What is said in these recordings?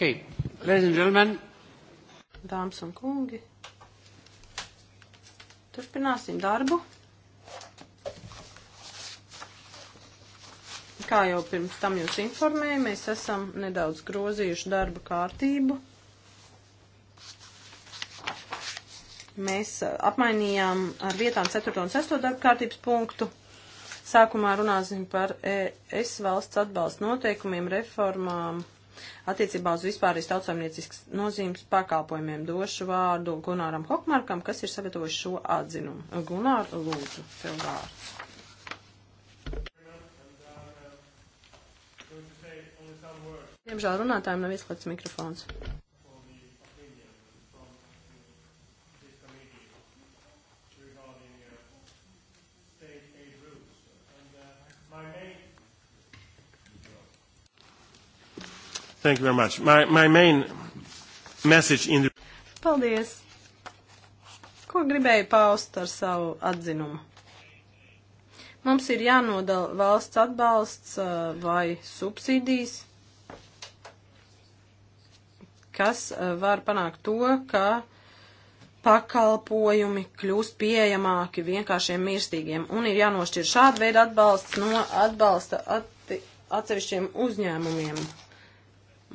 Okay. Ladies and gentlemen. Dāmas un kungi. Turpināsim darbu. Kā jau pirms tam jūs informēju, mēs esam nedaudz grozījuši darba kārtību. Mēs uh, apmainījām ar vietām 4. un 6. darba kārtības punktu. Sākumā runāsim par ES valsts atbalsta noteikumiem, reformām, attiecībā uz vispārīs tautsaimniecisks nozīmes pakalpojumiem. Došu vārdu Gunāram Hokmarkam, kas ir sagatavojis šo atzinumu. Gunār, lūdzu, tev vārds. Diemžēl runātājiem nav ieslēgts mikrofons. Thank you very much. My, my main message in the... Paldies. Ko gribēju paust ar savu atzinumu? Mums ir jānodala valsts atbalsts vai subsīdijas, kas var panākt to, ka pakalpojumi kļūst pieejamāki vienkāršiem mirstīgiem, un ir jānošķir šāda veida atbalsts no atbalsta at atsevišķiem uzņēmumiem.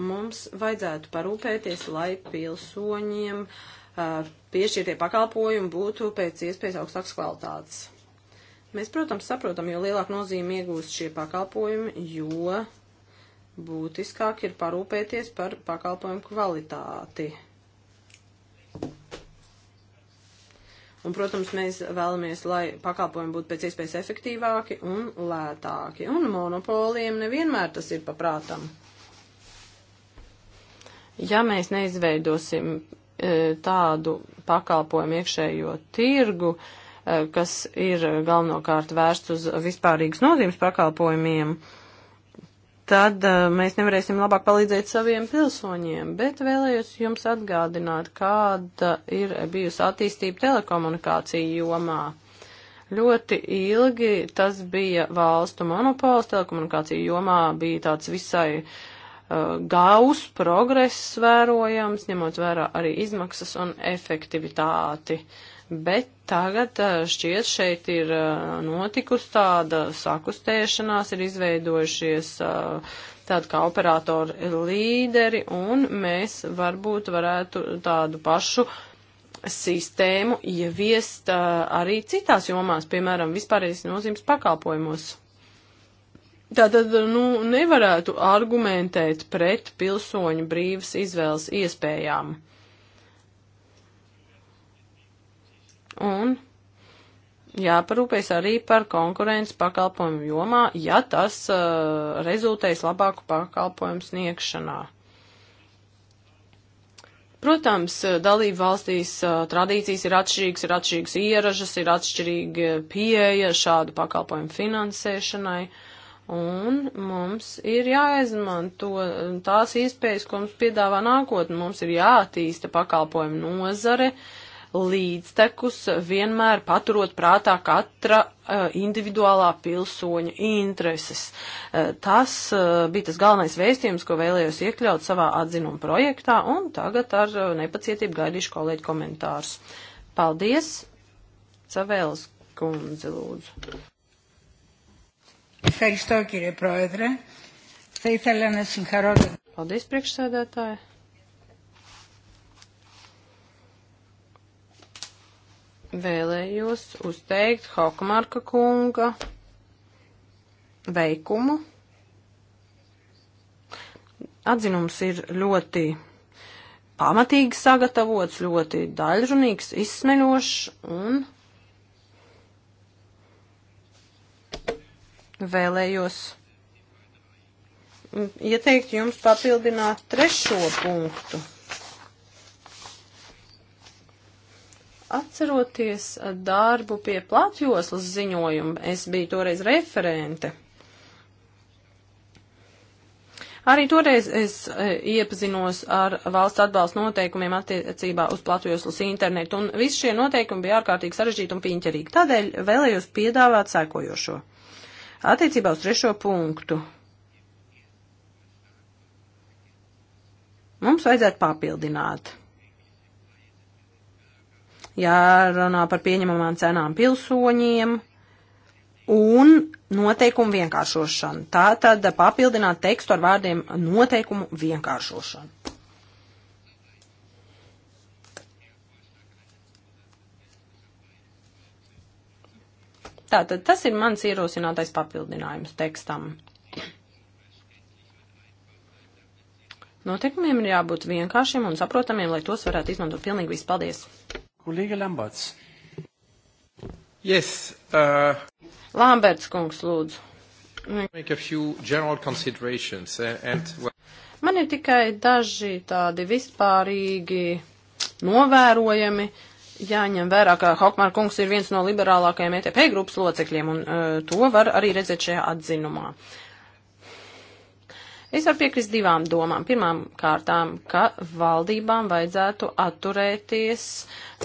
Mums vajadzētu parūpēties, lai pilsoņiem uh, piešķirtie pakalpojumi būtu pēc iespējas augstākas kvalitātes. Mēs, protams, saprotam, jo lielāka nozīme iegūst šie pakalpojumi, jo būtiskāk ir parūpēties par pakalpojumu kvalitāti. Un, protams, mēs vēlamies, lai pakalpojumi būtu pēc iespējas efektīvāki un lētāki. Un monopoliem nevienmēr tas ir paprātam. Ja mēs neizveidosim e, tādu pakalpojumu iekšējo tirgu, e, kas ir galvenokārt vērsts uz vispārīgas nozīmes pakalpojumiem, tad e, mēs nevarēsim labāk palīdzēt saviem pilsoņiem. Bet vēlējos jums atgādināt, kāda ir bijusi attīstība telekomunikāciju jomā. Ļoti ilgi tas bija valstu monopols, telekomunikāciju jomā bija tāds visai uh, Uh, gaus progress vērojams, ņemot vērā arī izmaksas un efektivitāti. Bet tagad uh, šķiet šeit ir uh, notikusi tāda sakustēšanās, ir izveidojušies tādi kā operatori līderi, un mēs varbūt varētu tādu pašu sistēmu ieviest arī citās jomās, piemēram, vispārējais nozīmes pakalpojumos. Tātad nu, nevarētu argumentēt pret pilsoņu brīvas izvēles iespējām. Un jāparūpēs arī par konkurences pakalpojumu jomā, ja tas uh, rezultēs labāku pakalpojumu sniegšanā. Protams, uh, dalību valstīs uh, tradīcijas ir atšķirīgas, ir atšķirīgas ieražas, ir atšķirīga pieeja šādu pakalpojumu finansēšanai. Uh, Un mums ir jāizmanto tās iespējas, ko mums piedāvā nākotne. Mums ir jātīsta pakalpojumu nozare līdztekus, vienmēr paturot prātā katra uh, individuālā pilsoņa intereses. Uh, tas uh, bija tas galvenais vēstījums, ko vēlējos iekļaut savā atzinuma projektā, un tagad ar nepacietību gaidīšu kolēģi komentārus. Paldies! Cavēls kundze, lūdzu. Ευχαριστώ κύριε Πρόεδρε. Θα ήθελα να συγχαρώ τον... Paldies, priekšsēdētāji. Vēlējos uzteikt Hokmarka kunga veikumu. Atzinums ir ļoti pamatīgi sagatavots, ļoti daļrunīgs, izsmeļošs un vēlējos ieteikt jums papildināt trešo punktu. Atceroties darbu pie platjoslas ziņojuma, es biju toreiz referente. Arī toreiz es e, iepazinos ar valsts atbalsta noteikumiem attiecībā uz platjoslas internetu, un visi šie noteikumi bija ārkārtīgi sarežģīti un piņķerīgi. Tādēļ vēlējos piedāvāt sēkojošo. Attiecībā uz trešo punktu. Mums vajadzētu papildināt. Jārunā par pieņemamām cenām pilsoņiem un noteikumu vienkāršošanu. Tā tad papildināt tekstu ar vārdiem noteikumu vienkāršošanu. Tātad tas ir mans ierosinātais papildinājums tekstam. Noteikumiem ir jābūt vienkāršiem un saprotamiem, lai tos varētu izmantot pilnīgi visi. Paldies! Kolīga Lamberts. Yes. Uh... Lamberts kungs, lūdzu. Make a few general considerations uh, and... Man ir tikai daži tādi vispārīgi novērojami uh, jāņem vērā, ka Hokmāra kungs ir viens no liberālākajiem ETP grupas locekļiem, un uh, to var arī redzēt šajā atzinumā. Es varu piekrist divām domām. Pirmām kārtām, ka valdībām vajadzētu atturēties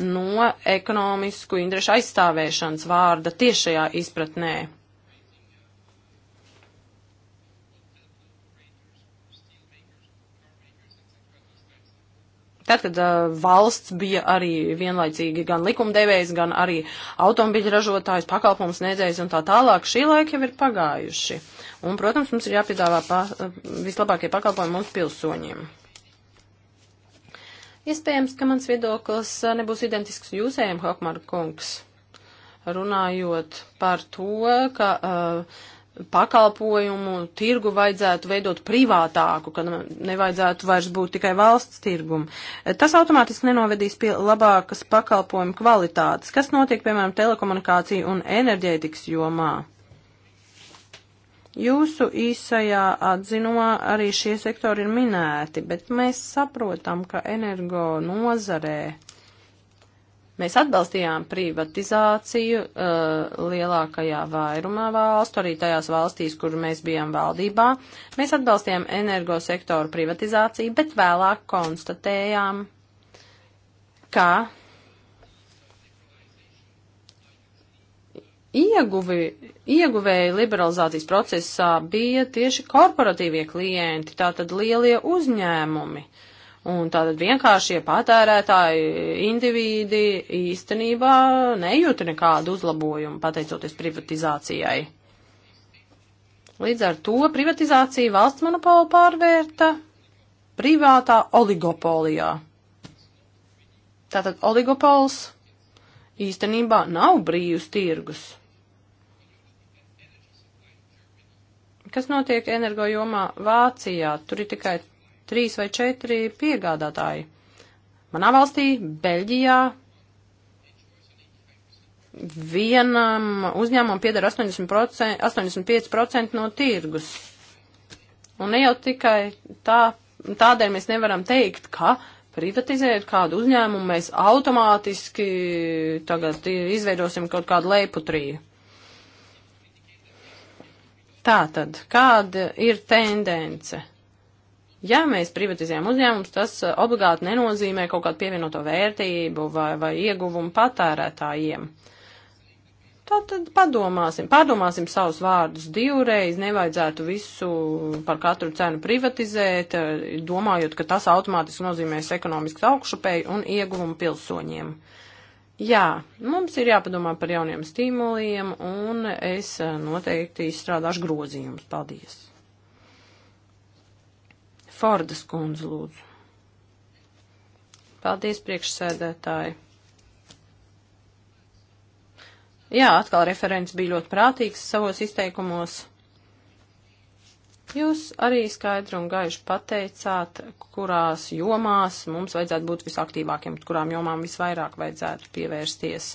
no ekonomisku interešu aizstāvēšanas vārda tiešajā izpratnē. Tad, kad uh, valsts bija arī vienlaicīgi gan likumdevējs, gan arī automobiļu ražotājs, pakalpums nedzējs un tā tālāk, šī laika jau ir pagājuši. Un, protams, mums ir jāpiedāvā pa, vislabākie pakalpojumi mums pilsoņiem. Iespējams, ka mans viedoklis nebūs identisks jūsējiem, Hokmar kungs, runājot par to, ka uh, pakalpojumu tirgu vajadzētu veidot privātāku, ka nevajadzētu vairs būt tikai valsts tirgumu. Tas automātiski nenovedīs pie labākas pakalpojumu kvalitātes. Kas notiek, piemēram, telekomunikāciju un enerģētikas jomā? Jūsu īsajā atzinumā arī šie sektori ir minēti, bet mēs saprotam, ka energo nozarē Mēs atbalstījām privatizāciju uh, lielākajā vairumā valstu, arī tajās valstīs, kur mēs bijām valdībā. Mēs atbalstījām energosektoru privatizāciju, bet vēlāk konstatējām, ka ieguvi, ieguvēji liberalizācijas procesā bija tieši korporatīvie klienti, tātad lielie uzņēmumi. Uh, Un tātad vienkāršie patērētāji indivīdi īstenībā nejūta nekādu uzlabojumu pateicoties privatizācijai. Līdz ar to privatizācija valsts monopolu pārvērta privātā oligopolijā. Tātad oligopols īstenībā nav brīvs tirgus. Kas notiek energojumā Vācijā? Tur ir tikai trīs vai četri piegādātāji. Manā valstī, Beļģijā, vienam uzņēmumam pieder 80%, 85% no tirgus. Un ne jau tikai tā, tādēļ mēs nevaram teikt, ka privatizējot kādu uzņēmumu, mēs automātiski tagad izveidosim kaut kādu leiputriju. Tātad, kāda ir tendence? Ja mēs privatizējam uzņēmumus, tas eh, obligāti nenozīmē kaut kādu pievienoto vērtību vai, vai ieguvumu patērētājiem. Tātad padomāsim, pārdomāsim savus vārdus divreiz, nevajadzētu visu par katru cenu privatizēt, eh, domājot, ka tas automātiski nozīmēs ekonomisku augšupēju un ieguvumu pilsoņiem. Jā, mums ir jāpadomā par jauniem stimuliem, un es eh, noteikti izstrādāšu grozījumus. Paldies! Fordas kundze lūdzu. Paldies, priekšsēdētāji. Jā, atkal referents bija ļoti prātīgs savos izteikumos. Jūs arī skaidri un gaiši pateicāt, kurās jomās mums vajadzētu būt visaktīvākiem, kurām jomām visvairāk vajadzētu pievērsties.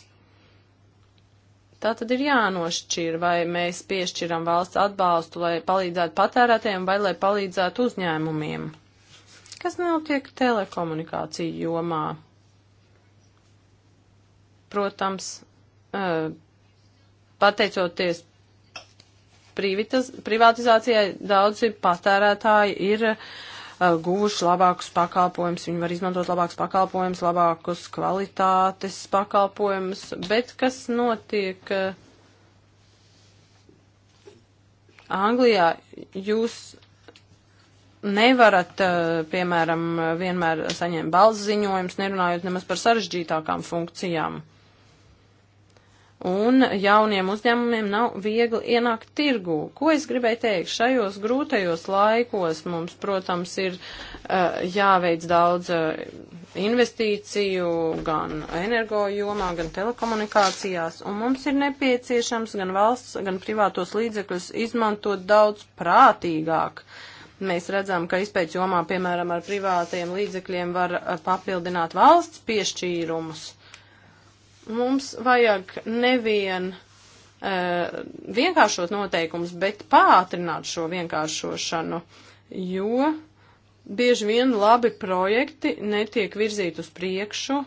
Tā tad ir jānošķir, vai mēs piešķiram valsts atbalstu, lai palīdzētu patērētiem vai lai palīdzētu uzņēmumiem. Kas notiek telekomunikāciju jomā? Protams, pateicoties privitaz, privatizācijai, daudzi patērētāji ir uh, Uh, guvuši labākus pakalpojumus, viņi var izmantot labākus pakalpojumus, labākus kvalitātes pakalpojumus, bet kas notiek uh, Anglijā? Jūs nevarat, uh, piemēram, vienmēr saņemt balss ziņojumus, nerunājot nemaz par sarežģītākām funkcijām un jauniem uzņēmumiem nav viegli ienākt tirgū. Ko es gribēju teikt? Šajos grūtajos laikos mums, protams, ir uh, jāveic daudz uh, investīciju gan energo jomā, gan telekomunikācijās, un mums ir nepieciešams gan valsts, gan privātos līdzekļus izmantot daudz prātīgāk. Mēs redzam, ka izpēc jomā, piemēram, ar privātiem līdzekļiem var eh, papildināt valsts piešķīrumus Mums vajag nevien uh, vienkāršot noteikumus, bet pātrināt šo vienkāršošanu, jo bieži vien labi projekti netiek virzīti uz priekšu,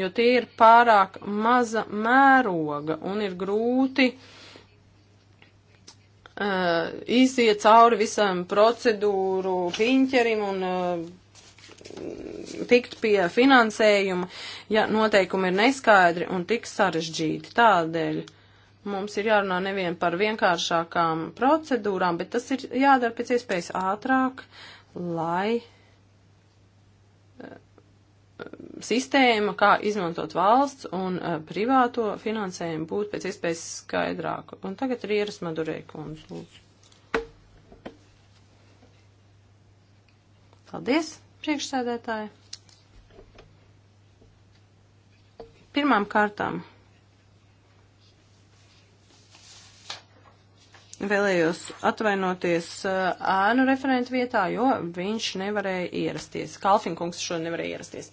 jo tie ir pārāk maza mēroga un ir grūti uh, iziet cauri visam procedūru piņķerim un uh, tikt pie finansējuma, ja noteikumi ir neskaidri un tik sarežģīti. Tādēļ mums ir jārunā nevien par vienkāršākām procedūrām, bet tas ir jādara pēc iespējas ātrāk, lai eh, sistēma, kā izmantot valsts un eh, privāto finansējumu, būtu pēc iespējas skaidrāka. Un tagad ir ieras Madurēkums, lūdzu. Paldies! priekšsēdētāji. Pirmām kārtām vēlējos atvainoties uh, ēnu referentu vietā, jo viņš nevarēja ierasties. Kalfinkungs šodien nevarēja ierasties.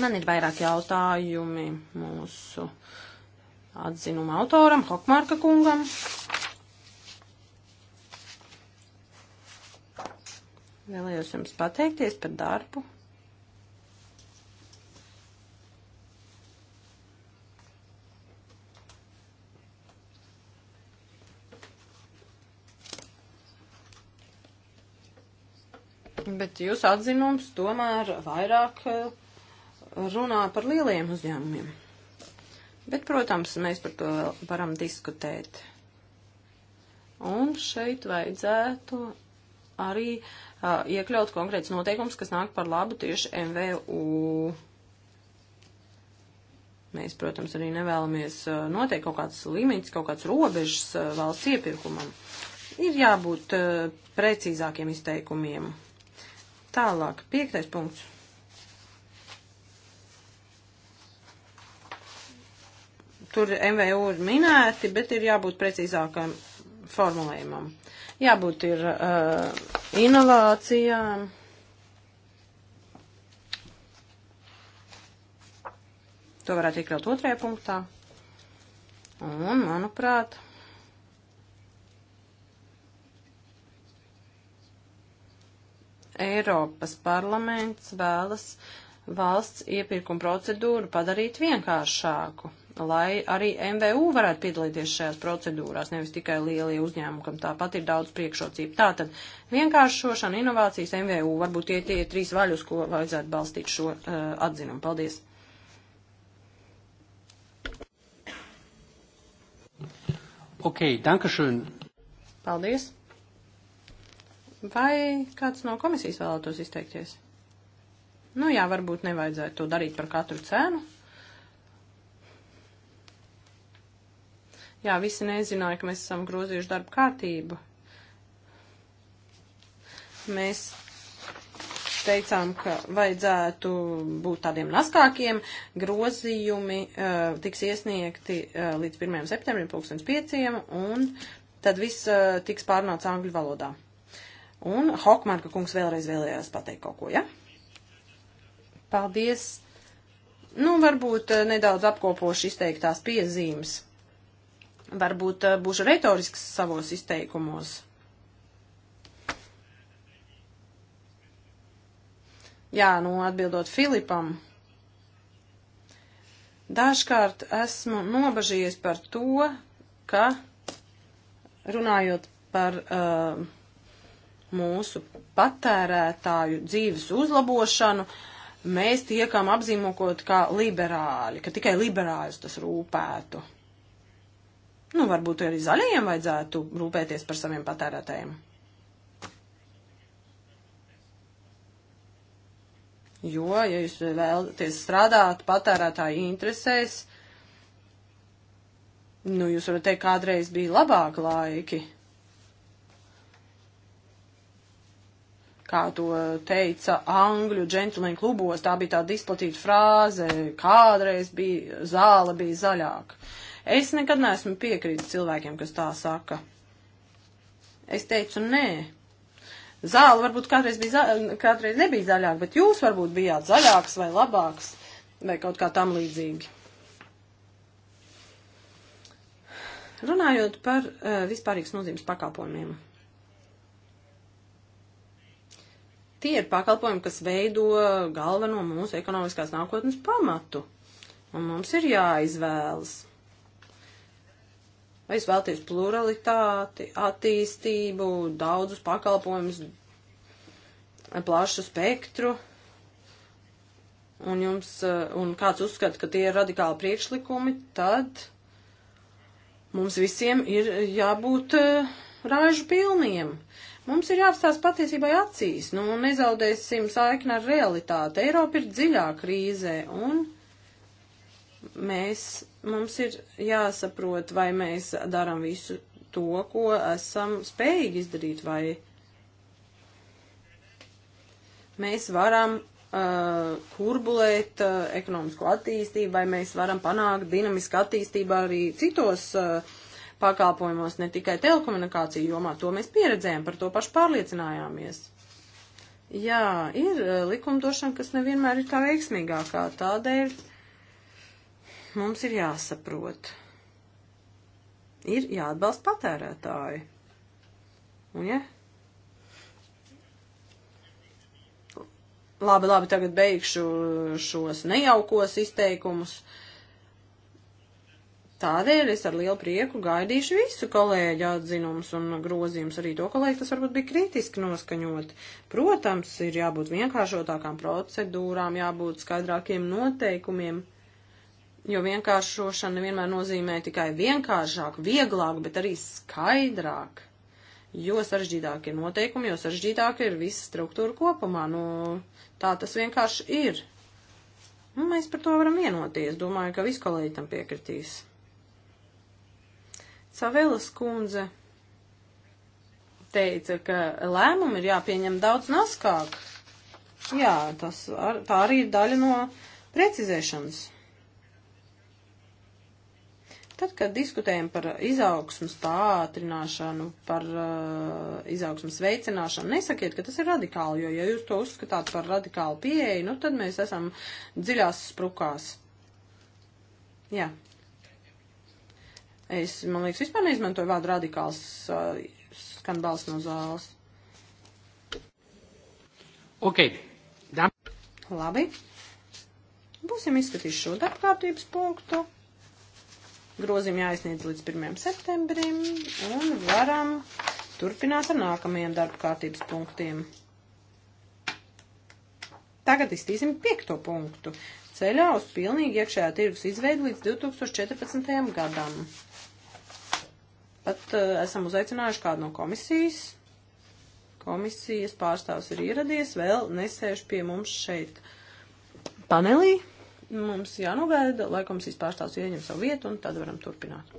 Man ir vairāk jautājumi mūsu atzinuma autoram, Hokmārka kungam. Vēlējos jums pateikties par darbu. Bet jūsu atzinums tomēr vairāk eh, runā par lieliem uzņēmumiem. Bet, protams, mēs par to vēl varam diskutēt. Un šeit vajadzētu arī uh, iekļaut konkrēts noteikums, kas nāk par labu tieši MVU. Mēs, protams, arī nevēlamies uh, noteikt kaut kāds limits, kaut kāds robežs uh, valsts iepirkumam. Ir jābūt uh, precīzākiem izteikumiem. Tālāk, piektais punkts. Tur MVU ir minēti, bet ir jābūt precīzākam formulējumam. Uh, Jābūt ir uh, inovācijām. To varētu iekļaut otrajā punktā. Un, manuprāt, Eiropas parlaments vēlas valsts iepirkuma procedūru padarīt vienkāršāku lai arī MVU varētu piedalīties šajās procedūrās, nevis tikai lielie uzņēmumi, kam tāpat ir daudz priekšrocību. Tātad vienkāršošana, inovācijas, MVU, varbūt tie tie trīs vaļus, ko vajadzētu balstīt šo uh, atzinumu. Paldies! Ok, dankašun. Paldies. Vai kāds no komisijas vēlētos izteikties? Nu jā, varbūt nevajadzētu to darīt par katru cenu. Jā, visi nezināja, ka mēs esam grozījuši darba kārtību. Mēs teicām, ka vajadzētu būt tādiem naskākiem, grozījumi uh, tiks iesniegti uh, līdz 1. septembrim 2005. un tad viss uh, tiks pārnāts angļu valodā. Un Hokmarka kungs vēlreiz vēlējās pateikt kaut ko, ja? Paldies! Nu, varbūt nedaudz apkopoši izteiktās piezīmes. Varbūt eh, būšu retorisks savos izteikumos. Jā, nu atbildot Filipam. Dažkārt esmu nobažījies par to, ka runājot par uh, mūsu patērētāju dzīves uzlabošanu, mēs tiekam apzīmokot kā liberāļi, ka tikai liberāļus tas rūpētu. Nu, varbūt arī zaļajiem vajadzētu rūpēties par saviem patērētājiem. Jo, ja jūs vēlaties strādāt patērētāju interesēs, nu, jūs varat teikt, kādreiz bija labāk laiki. kā to teica angļu džentlmeņu klubos, tā bija tāda izplatīta frāze, kādreiz bija zāle bija zaļāka. Es nekad neesmu piekrītis cilvēkiem, kas tā saka. Es teicu, nē. Zāle varbūt kādreiz, bija, za... kādreiz nebija zaļāka, bet jūs varbūt bijāt zaļāks vai labāks vai kaut kā tam līdzīgi. Runājot par uh, vispārīgas nozīmes pakalpojumiem. Tie ir pakalpojumi, kas veido galveno mūsu ekonomiskās nākotnes pamatu. Un mums ir jāizvēlas. Es vēlties pluralitāti, attīstību, daudzus pakalpojumus, plašu spektru. Un jums, eh, un kāds uzskata, ka tie ir radikāli priekšlikumi, tad mums visiem ir jābūt eh, rāžu pilniem. Mums ir jāapstāsta patiesībai acīs, nu, un nezaudēsim saikni ar realitāti. Eiropa ir dziļā krīzē, un mēs Mums ir jāsaprot, vai mēs darām visu to, ko esam spējīgi izdarīt, vai mēs varam uh, kurbulēt uh, ekonomisko attīstību, vai mēs varam panākt dinamisku attīstību arī citos uh, pakalpojumos, ne tikai telekomunikāciju jomā. To mēs pieredzējām, par to pašu pārliecinājāmies. Jā, ir uh, likumdošana, kas nevienmēr ir tā veiksmīgākā. Tādēļ mums ir jāsaprot. Ir jāatbalsta patērētāji. Un, ja? Labi, labi, tagad beigšu šos nejaukos izteikumus. Tādēļ es ar lielu prieku gaidīšu visu kolēģi atzinums un grozījums arī to kolēģi, kas varbūt bija kritiski noskaņoti. Protams, ir jābūt vienkāršotākām procedūrām, jābūt skaidrākiem noteikumiem jo vienkāršošana vienmēr nozīmē tikai vienkāršāk, vieglāk, bet arī skaidrāk. Jo sarežģītāk ir noteikumi, jo sarežģītāk ir visa struktūra kopumā. Nu, tā tas vienkārši ir. Un nu, mēs par to varam vienoties. Domāju, ka visi kolēģi tam piekritīs. Savēlas kundze teica, ka lēmumi ir jāpieņem daudz naskāk. Jā, tas ar, tā arī ir daļa no precizēšanas. Tad, kad diskutējam par izaugsmas pātrināšanu, par uh, izaugsmas veicināšanu, nesakiet, ka tas ir radikāli, jo ja jūs to uzskatāt par radikālu pieeju, nu tad mēs esam dziļās sprukās. Jā. Es, man liekas, vispār neizmantoju vārdu radikāls uh, skan balss no zāles. Ok. Da. Labi. Būsim izskatījuši šo darbkārtības punktu. Grozījumi jāiesniedz līdz 1. septembrim un varam turpināt ar nākamajiem darba kārtības punktiem. Tagad iztīsim piekto punktu. Ceļā uz pilnīgi iekšējā tirgus izveidu līdz 2014. gadam. Pat uh, esam uzaicinājuši kādu no komisijas komisijas pārstāvs ir ieradies, vēl nesēž pie mums šeit panelī. Mums jānogaida, lai komisijas pārstāvs ieņem savu vietu, un tad varam turpināt.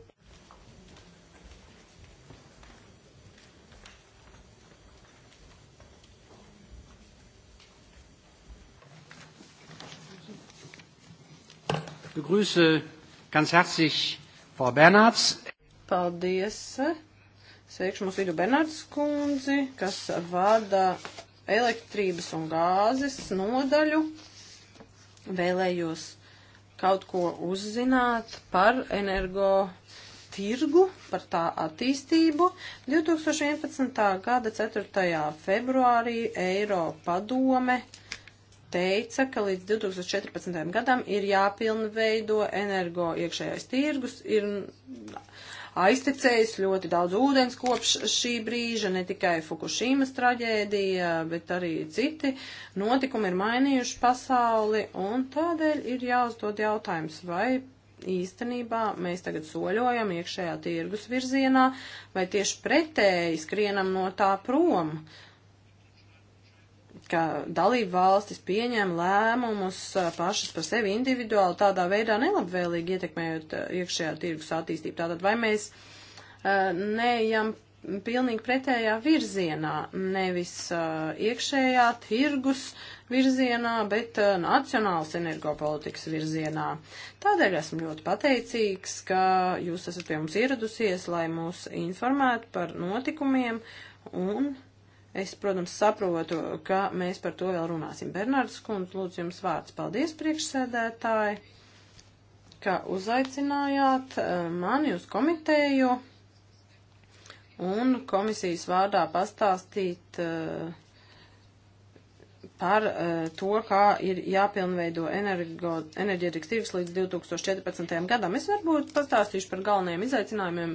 Begrüße ganz herzlich Frau Bernhards. Paldies. Sveikšu mūsu vidu Bernārds kundzi, kas vada elektrības un gāzes nodaļu vēlējos kaut ko uzzināt par energo tirgu, par tā attīstību. 2011. gada 4. februārī Eiro padome teica, ka līdz 2014. gadam ir jāpilnveido energo iekšējais tirgus, ir aiztecējis ļoti daudz ūdens kopš šī brīža, ne tikai Fukushīmas traģēdija, bet arī citi notikumi ir mainījuši pasauli, un tādēļ ir jāuzdod jautājums, vai īstenībā mēs tagad soļojam iekšējā tirgus virzienā, vai tieši pretēji skrienam no tā prom. Uh, ka dalību valstis pieņem lēmumus uh, pašas par sevi individuāli, tādā veidā nelabvēlīgi ietekmējot uh, iekšējā tirgus attīstību. Tātad vai mēs uh, neejam pilnīgi pretējā virzienā, nevis uh, iekšējā tirgus virzienā, bet uh, nacionāls energopolitikas virzienā. Tādēļ esmu ļoti pateicīgs, ka jūs esat pie mums ieradusies, lai mūs informētu par notikumiem un Es, protams, saprotu, ka mēs par to vēl runāsim. Bernārds Kundz, lūdzu jums vārds. Paldies, priekšsēdētāji, ka uzaicinājāt eh, mani uz komiteju un komisijas vārdā pastāstīt uh, par uh, to, kā ir jāpilnveido enerģētikas tirgus līdz 2014. gadam. Es varbūt pastāstīšu par galvenajiem izaicinājumiem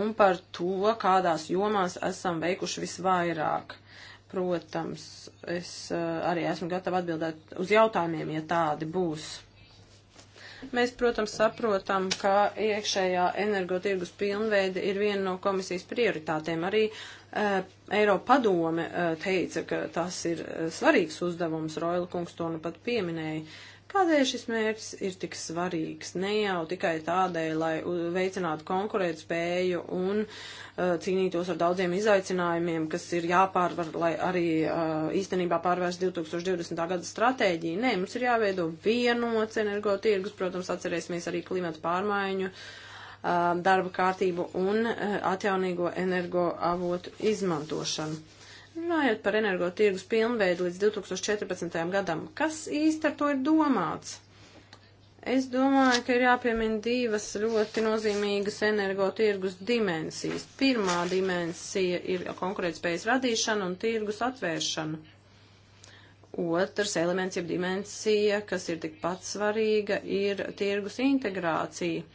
un par to, kādās jomās esam veikuši visvairāk. Protams, es eh, arī esmu gatava atbildēt uz jautājumiem, ja tādi būs. Mēs, protams, saprotam, ka iekšējā energotirgus pilnveide ir viena no komisijas prioritātēm. Arī uh, Eiropa padome uh, teica, ka tas ir uh, svarīgs uzdevums, Roila kungs to nu pat pieminēja. Kādēļ šis mērķis ir tik svarīgs? Ne jau tikai tādēļ, lai veicinātu konkurētspēju un uh, cīnītos ar daudziem izaicinājumiem, kas ir jāpārvar, lai arī uh, īstenībā pārvērst 2020. gada stratēģiju. Nē, mums ir jāveido vienots energotirgus, protams, atcerēsimies arī klimata pārmaiņu uh, darba kārtību un uh, atjaunīgo energo avotu izmantošanu. Runājot par energotirgus pilnveidu līdz 2014. gadam, kas īsti ar to ir domāts? Es domāju, ka ir jāpiemina divas ļoti nozīmīgas energotirgus dimensijas. Pirmā dimensija ir konkurētspējas radīšana un tirgus atvēršana. Otrs elements, jeb dimensija, kas ir tikpat svarīga, ir tirgus integrācija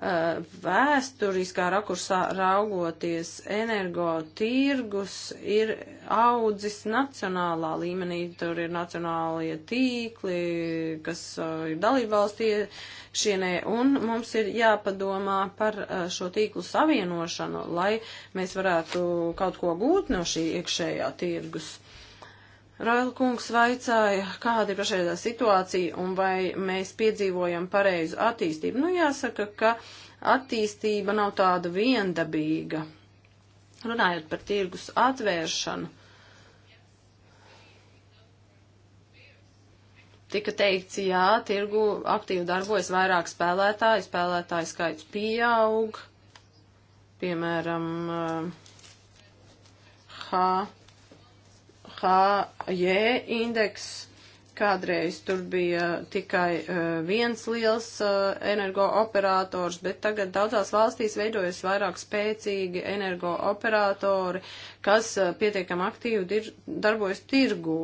vēsturiskā rakursā raugoties, energo tirgus ir audzis nacionālā līmenī, tur ir nacionālie tīkli, kas uh, ir dalībvalstie šienē, un mums ir jāpadomā par uh, šo tīklu savienošanu, lai mēs varētu kaut ko gūt no šī iekšējā tirgus. Raila kungs vaicāja, kāda ir pašreizā situācija un vai mēs piedzīvojam pareizu attīstību. Nu, jāsaka, ka attīstība nav tāda viendabīga. Runājot par tirgus atvēršanu, tika teikts, jā, tirgu aktīvi darbojas vairāk spēlētāji, spēlētāju skaits pieaug, piemēram, uh, H HJ indeks kādreiz tur bija tikai uh, viens liels uh, energooperators, bet tagad daudzās valstīs veidojas vairāk spēcīgi energooperatori, kas uh, pietiekam aktīvi dir darbojas tirgū.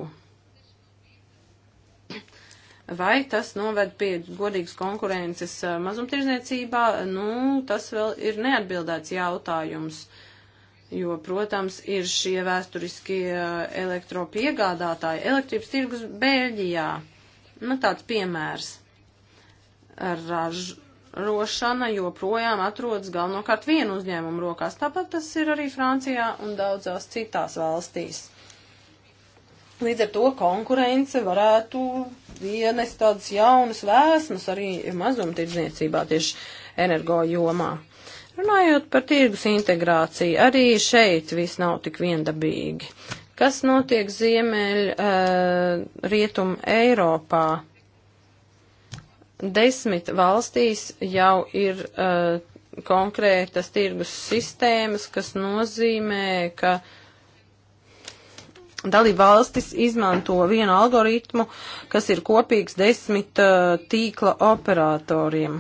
Vai tas noved pie godīgas konkurences mazumtirdzniecībā? Nu, tas vēl ir neatbildēts jautājums. Uh, Jo, protams, ir šie vēsturiskie eh, elektropiegādātāji. Elektrības tirgus Bēļģijā. Nu, tāds piemērs. Ražošana joprojām atrodas galvenokārt vienu uzņēmumu rokās. Tāpat tas ir arī Francijā un daudzās citās valstīs. Līdz ar to konkurence varētu ienest tādas jaunas vēsmas arī mazumtirdzniecībā tieši energo jomā. Uh, Runājot par tirgus integrāciju, arī šeit viss nav tik viendabīgi. Kas notiek ziemeļ uh, rietum Eiropā? Desmit valstīs jau ir uh, konkrētas tirgus sistēmas, kas nozīmē, ka dalība valstis izmanto vienu algoritmu, kas ir kopīgs desmit uh, tīkla operatoriem.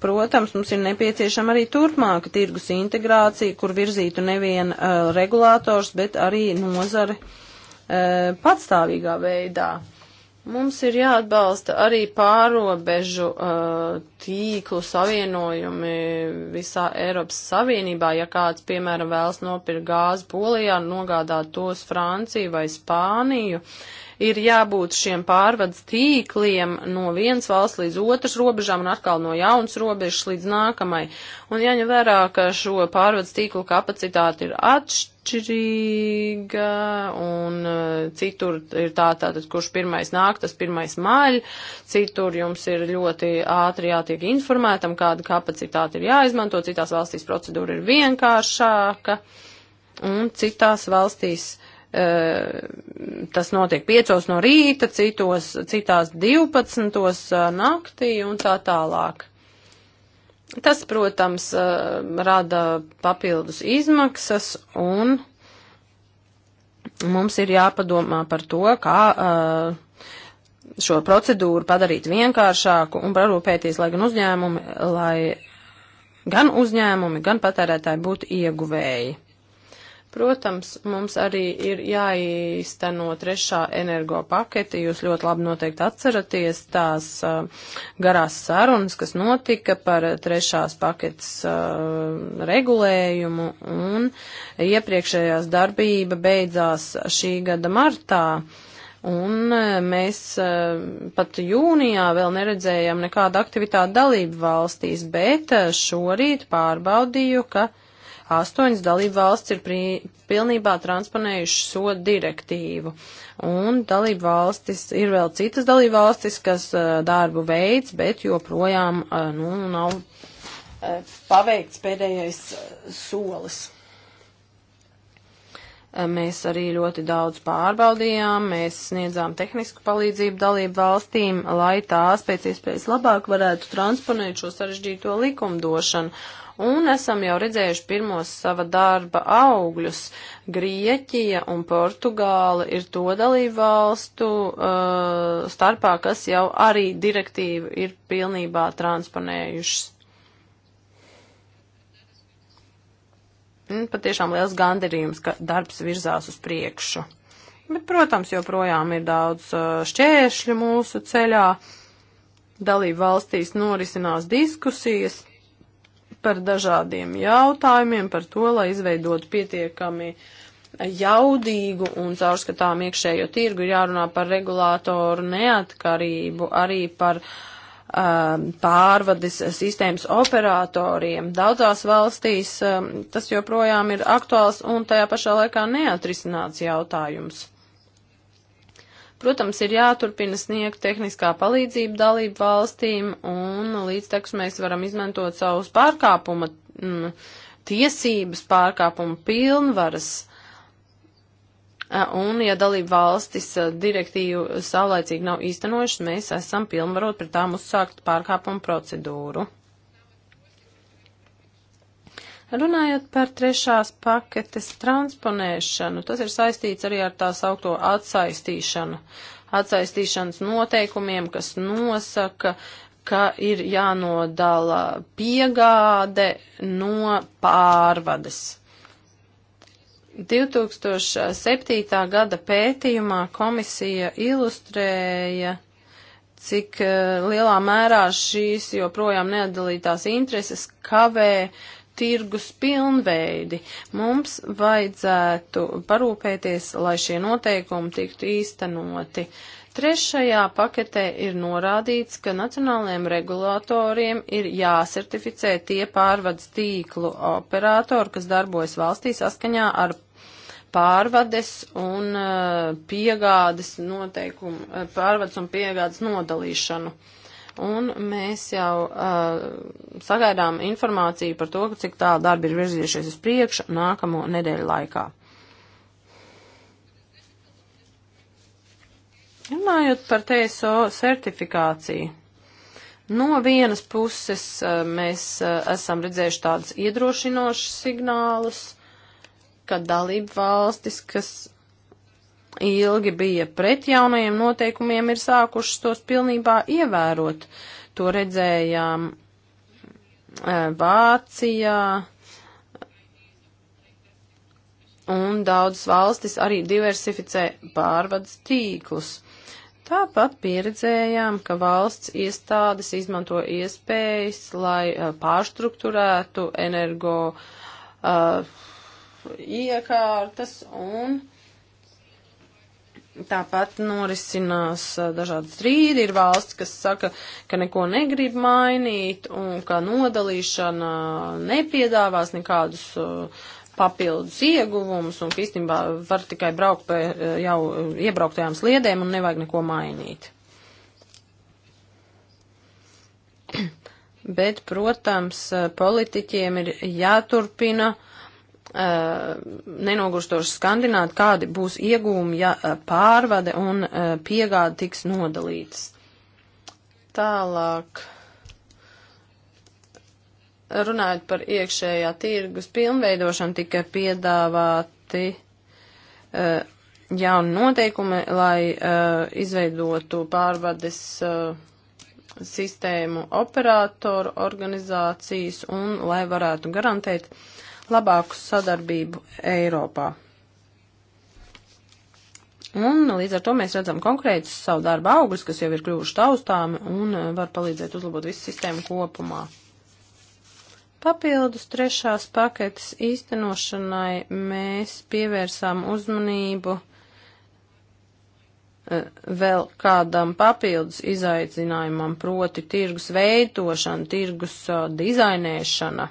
Protams, mums ir nepieciešama arī turpmāka tirgus integrācija, kur virzītu nevien uh, regulātors, bet arī nozare uh, patstāvīgā veidā. Mums ir jāatbalsta arī pārobežu uh, tīklu savienojumi visā Eiropas Savienībā. Ja kāds, piemēram, vēlas nopirkt gāzi Polijā, nogādāt tos Franciju vai Spāniju, ir jābūt šiem pārvads tīkliem no vienas valsts līdz otras robežām un atkal no jaunas robežas līdz nākamai. Un jāņem vērā, ka šo pārvads tīklu kapacitāte ir atšķirīga un eh, citur ir tā tātad, kurš pirmais nāk, tas pirmais maļ, citur jums ir ļoti ātri jātiek informētam, kāda kapacitāte ir jāizmanto, citās valstīs procedūra ir vienkāršāka un citās valstīs E, tas notiek 5 no rīta, citos, citās 12 e, naktī un tā tālāk. Tas, protams, e, rada papildus izmaksas un mums ir jāpadomā par to, kā šo procedūru padarīt vienkāršāku un parūpēties, lai gan uzņēmumi, lai gan uzņēmumi, gan patērētāji būtu ieguvēji. Protams, mums arī ir jāīsteno trešā energo pakete. Jūs ļoti labi noteikti atceraties tās uh, garās sarunas, kas notika par trešās paketes uh, regulējumu, un iepriekšējās darbība beidzās šī gada martā. Un mēs pat jūnijā vēl neredzējām nekādu aktivitātu dalību valstīs, bet šorīt pārbaudīju, ka Astoņas dalību valsts ir pri, pilnībā transponējuši sodu direktīvu. Un dalību valstis, ir vēl citas dalību valstis, kas uh, darbu veids, bet joprojām uh, nu, nav uh, paveikts pēdējais uh, solis. Mēs arī ļoti daudz pārbaudījām, mēs sniedzām tehnisku palīdzību dalību valstīm, lai tās pēc iespējas labāk varētu transponēt šo sarežģīto likumdošanu un esam jau redzējuši pirmos sava darba augļus. Grieķija un Portugāla ir to dalību valstu uh, starpā, kas jau arī direktīvu ir pilnībā transponējušas. Un patiešām liels gandarījums, ka darbs virzās uz priekšu. Bet, protams, joprojām ir daudz uh, šķēršļu mūsu ceļā. Dalību valstīs norisinās diskusijas par dažādiem jautājumiem, par to, lai izveidotu pietiekami jaudīgu un caurskatām iekšējo tirgu, ir jārunā par regulātoru neatkarību, arī par um, pārvades sistēmas operatoriem. Daudzās valstīs um, tas joprojām ir aktuāls un tajā pašā laikā neatrisināts jautājums. Protams, ir jāturpina sniegt tehniskā palīdzība dalību valstīm, un līdztekus mēs varam izmantot savus pārkāpuma m, mm, tiesības, pārkāpuma pilnvaras. Un, ja dalība valstis direktīvu saulaicīgi nav īstenojušas, mēs esam pilnvarot pret tām uzsākt pārkāpumu procedūru. Runājot par trešās paketes transponēšanu, tas ir saistīts arī ar tās augto atsaistīšanu, atsaistīšanas noteikumiem, kas nosaka, ka ir jānodala piegāde no pārvades. 2007. gada pētījumā komisija ilustrēja, cik eh, lielā mērā šīs joprojām neatdalītās intereses kavē uh, tirgus pilnveidi. Mums vajadzētu parūpēties, lai šie noteikumi tiktu īstenoti. Trešajā paketē ir norādīts, ka nacionālajiem regulatoriem ir jāsertificē tie pārvades tīklu operatori, kas darbojas valstī saskaņā ar pārvades un eh, piegādes noteikumu, eh, pārvades un piegādes nodalīšanu. Uh, un mēs jau uh, sagaidām informāciju par to, cik tālu darbi ir virzījušies uz priekšu nākamo nedēļu laikā. Runājot par TSO certifikāciju. No vienas puses uh, mēs uh, esam redzējuši tādus iedrošinošus signālus, ka dalību valstis, kas ilgi bija pret jaunajiem noteikumiem, ir sākušas tos pilnībā ievērot. To redzējām e, Vācijā. Un daudzas valstis arī diversificē pārvades tīklus. Tāpat pieredzējām, ka valsts iestādes izmanto iespējas, lai uh, pārstruktūrētu energo uh, iekārtas un uh, Tāpat norisinās dažādi strīdi. Ir valsts, kas saka, ka neko negrib mainīt un ka nodalīšana nepiedāvās nekādus papildus ieguvumus un ka īstenībā var tikai braukt pie jau iebrauktajām sliedēm un nevajag neko mainīt. Bet, protams, politiķiem ir jāturpina uh, Uh, nenogurstoši skandināt, kādi būs iegūmi, ja uh, pārvade un uh, piegāde tiks nodalītas. Tālāk. Runājot par iekšējā tirgus pilnveidošanu, tika piedāvāti uh, jauni noteikumi, lai uh, izveidotu pārvades uh, sistēmu operātoru organizācijas un lai varētu garantēt uh, labāku sadarbību Eiropā. Un līdz ar to mēs redzam konkrētus savu darbu augļus, kas jau ir kļuvuši taustāmi un eh, var palīdzēt uzlabot visu sistēmu kopumā. Papildus trešās paketes īstenošanai mēs pievērsām uzmanību eh, vēl kādam papildus izaicinājumam, proti tirgus veidošana, tirgus eh, dizainēšana.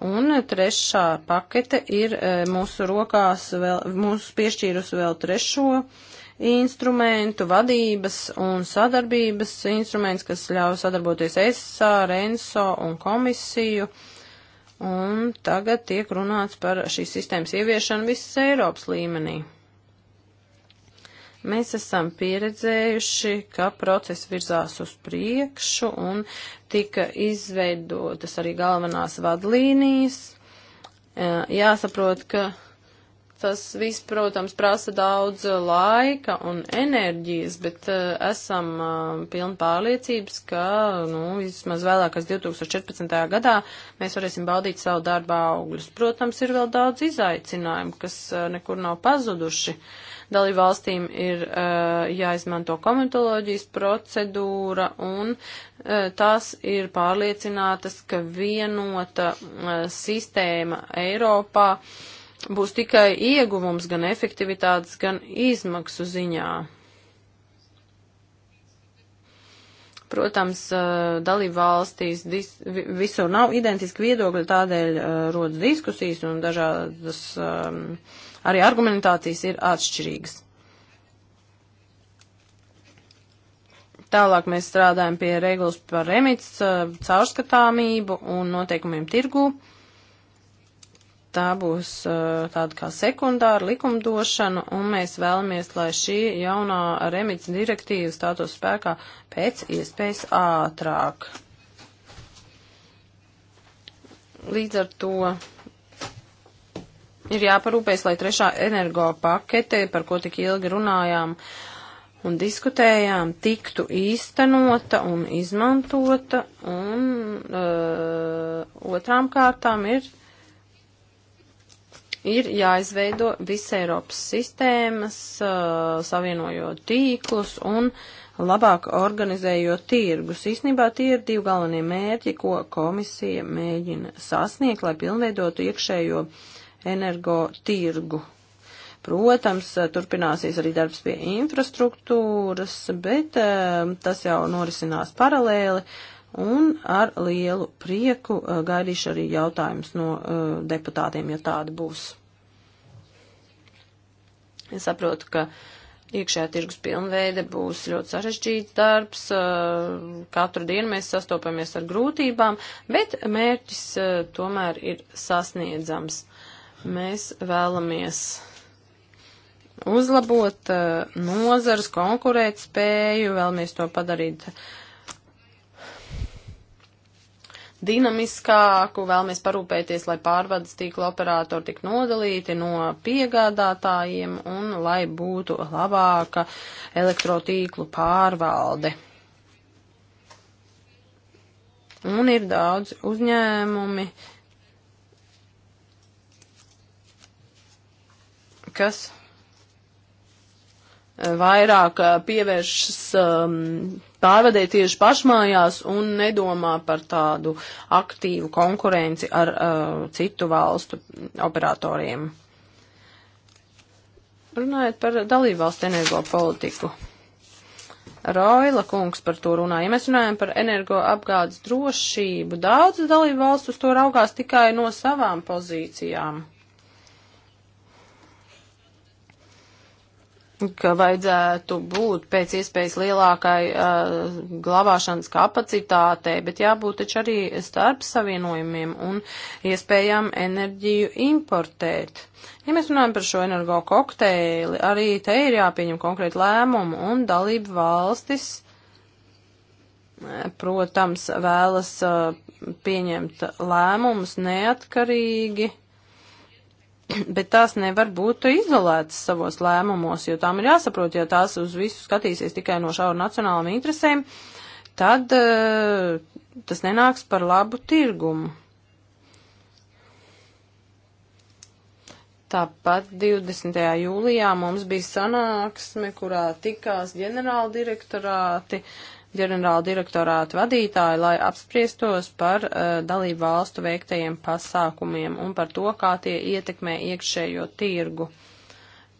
Un trešā pakete ir e, mūsu rokās, vēl, mūsu piešķīrusi vēl trešo instrumentu, vadības un sadarbības instruments, kas ļauj sadarboties ESA, RENSO un komisiju. Un tagad tiek runāts par šīs sistēmas ieviešanu visas Eiropas līmenī. Mēs esam pieredzējuši, ka process virzās uz priekšu un tika izveidotas arī galvenās vadlīnijas. Jāsaprot, ka tas viss, protams, prasa daudz laika un enerģijas, bet eh, esam eh, pilni pārliecības, ka, nu, vismaz vēlākās 2014. gadā mēs varēsim baudīt savu darbu augļus. Protams, ir vēl daudz izaicinājumu, kas eh, nekur nav pazuduši. Uh, Dalību valstīm ir uh, jāizmanto komentoloģijas procedūra un uh, eh, tās ir pārliecinātas, ka vienota uh, sistēma Eiropā būs tikai ieguvums gan efektivitātes, gan izmaksu ziņā. Protams, dalību valstīs visur nav identiski viedokļi, tādēļ rodas diskusijas un dažādas ehm, Arī argumentācijas ir atšķirīgas. Tālāk mēs strādājam pie regulas par remits, eh, caurskatāmību un noteikumiem tirgū. Tā būs eh, tāda kā sekundāra likumdošana, un mēs vēlamies, lai šī jaunā remits direktīva stātos spēkā pēc iespējas ātrāk. Līdz ar to ir jāparūpēs, lai trešā energo pakete, par ko tik ilgi runājām un diskutējām, tiktu īstenota un izmantota, un uh, otrām kārtām ir ir jāizveido visa Eiropas sistēmas, uh, savienojot tīklus un labāk organizējot tirgus. Īsnībā tie ir divi galvenie mērķi, ko komisija mēģina sasniegt, lai pilnveidotu iekšējo uh, energo tirgu. Protams, turpināsies arī darbs pie infrastruktūras, bet eh, tas jau norisinās paralēli un ar lielu prieku eh, gaidīšu arī jautājumus no eh, deputātiem, ja tāda būs. Es saprotu, ka iekšējā tirgus pilnveide būs ļoti sarežģīts darbs, katru dienu mēs sastopamies ar grūtībām, bet mērķis tomēr ir sasniedzams. Mēs vēlamies uzlabot uh, nozars konkurēt spēju, vēlamies to padarīt dinamiskāku, vēlamies parūpēties, lai pārvades tīkla operatori tik nodalīti no piegādātājiem un lai būtu labāka elektrotīklu pārvalde. Un ir daudz uzņēmumi, uh, kas eh, vairāk eh, pievēršas um, pārvadē tieši pašmājās un nedomā par tādu aktīvu konkurenci ar uh, citu valstu operatoriem. Runājot par dalībvalstu energopolitiku. Roila kungs par to runāja. Ja mēs runājam par energoapgādes drošību, daudzas dalībvalstus to raugās tikai no savām pozīcijām. ka vajadzētu būt pēc iespējas lielākai uh, glabāšanas kapacitātei, bet jābūt taču arī starp savienojumiem un iespējām enerģiju importēt. Ja mēs runājam par šo energo kokteili, arī te ir jāpieņem konkrēti lēmumu un dalību valstis, eh, protams, vēlas uh, pieņemt lēmumus neatkarīgi bet tās nevar būt izolētas savos lēmumos, jo tām ir jāsaprot, ja tās uz visu skatīsies tikai no šauru nacionālām interesēm, tad eh, tas nenāks par labu tirgumu. Tāpat 20. jūlijā mums bija sanāksme, kurā tikās ģenerāldirektorāti, uh, ģenerāla direktorāta vadītāji, lai apspriestos par uh, dalību valstu veiktajiem pasākumiem un par to, kā tie ietekmē iekšējo tirgu.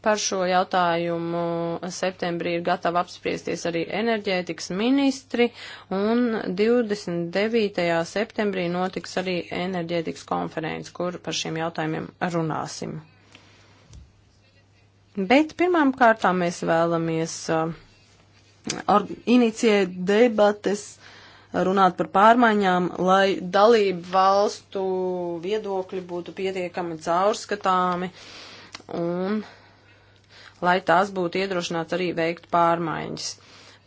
Par šo jautājumu septembrī ir gatavi apspriesties arī enerģētikas ministri, un 29. septembrī notiks arī enerģētikas konferences, kur par šiem jautājumiem runāsim. Bet pirmām kārtām mēs vēlamies uh, ar, inicijē debates runāt par pārmaiņām, lai dalību valstu viedokļi būtu pietiekami caurskatāmi un lai tās būtu iedrošināts arī veikt pārmaiņas.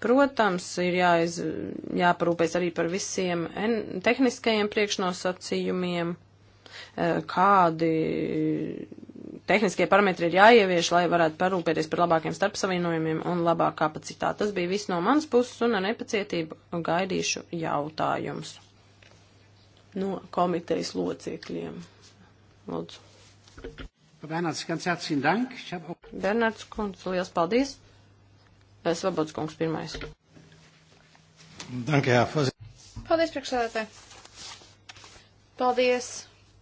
Protams, ir jāiz, jāparūpēs arī par visiem en, tehniskajiem priekšnosacījumiem, eh, kādi tehniskie parametri ir jāievieš, lai varētu parūpēties par labākiem starpsavienojumiem un labāk kapacitāti. Tas bija viss no manas puses un ar nepacietību gaidīšu jautājumus no komitejas locekļiem. Lūdzu. Bernards, ganz herzlichen Dank. Bernards Kunz, liels paldies. Svabots kungs pirmais. Danke, Herr Paldies, priekšsēdētāji. Paldies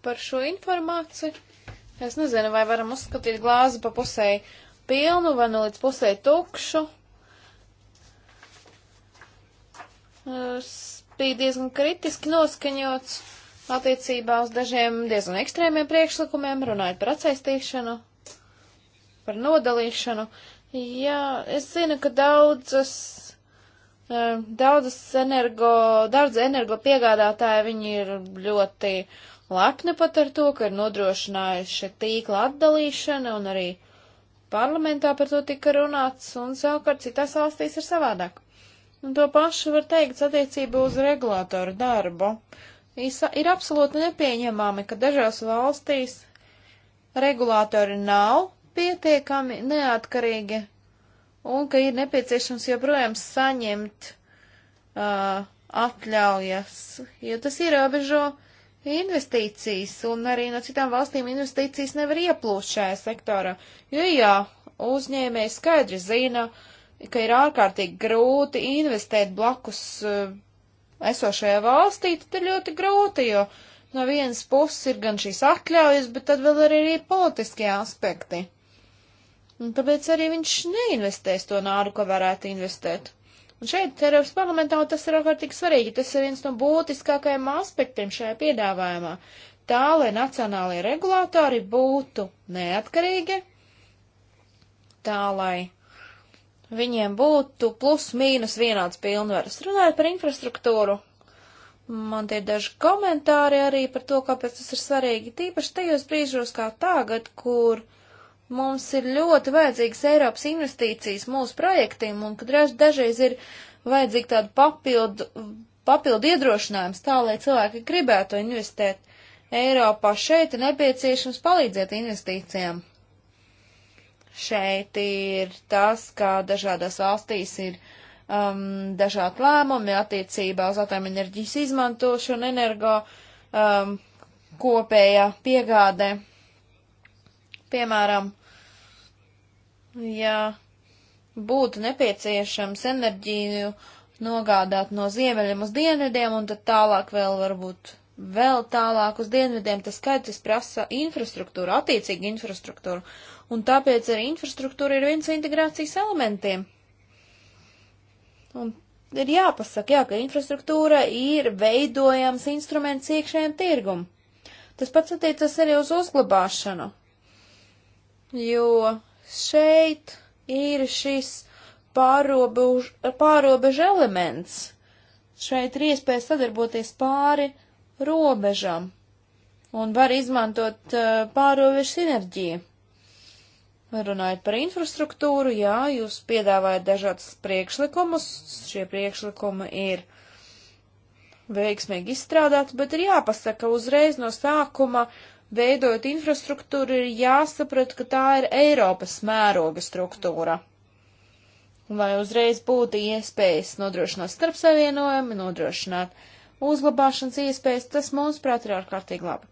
par šo informāciju. Es nezinu, vai varam uzskatīt glāzi pa pusēji pilnu vai nu līdz pusēji tukšu. Es biju diezgan kritiski noskaņots attiecībā uz dažiem diezgan ekstrēmiem priekšlikumiem, runājot par atsaistīšanu, par nodalīšanu. Jā, es zinu, ka daudzas, e, daudzas energo, daudz energo piegādātāji, viņi ir ļoti uh, lepni pat ar to, ka ir nodrošinājuši tīkla atdalīšana un arī parlamentā par to tika runāts un savukārt citās valstīs ir savādāk. Un to pašu var teikt attiecībā uz regulātoru darbu. Isa ir absolūti nepieņemami, ka dažās valstīs regulātori nav pietiekami neatkarīgi un ka ir nepieciešams joprojām saņemt uh, atļaujas, jo tas ierobežo uh, investīcijas, un arī no citām valstīm investīcijas nevar ieplūst šajā sektorā. Jo jā, uzņēmēji skaidri zina, ka ir ārkārtīgi grūti investēt blakus uh, esošajā valstī, tad ir ļoti grūti, jo no vienas puses ir gan šīs atļaujas, bet tad vēl arī ir politiskie aspekti. Un tāpēc arī viņš neinvestēs to nāru, ko varētu investēt. Un šeit Eiropas parlamentā tas ir ārkārtīgi svarīgi. Tas ir viens no būtiskākajiem aspektiem šajā piedāvājumā. Tā, lai nacionālajie regulātori būtu neatkarīgi, tā, lai viņiem būtu plus mīnus vienāds pilnvaras. Runājot par infrastruktūru, man tie daži komentāri arī par to, kāpēc tas ir svarīgi, tīpaši tajos brīžos kā tagad, kur uh, Mums ir ļoti vajadzīgas Eiropas investīcijas mūsu projektiem, un kad dažreiz ir vajadzīgi tādu papildu, papildu iedrošinājums tā, lai cilvēki gribētu investēt. Eiropā šeit ir nepieciešams palīdzēt investīcijām. Šeit ir tas, ka dažādās valstīs ir um, dažādi lēmumi attiecībā uz atomenerģijas izmantošanu, energo um, kopējā piegādē. Piemēram, ja būtu nepieciešams enerģiju nogādāt no ziemeļiem uz dienvidiem un tad tālāk vēl varbūt vēl tālāk uz dienvidiem, tas skaitlis prasa infrastruktūru, attiecīgi infrastruktūru, un tāpēc arī infrastruktūra ir viens integrācijas elementiem. Un ir jāpasaka, jā, ka infrastruktūra ir veidojams instruments iekšējiem tirgum. Tas pats attiecas arī uz uzglabāšanu, jo šeit ir šis pārobež, pārobežu elements. Šeit ir iespēja sadarboties pāri robežam un var izmantot uh, pārobežu sinerģiju. Runājot par infrastruktūru, jā, jūs piedāvājat dažādas priekšlikumus, šie priekšlikumi ir veiksmīgi izstrādāti, bet ir jāpasaka uzreiz no sākuma, uh, veidot infrastruktūru, ir jāsaprot, ka tā ir Eiropas mēroga struktūra. Lai uzreiz būtu iespējas nodrošināt starpsavienojumu, nodrošināt uzglabāšanas iespējas, tas mums, prāt, ir ārkārtīgi labi.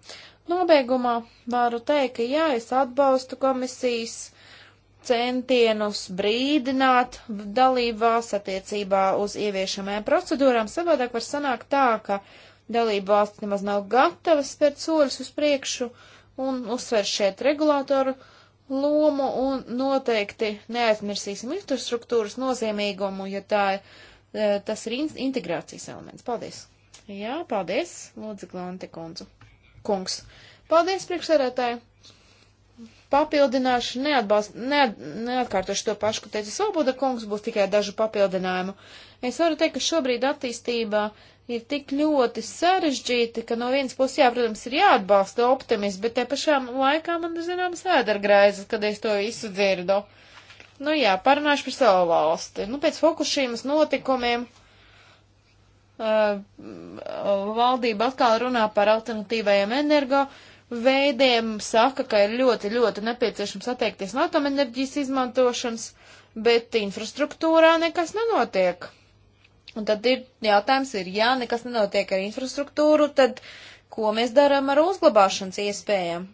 Nobeigumā varu teikt, ka jā, es atbalstu komisijas centienus brīdināt dalībās attiecībā uz ieviešamajām procedūrām. Savādāk var sanākt tā, ka dalība valsts nemaz nav gatavas spērt soļus uz priekšu un uzsver šeit regulātoru lomu un noteikti neaizmirsīsim infrastruktūras nozīmīgumu, jo tā, e, tas ir integrācijas elements. Paldies! Jā, paldies, Lūdzu, Glante kundzu. Kungs. Paldies, priekšsēdētāji! Papildināšu, neatbalst, neat, neatkārtošu to pašu, ko teica Svoboda kungs, būs tikai dažu papildinājumu. Es varu teikt, ka šobrīd attīstībā ir tik ļoti sarežģīti, ka no vienas puses, jā, protams, ir jāatbalsta optimisms, bet te pašā laikā man, zinām, sēdergraizes, kad es to visu dzirdu. Nu jā, parunāšu par savu valsti. Nu, pēc Fukušīmas notikumiem uh, valdība atkal runā par alternatīvajiem energo veidiem, saka, ka ir ļoti, ļoti nepieciešams atteikties no atomenerģijas izmantošanas, bet infrastruktūrā nekas nenotiek. Un tad ir jautājums, ir, ja nekas nenotiek ar infrastruktūru, tad ko mēs darām ar uzglabāšanas iespējām?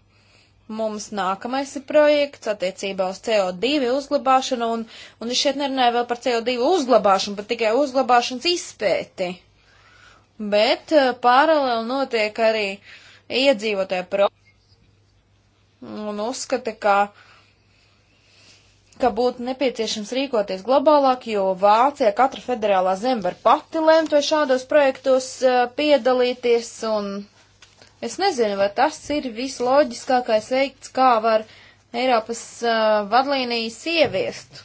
Mums nākamais ir projekts attiecībā uz CO2 uzglabāšanu, un, un es šeit nerunāju vēl par CO2 uzglabāšanu, bet tikai uzglabāšanas izpēti. Bet uh, paralēli notiek arī iedzīvotāja projekts, un uzskata, ka uh, ka būtu nepieciešams rīkoties globālāk, jo Vācija katra federālā zem var pati lemt, vai šādos projektos uh, piedalīties, un es nezinu, vai tas ir visloģiskākais veikts, kā var Eiropas uh, vadlīnijas ieviest.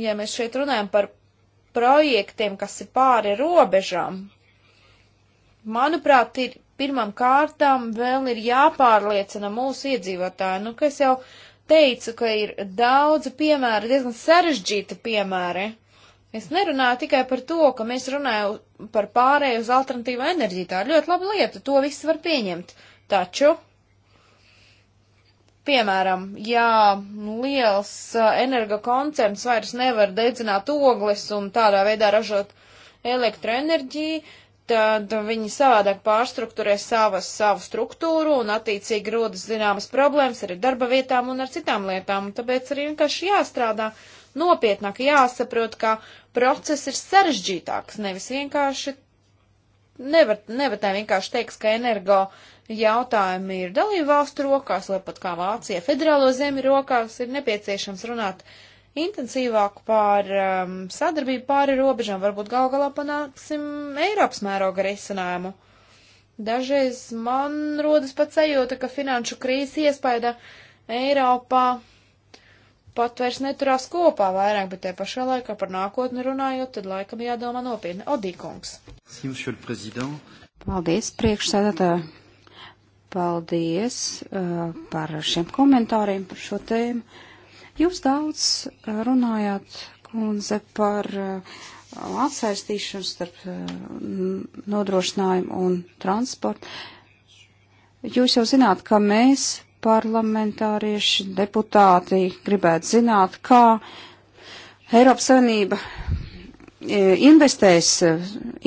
Ja mēs šeit runājam par projektiem, kas ir pāri robežām, manuprāt, ir pirmam kārtām vēl ir jāpārliecina mūsu iedzīvotāji, nu, kas jau teicu, ka ir daudzi piemēri, diezgan sarežģīti piemēri. Es nerunāju tikai par to, ka mēs runājam par pārēju uz alternatīvu enerģiju. Tā ir ļoti laba lieta, to viss var pieņemt. Taču, piemēram, ja liels uh, energokoncerns vairs nevar dedzināt ogles un tādā veidā ražot elektroenerģiju, tad viņi savādāk pārstruktūrē savas, savu struktūru un attiecīgi rodas zināmas problēmas arī darba vietām un ar citām lietām. Un tāpēc arī vienkārši jāstrādā nopietnāk, jāsaprot, ka process ir sarežģītāks, nevis vienkārši. Nevar, nevar tā vienkārši teikt, ka energo jautājumi ir dalību valstu rokās, lai pat kā Vācija federālo zemi rokās ir nepieciešams runāt uh, intensīvāku pār um, sadarbību pāri robežām, varbūt gal galā panāksim Eiropas mēroga risinājumu. Dažreiz man rodas pat sajūta, ka finanšu krīze iespaida Eiropā pat vairs neturās kopā vairāk, bet te pašā laikā par nākotni runājot, tad laikam jādomā nopietni. Odīkungs. Paldies, priekšsēdētāji. Paldies uh, par šiem komentāriem par šo tēmu. Jūs daudz runājāt, kundze, par atsaistīšanu starp nodrošinājumu un transportu. Jūs jau zināt, ka mēs, parlamentārieši, deputāti, gribētu zināt, kā Eiropas Savienība investēs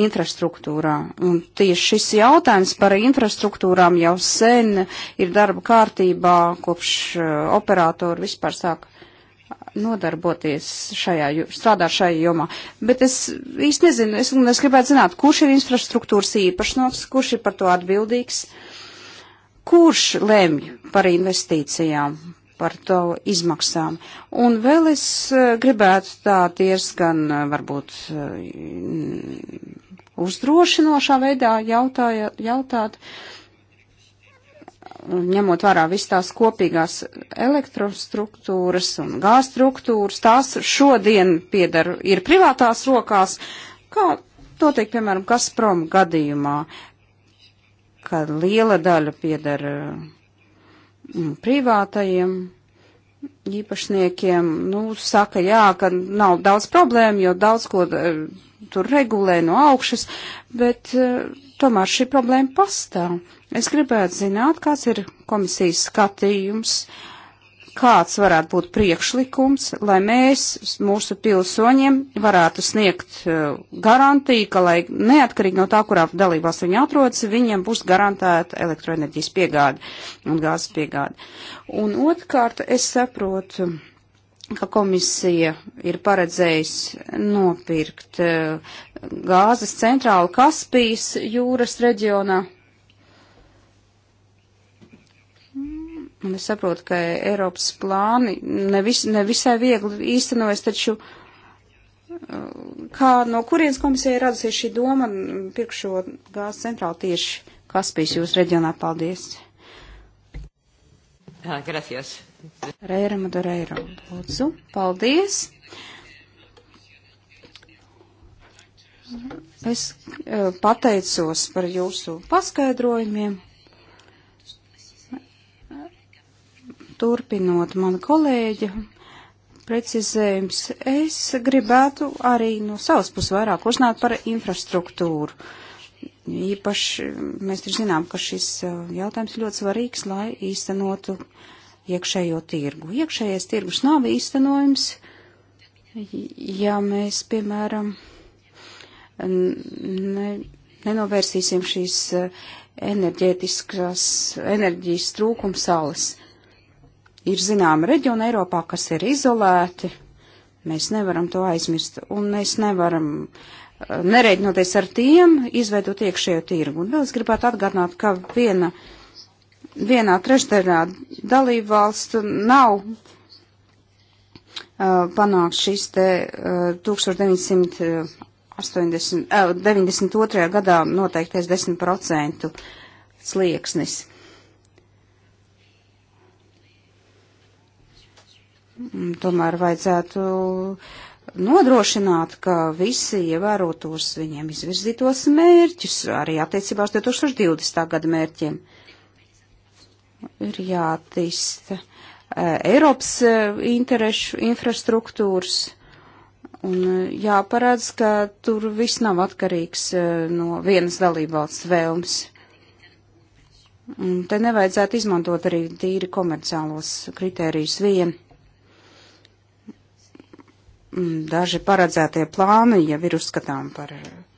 infrastruktūrā. Un tieši šis jautājums par infrastruktūrām jau sen ir darba kārtībā, kopš operatori vispār sāka nodarboties šajā, strādā šajā jomā. Bet es īsti nezinu, es, es gribētu zināt, kurš ir infrastruktūras īpašnieks, kurš ir par to atbildīgs, kurš lemj par investīcijām, par to izmaksām. Un vēl es e, gribētu tā diezgan e, varbūt e, uzdrošinošā veidā jautā, jautāt, ņemot vērā visas tās kopīgās elektrostruktūras un gāzstruktūras, tās šodien piedar, ir privātās rokās, kā to teikt, piemēram, Gazprom gadījumā, kad liela daļa piedar mm, privātajiem īpašniekiem, nu, saka, jā, ka nav daudz problēmu, jo daudz ko eh, tur regulē no augšas, bet eh, tomēr šī problēma pastāv. Es gribētu zināt, kāds ir komisijas skatījums, kāds varētu būt priekšlikums, lai mēs mūsu pilsoņiem varētu sniegt uh, garantiju, ka, lai neatkarīgi no tā, kurā dalībās viņi atrodas, viņiem būs garantēta elektroenerģijas piegāde un gāzes piegāde. Un otrkārt, es saprotu, ka komisija ir paredzējusi nopirkt uh, gāzes centrālu Kaspijas jūras reģionā Un es saprotu, ka Eiropas plāni nevis, nevisai viegli īstenojas, taču kā no kurienes komisija ir radusies šī doma pirkšo gāzes centrālu tieši Kaspijas jūras reģionā? Paldies! Jā, gracias. Reira Madureira, lūdzu. Paldies! Es eh, pateicos par jūsu paskaidrojumiem. Turpinot manu kolēģi precizējums, es gribētu arī no savas puses vairāk uzzināt par infrastruktūru. Īpaši mēs taču zinām, ka šis uh, jautājums ļoti svarīgs, lai īstenotu iekšējo tirgu. Iekšējais tirgus nav īstenojums, ja mēs, piemēram, ne, nenovērsīsim šīs uh, enerģētiskās, enerģijas trūkums salas. Ir zināma reģiona Eiropā, kas ir izolēti. Mēs nevaram to aizmirst, un mēs nevaram eh, nereidinoties ar tiem izveidot iekšējo tirgu. Un vēl es gribētu atgādināt, ka viena, vienā trešdaļā dalību valstu nav uh, panākt šīs te uh, 1900. 80, eh, 92. Eh, gadā noteiktais 10% slieksnis. Mm, tomēr vajadzētu nodrošināt, ka visi ievērotos viņiem izvirzītos mērķus, arī attiecībā uz 2020. gada mērķiem. Ir jātīsta eh, Eiropas eh, interešu infrastruktūras un eh, jāparādz, ka tur viss nav atkarīgs no vienas dalībvalsts vēlmes. Un te nevajadzētu izmantot arī tīri komerciālos kritērijus vien. Mm, daži paredzētie plāni jau ir uzskatām par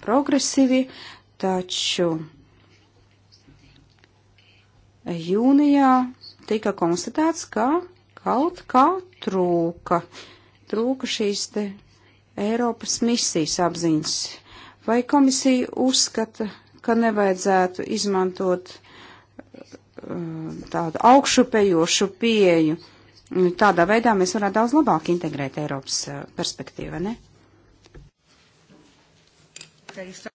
progresīvi, taču jūnijā tika konstatēts, ka kaut kā trūka, trūka šīs te Eiropas misijas apziņas. Vai komisija uzskata, ka nevajadzētu izmantot uh, tādu augšupējošu pieju? Tādā veidā mēs varētu daudz labāk integrēt Eiropas eh, perspektīvu, ne?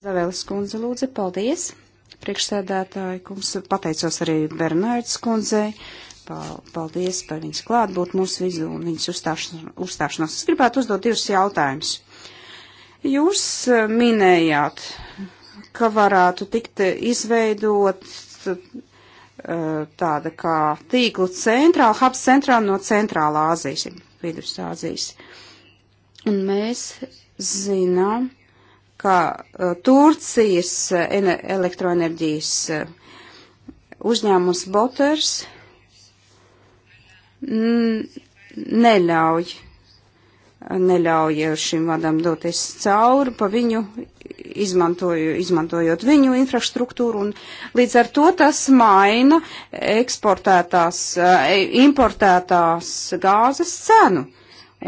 Zavēlis kundze lūdzu, paldies. Priekšsēdētāji kungs, pateicos arī Bernārds kundzei. Paldies par viņas klātbūt mūsu vizu un viņas uzstāšanos. Es gribētu uzdot divus jautājumus. Jūs eh, minējāt, ka varētu tikt izveidot Eh, tāda kā tīklu centrāla, hubs centrāla no centrālā Āzijas, Vidusāzijas. Un mēs zinām, ka uh, Turcijas eh, elektroenerģijas uzņēmums Boters neļauj, neļauj šim vadam doties cauri pa viņu izmantoju, izmantojot viņu infrastruktūru, un līdz ar to tas maina eksportētās, eh, importētās gāzes cenu.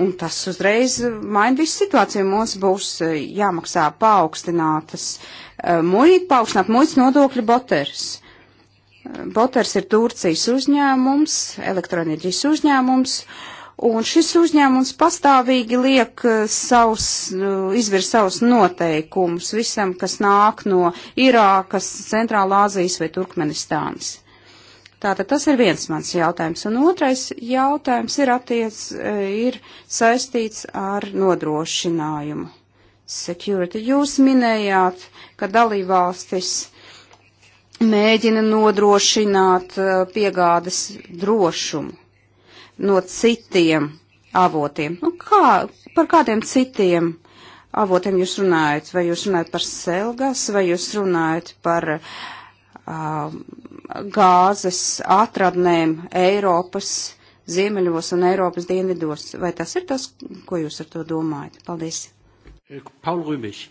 Un tas uzreiz maina visu situāciju. Mums būs eh, jāmaksā paaugstinātas eh, muitas, paaugstināt muitas nodokļu boters. Boters ir Turcijas uzņēmums, elektroenerģijas uzņēmums, uh, Un šis uzņēmums pastāvīgi liek eh, savus, nu, izvir savus noteikumus visam, kas nāk no Irākas, Centrālā Azijas vai Turkmenistānas. Tātad tas ir viens mans jautājums. Un otrais jautājums ir, attiec, eh, ir saistīts ar nodrošinājumu. Security. Jūs minējāt, ka dalībvalstis mēģina nodrošināt eh, piegādes drošumu no citiem avotiem. Nu, kā, par kādiem citiem avotiem jūs runājat? Vai jūs runājat par selgas, vai jūs runājat par uh, gāzes atradnēm Eiropas ziemeļos un Eiropas dienvidos? Vai tas ir tas, ko jūs ar to domājat? Paldies. Paul Rūbiš.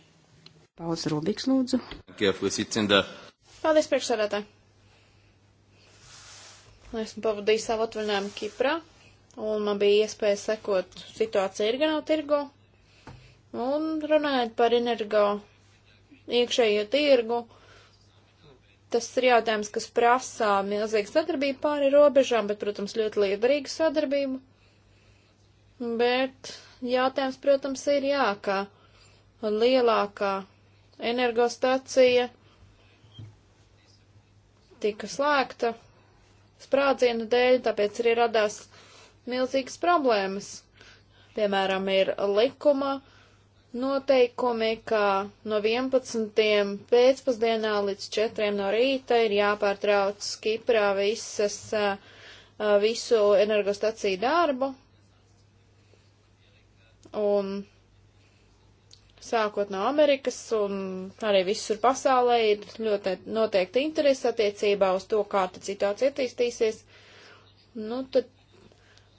Pauls Rūbiks, lūdzu. Paldies, priekšsēdētāji. Esmu pavadījis savu atvaļinājumu Kiprā un man bija iespēja sekot situāciju Irgano tirgu. Un runājot par energo iekšējo tirgu, tas ir jautājums, kas prasā milzīgu sadarbību pāri robežām, bet, protams, ļoti liederīgu sadarbību. Bet jautājums, protams, ir jā, ka lielākā energostacija tika slēgta sprādzienu dēļ, tāpēc arī radās milzīgas problēmas. Piemēram, ir likuma noteikumi, ka no 11. pēcpusdienā līdz 4. no rīta ir jāpārtrauc Kiprā visas, visu energostaciju darbu. Un sākot no Amerikas un arī visur pasaulē ir ļoti noteikti interesi attiecībā uz to, kā tad situācija attīstīsies. Nu, tad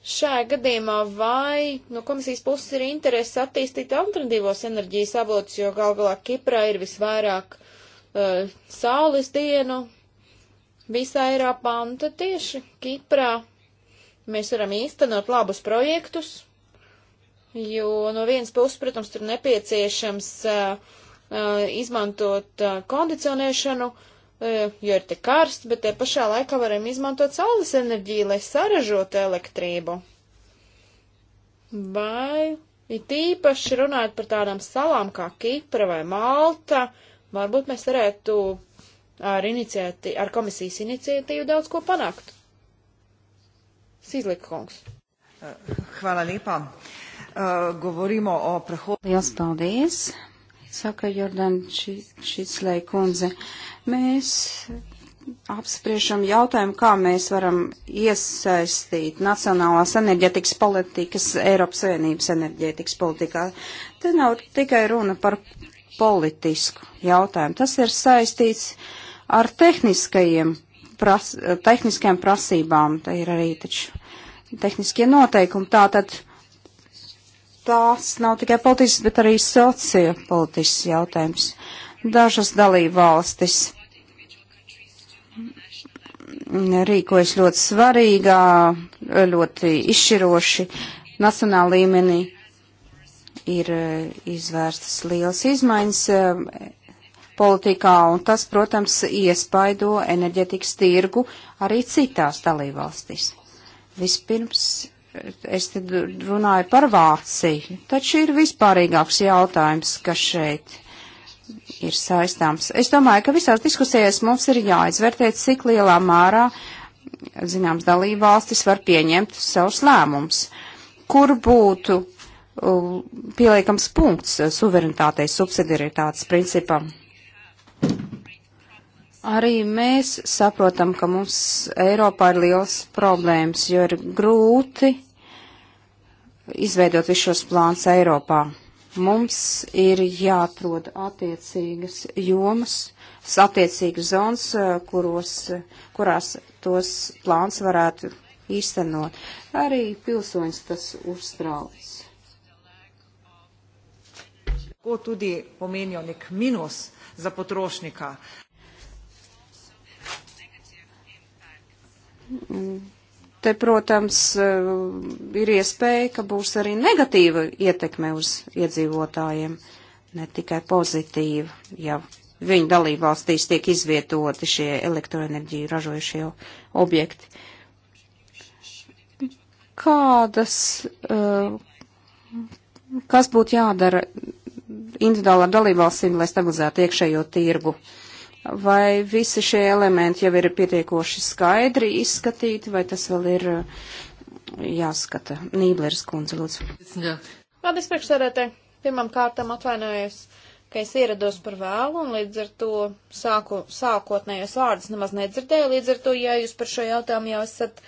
šajā gadījumā vai no nu, komisijas puses ir interese attīstīt alternatīvos enerģijas avotus, jo gal galā Kiprā ir visvairāk uh, saules dienu visā Eiropā, un tad tieši Kiprā mēs varam īstenot labus projektus, jo no vienas puses, protams, tur nepieciešams uh, uh, izmantot uh, kondicionēšanu, uh, E, jo ir tik karsti, bet te pašā laikā varam izmantot saules enerģiju, lai saražotu elektrību. Vai it īpaši runājot par tādām salām kā Kipra vai Malta, varbūt mēs varētu ar, iniciati, ar komisijas iniciatīvu daudz ko panākt. Sīzlika kungs. Hvala lepa. Uh, e, govorimo o prehodu. Liels paldies saka Jordan Šitslei kundze. Mēs apspriešam jautājumu, kā mēs varam iesaistīt nacionālās enerģetikas politikas Eiropas Savienības enerģetikas politikā. Te nav tikai runa par politisku jautājumu. Tas ir saistīts ar tehniskajiem, pras, tehniskajām prasībām. Te ir arī taču tehniskie noteikumi. Tātad tās nav tikai politisks, bet arī sociopolitisks jautājums. Dažas dalībvalstis rīkojas ļoti svarīgā, ļoti izšķiroši nacionāla līmenī. Ir e, izvērstas liels izmaiņas e, politikā, un tas, protams, iespaido enerģetikas tirgu arī citās dalībvalstīs. Vispirms Es te runāju par Vāciju, taču ir vispārīgāks jautājums, kas šeit ir saistāms. Es domāju, ka visās diskusijās mums ir jāizvērtē, cik lielā mērā, zināms, dalībvalstis var pieņemt savus lēmumus, kur būtu uh, pieliekams punkts suverenitātei, subsidiaritātes principam. Arī mēs saprotam, ka mums Eiropā ir liels problēmas, jo ir grūti izveidot visus šos plāns Eiropā. Mums ir jāatrod attiecīgas jomas, attiecīgas zonas, kuros, kurās tos plāns varētu īstenot. Arī pilsoņus tas uztrauc. Ko tudi pomenijo nek minus za potrošnika? Te, protams, e, ir iespēja, ka būs arī negatīva ietekme uz iedzīvotājiem, ne tikai pozitīva, ja viņu dalībvalstīs tiek izvietoti šie elektroenerģiju ražojušie objekti. Kādas, e, kas būtu jādara individuālām dalībvalstīm, lai stabilizētu iekšējo tirgu? Uh, Vai visi šie elementi jau ir pietiekoši skaidri izskatīti, vai tas vēl ir eh, jāskata? Nībleris kundze, lūdzu. Jā. Paldies, priekšsēdētāji. Pirmam kārtam atvainojos, ka es ierados par vēlu, un līdz ar to sāku, sākotnējos vārdus nemaz nedzirdēju. Līdz ar to, ja jūs par šo jautājumu jau esat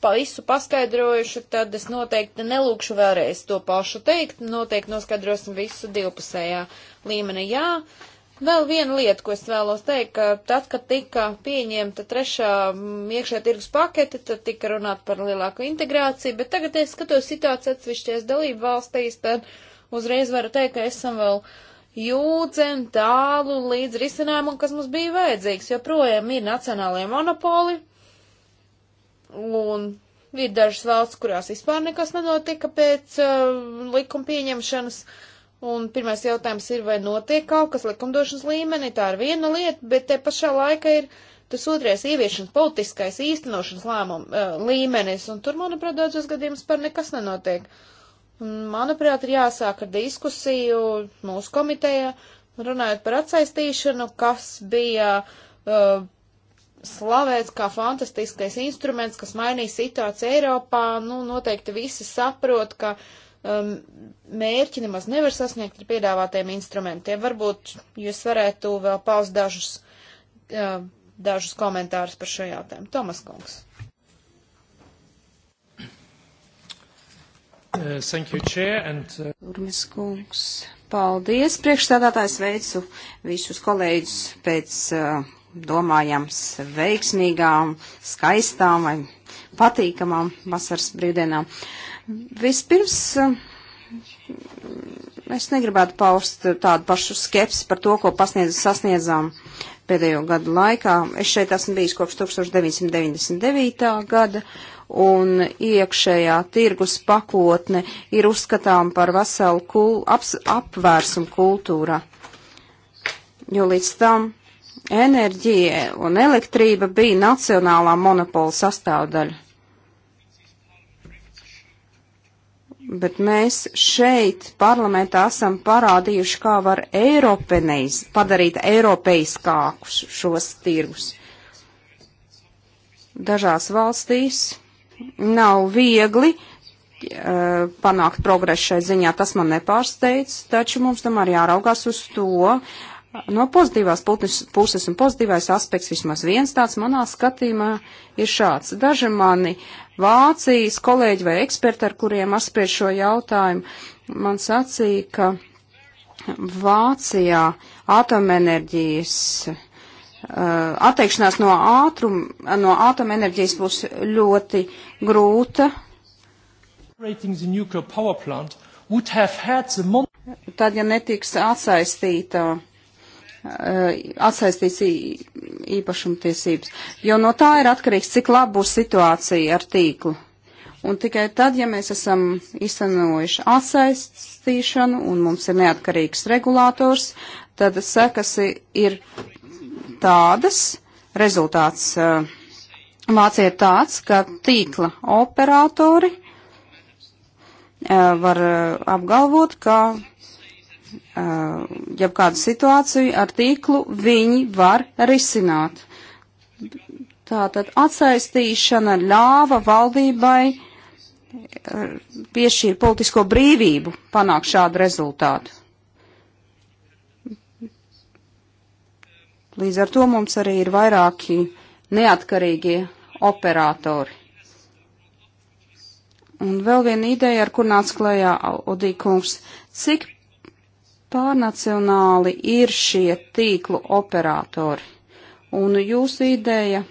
pa visu paskaidrojuši, tad es noteikti nelūkšu vēlreiz to pašu teikt. Noteikti noskaidrosim visu divpusējā līmenī. Jā. Uh, Vēl viena lieta, ko es vēlos teikt, ka tad, kad tika pieņemta trešā mm, iekšē tirgus pakete, tad tika runāt par lielāku integrāciju, bet tagad, ja skatos situāciju atsevišķies dalību valstīs, tad uzreiz varu teikt, ka esam vēl jūdzem tālu līdz risinājumam, kas mums bija vajadzīgs, jo projām ir nacionālajie monopoli, un ir dažas valsts, kurās vispār nekas nenotika pēc uh, likuma pieņemšanas. Uh, Un pirmais jautājums ir, vai notiek kaut kas likumdošanas līmenī, tā ir viena lieta, bet te pašā laikā ir tas otrais ieviešanas politiskais īstenošanas lēmuma eh, līmenis, un tur, manuprāt, daudzos gadījumos par nekas nenotiek. Un, manuprāt, ir jāsāk ar diskusiju mūsu komitejā, runājot par atsaistīšanu, kas bija uh, slavēts kā fantastiskais instruments, kas mainīja situāciju Eiropā. Nu, noteikti visi saprot, ka uh, um, mērķi nemaz nevar sasniegt ar piedāvātajiem instrumentiem. Varbūt jūs varētu vēl paust dažus, uh, dažus komentārus par šo jautājumu. Tomas Kungs. Uh, thank you, Chair, and... Uh... Urmis Kungs, paldies. Priekšstādātājs veicu visus kolēģus pēc uh, domājams veiksmīgām, skaistām vai patīkamām vasaras brīvdienām. Vispirms eh, es negribētu paust tādu pašu skepsi par to, ko pasniedz, sasniedzām pēdējo gadu laikā. Es šeit esmu bijis kopš 1999. gada, un iekšējā tirgus pakotne ir uzskatām par veselu kul, aps, apvērsumu kultūrā. Jo līdz tam enerģija un elektrība bija nacionālā monopola sastāvdaļa. Bet mēs šeit parlamentā esam parādījuši, kā var Eiropeneiz, padarīt eiropeiskākus šos tirgus. Dažās valstīs nav viegli uh, panākt progresu šai ziņā, tas man nepārsteidz, taču mums tam arī jāraugās uz to, No pozitīvās puses un pozitīvais aspekts vismaz viens tāds manā skatījumā ir šāds. Daži mani Vācijas kolēģi vai eksperti, ar kuriem apspriež šo jautājumu, man sacīja, ka Vācijā atomenerģijas uh, atteikšanās no ātruma, no atomenerģijas būs ļoti grūta. Tad, ja netiks atsaistīta Eh, atsaistīts īpašumtiesības, jo no tā ir atkarīgs, cik laba būs situācija ar tīklu. Un tikai tad, ja mēs esam izsanojuši atsaistīšanu un mums ir neatkarīgs regulators, tad sekas ir tādas, rezultāts eh, Vācija ir tāds, ka tīkla operatori eh, var apgalvot, ka Uh, ja kādu situāciju ar tīklu viņi var risināt. Tātad atsaistīšana ļāva valdībai uh, piešķīra politisko brīvību panākt šādu rezultātu. Līdz ar to mums arī ir vairāki neatkarīgie operatori. Un vēl viena ideja, ar kur nāca klajā Odīkungs, cik pārnacionāli ir šie tīklu operatori. Un jūsu ideja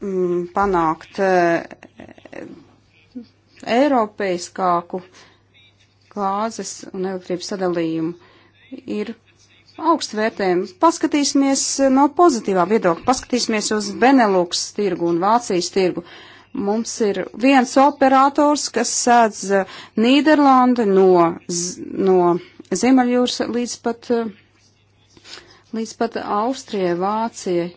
mm, panākt e, eiropeiskāku gāzes un elektrības sadalījumu ir augstvērtējums. Paskatīsimies no pozitīvā viedokļa, paskatīsimies uz Benelux tirgu un Vācijas tirgu. Uh, Mums ir viens operators, kas sēdz eh, Nīderlanda no, no Ziemeļjūras līdz pat, eh, līdz pat Austrijai, Vācijai.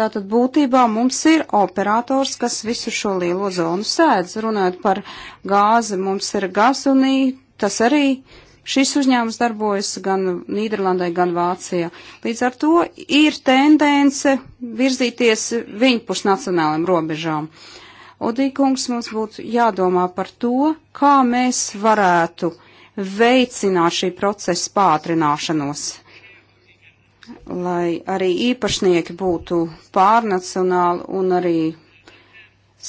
Tātad būtībā mums ir operators, kas visu šo lielo zonu sēdz. Runājot par gāzi, mums ir gazunī, tas arī uh, Šis uzņēmums darbojas gan Nīderlandē, gan Vācijā. Līdz ar to ir tendence virzīties viņpus nacionālajām robežām. Odīkungs mums būtu jādomā par to, kā mēs varētu veicināt šī procesa pātrināšanos, lai arī īpašnieki būtu pārnacionāli un arī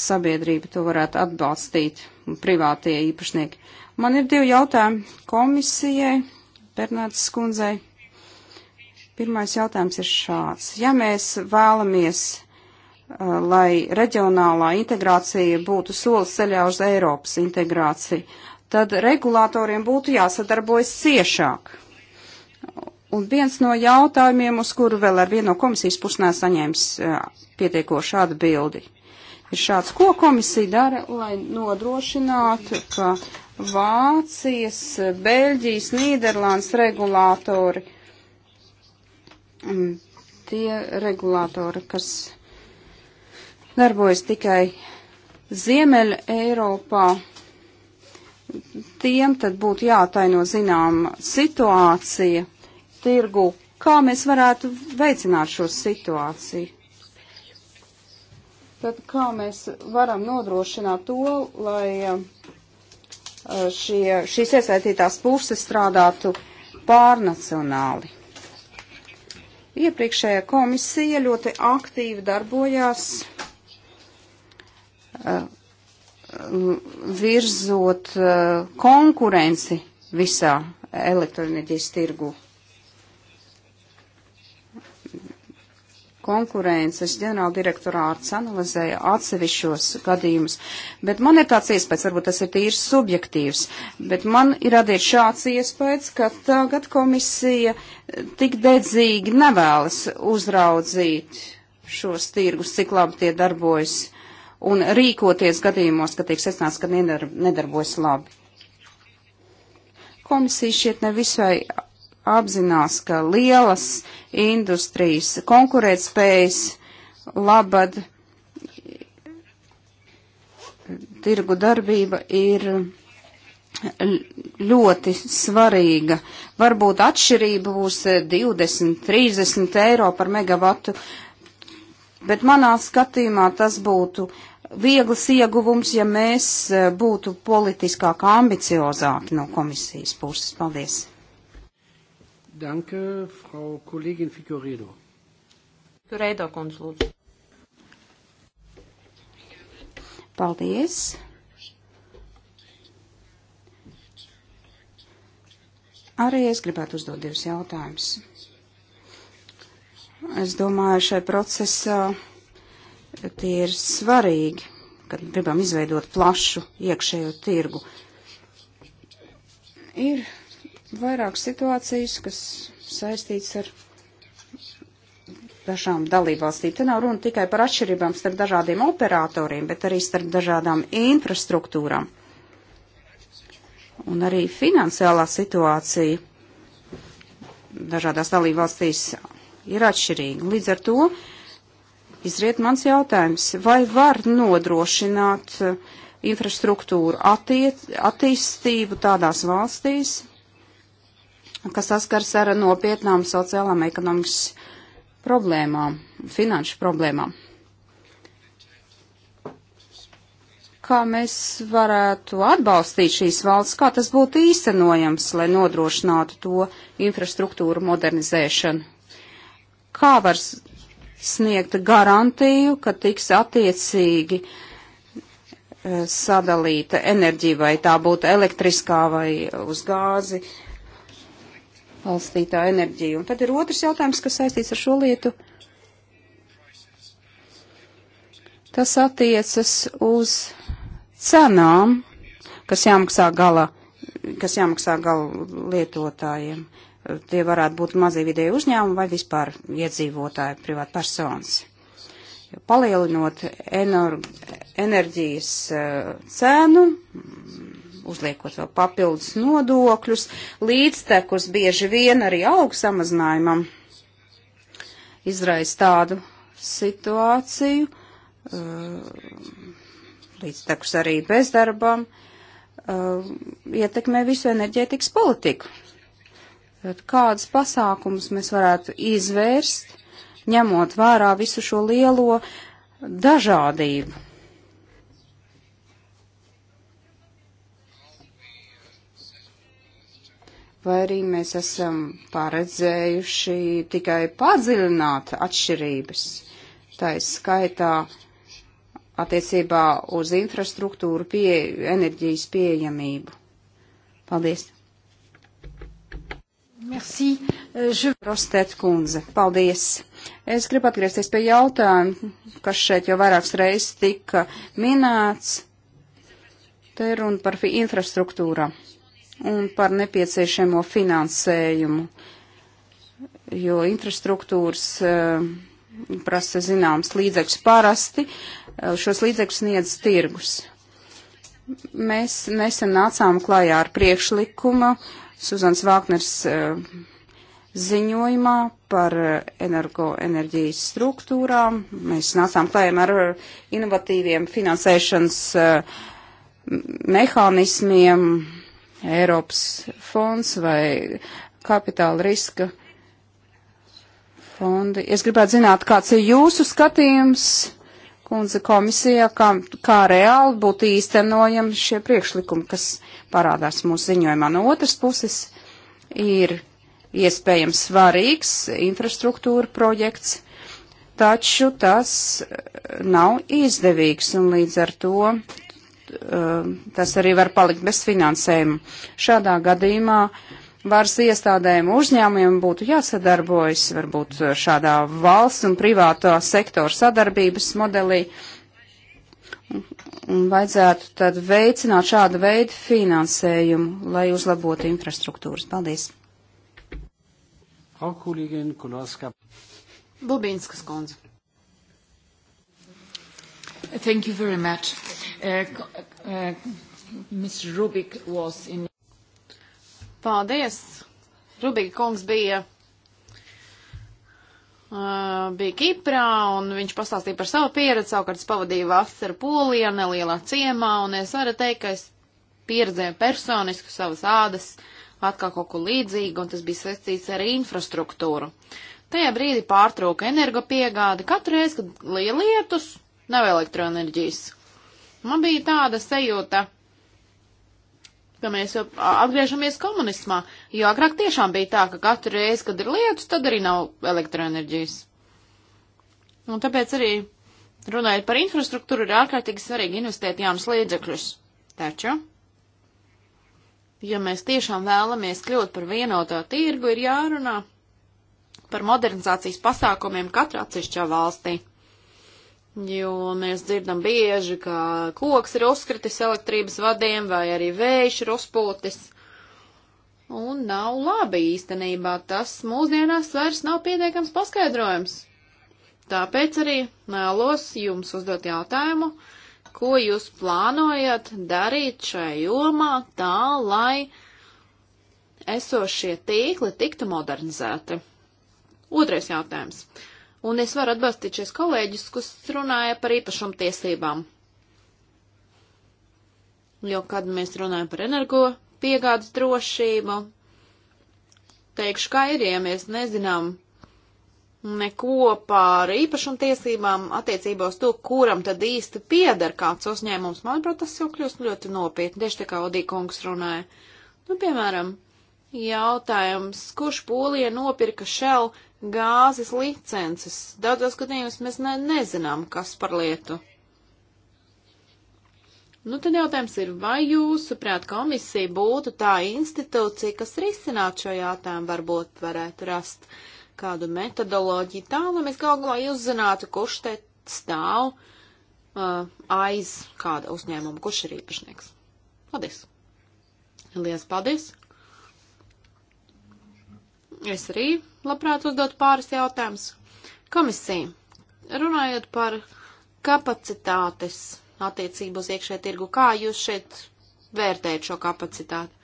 sabiedrība to varētu atbalstīt, privātie īpašnieki. Man ir divi jautājumi komisijai, Bernārdas skundzei. Pirmais jautājums ir šāds. Ja mēs vēlamies, uh, lai reģionālā integrācija būtu solis ceļā uz Eiropas integrāciju, tad regulātoriem būtu jāsadarbojas ciešāk. Un viens no jautājumiem, uz kuru vēl ar vienu no komisijas pusnē saņēmis uh, pietiekošu atbildi, ir šāds, ko komisija dara, lai nodrošinātu, ka Vācijas, Beļģijas, Nīderlandes regulātori. Tie regulātori, kas darbojas tikai Ziemeļa Eiropā, tiem tad būtu jātaino zinām situācija tirgu, kā mēs varētu veicināt šo situāciju. Tad kā mēs varam nodrošināt to, lai uh, Uh, šie, šīs iesaistītās puses strādātu pārnacionāli. Iepriekšējā komisija ļoti aktīvi darbojās uh, virzot uh, konkurenci visā elektroenerģijas tirgu. konkurences ģenerāldirektorāts analizēja atsevišķos gadījumus, bet man ir tāds iespējas, varbūt tas ir tīri subjektīvs, bet man ir radies šāds iespējas, ka tagad komisija tik dedzīgi nevēlas uzraudzīt šos tirgus, cik labi tie darbojas un rīkoties gadījumos, kad tiek secināts, ka nedar, nedarbojas labi. Komisija šiet nevisai apzinās, ka lielas industrijas konkurētspējas labad tirgu darbība ir ļoti svarīga. Varbūt atšķirība būs 20, 30 eiro par megavatu, bet manā skatījumā tas būtu viegls ieguvums, ja mēs būtu politiskāk ambiciozāki no komisijas puses. Paldies! Danke, Frau Kollegin Figueredo. Figueredo, kundz, lūdzu. Paldies. Arī es gribētu uzdot divus jautājumus. Es domāju, šai procesā tie ir svarīgi, kad gribam izveidot plašu iekšējo tirgu. Ir vairāk situācijas, kas saistīts ar dažām dalībvalstīm. Te nav runa tikai par atšķirībām starp dažādiem operatoriem, bet arī starp dažādām infrastruktūrām. Un arī finansiālā situācija dažādās dalībvalstīs ir atšķirīga. Līdz ar to izriet mans jautājums, vai var nodrošināt uh, infrastruktūru attiet, attīstību tādās valstīs, kas saskars ar nopietnām sociālām ekonomikas problēmām, finanšu problēmām. Kā mēs varētu atbalstīt šīs valsts, kā tas būtu īstenojams, lai nodrošinātu to infrastruktūru modernizēšanu? Kā var sniegt garantiju, ka tiks attiecīgi eh, sadalīta enerģija, vai tā būtu elektriskā vai uz gāzi, uh, valstītā enerģija. Un tad ir otrs jautājums, kas saistīts ar šo lietu. Tas attiecas uz cenām, kas jāmaksā gala, kas jāmaksā gala lietotājiem. Tie varētu būt mazie vidēji uzņēmumi vai vispār iedzīvotāji, privāti personas. Palielinot enerģijas eh, cenu, uzliekot vēl papildus nodokļus, līdztekus bieži vien arī augu samazinājumam izraisa tādu situāciju, uh, līdztekus arī bezdarbam, uh, ietekmē visu enerģētikas politiku. Tad kādas pasākumus mēs varētu izvērst, ņemot vērā visu šo lielo dažādību? vai arī mēs esam paredzējuši tikai padziļināt atšķirības, tā ir skaitā attiecībā uz infrastruktūru pie enerģijas pieejamību. Paldies! Merci, euh, je... Rostēt kundze, paldies! Es gribu atgriezties pie jautājuma, kas šeit jau vairākas reizes tika minēts. Te ir runa par infrastruktūru un par nepieciešamo finansējumu, jo infrastruktūras eh, prasa zināms līdzekļus parasti, eh, šos līdzekļus sniedz tirgus. Mēs nesen nācām klājā ar priekšlikumu Suzans Vākners eh, ziņojumā par energoenerģijas struktūrām. Mēs nācām klājiem ar inovatīviem finansēšanas mehānismiem, Eiropas fonds vai kapitāla riska fondi. Es gribētu zināt, kāds ir jūsu skatījums, kundze komisijā, kā, kā reāli būtu īstenojami šie priekšlikumi, kas parādās mūsu ziņojumā. No otras puses ir iespējams svarīgs infrastruktūra projekts, taču tas nav izdevīgs un līdz ar to Um, tas arī var palikt bez finansējuma. Šādā gadījumā varas iestādēm uzņēmumiem būtu jāsadarbojas, varbūt uh, šādā valsts un privātā sektora sadarbības modelī. Un vajadzētu tad veicināt šādu veidu finansējumu, lai uzlabotu infrastruktūras. Paldies! Bubīnskas kundze. Thank you very much. Uh, uh, Mr. Rubik was in. Paldies. Rubik kungs bija, uh, bija Kiprā un viņš pastāstīja par savu pieredzi, savukārt es pavadīju vasaru Polijā, nelielā ciemā, un es varu teikt, ka es pieredzēju personisku savas ādas atkal kaut ko līdzīgu, un tas bija saistīts ar infrastruktūru. Tajā brīdī pārtrūka energopiegāde. Katru reizi, kad lieja lietus, nav elektroenerģijas. Man bija tāda sajūta, ka mēs jau atgriežamies komunismā, jo agrāk tiešām bija tā, ka katru reizi, kad ir lietus, tad arī nav elektroenerģijas. Un tāpēc arī runājot par infrastruktūru, ir ārkārtīgi svarīgi investēt jaunas līdzekļus. Taču, ja mēs tiešām vēlamies kļūt par vienotā tirgu, ir jārunā par modernizācijas pasākumiem katrā atsevišķā valstī. Jo mēs dzirdam bieži, ka koks ir uzkritis elektrības vadiem vai arī vējš ir uzpūtis. Un nav labi īstenībā, tas mūsdienās vairs nav pietiekams paskaidrojums. Tāpēc arī vēlos jums uzdot jautājumu, ko jūs plānojat darīt šajā jomā tā, lai esošie tīkli tiktu modernizēti. Otrais jautājums un es varu atbalstīt šies kolēģis, kas runāja par īpašumtiesībām. Jo, kad mēs runājam par energo piegādes drošību, teikšu, kā ir, ja mēs nezinām neko par īpašumtiesībām attiecībā uz to, kuram tad īsti pieder kāds uzņēmums. Manuprāt, tas jau kļūst ļoti nopietni, tieši tā kā Odīkungs runāja. Nu, piemēram, jautājums, kurš polija nopirka Shell gāzes licences. Daudzos gadījumos mēs ne, nezinām, kas par lietu. Nu, tad jautājums ir, vai jūsuprāt komisija būtu tā institūcija, kas risinātu šo jautājumu, varbūt varētu rast kādu metodoloģiju tā, lai mēs galu galā uzzinātu, kurš te stāv uh, aiz kāda uzņēmuma, kurš ir īpašnieks. Paldies! Lielas paldies! Es arī labprāt uzdot pāris jautājumus. Komisija, runājot par kapacitātes attiecību uz iekšē tirgu, kā jūs šeit vērtējat šo kapacitāti?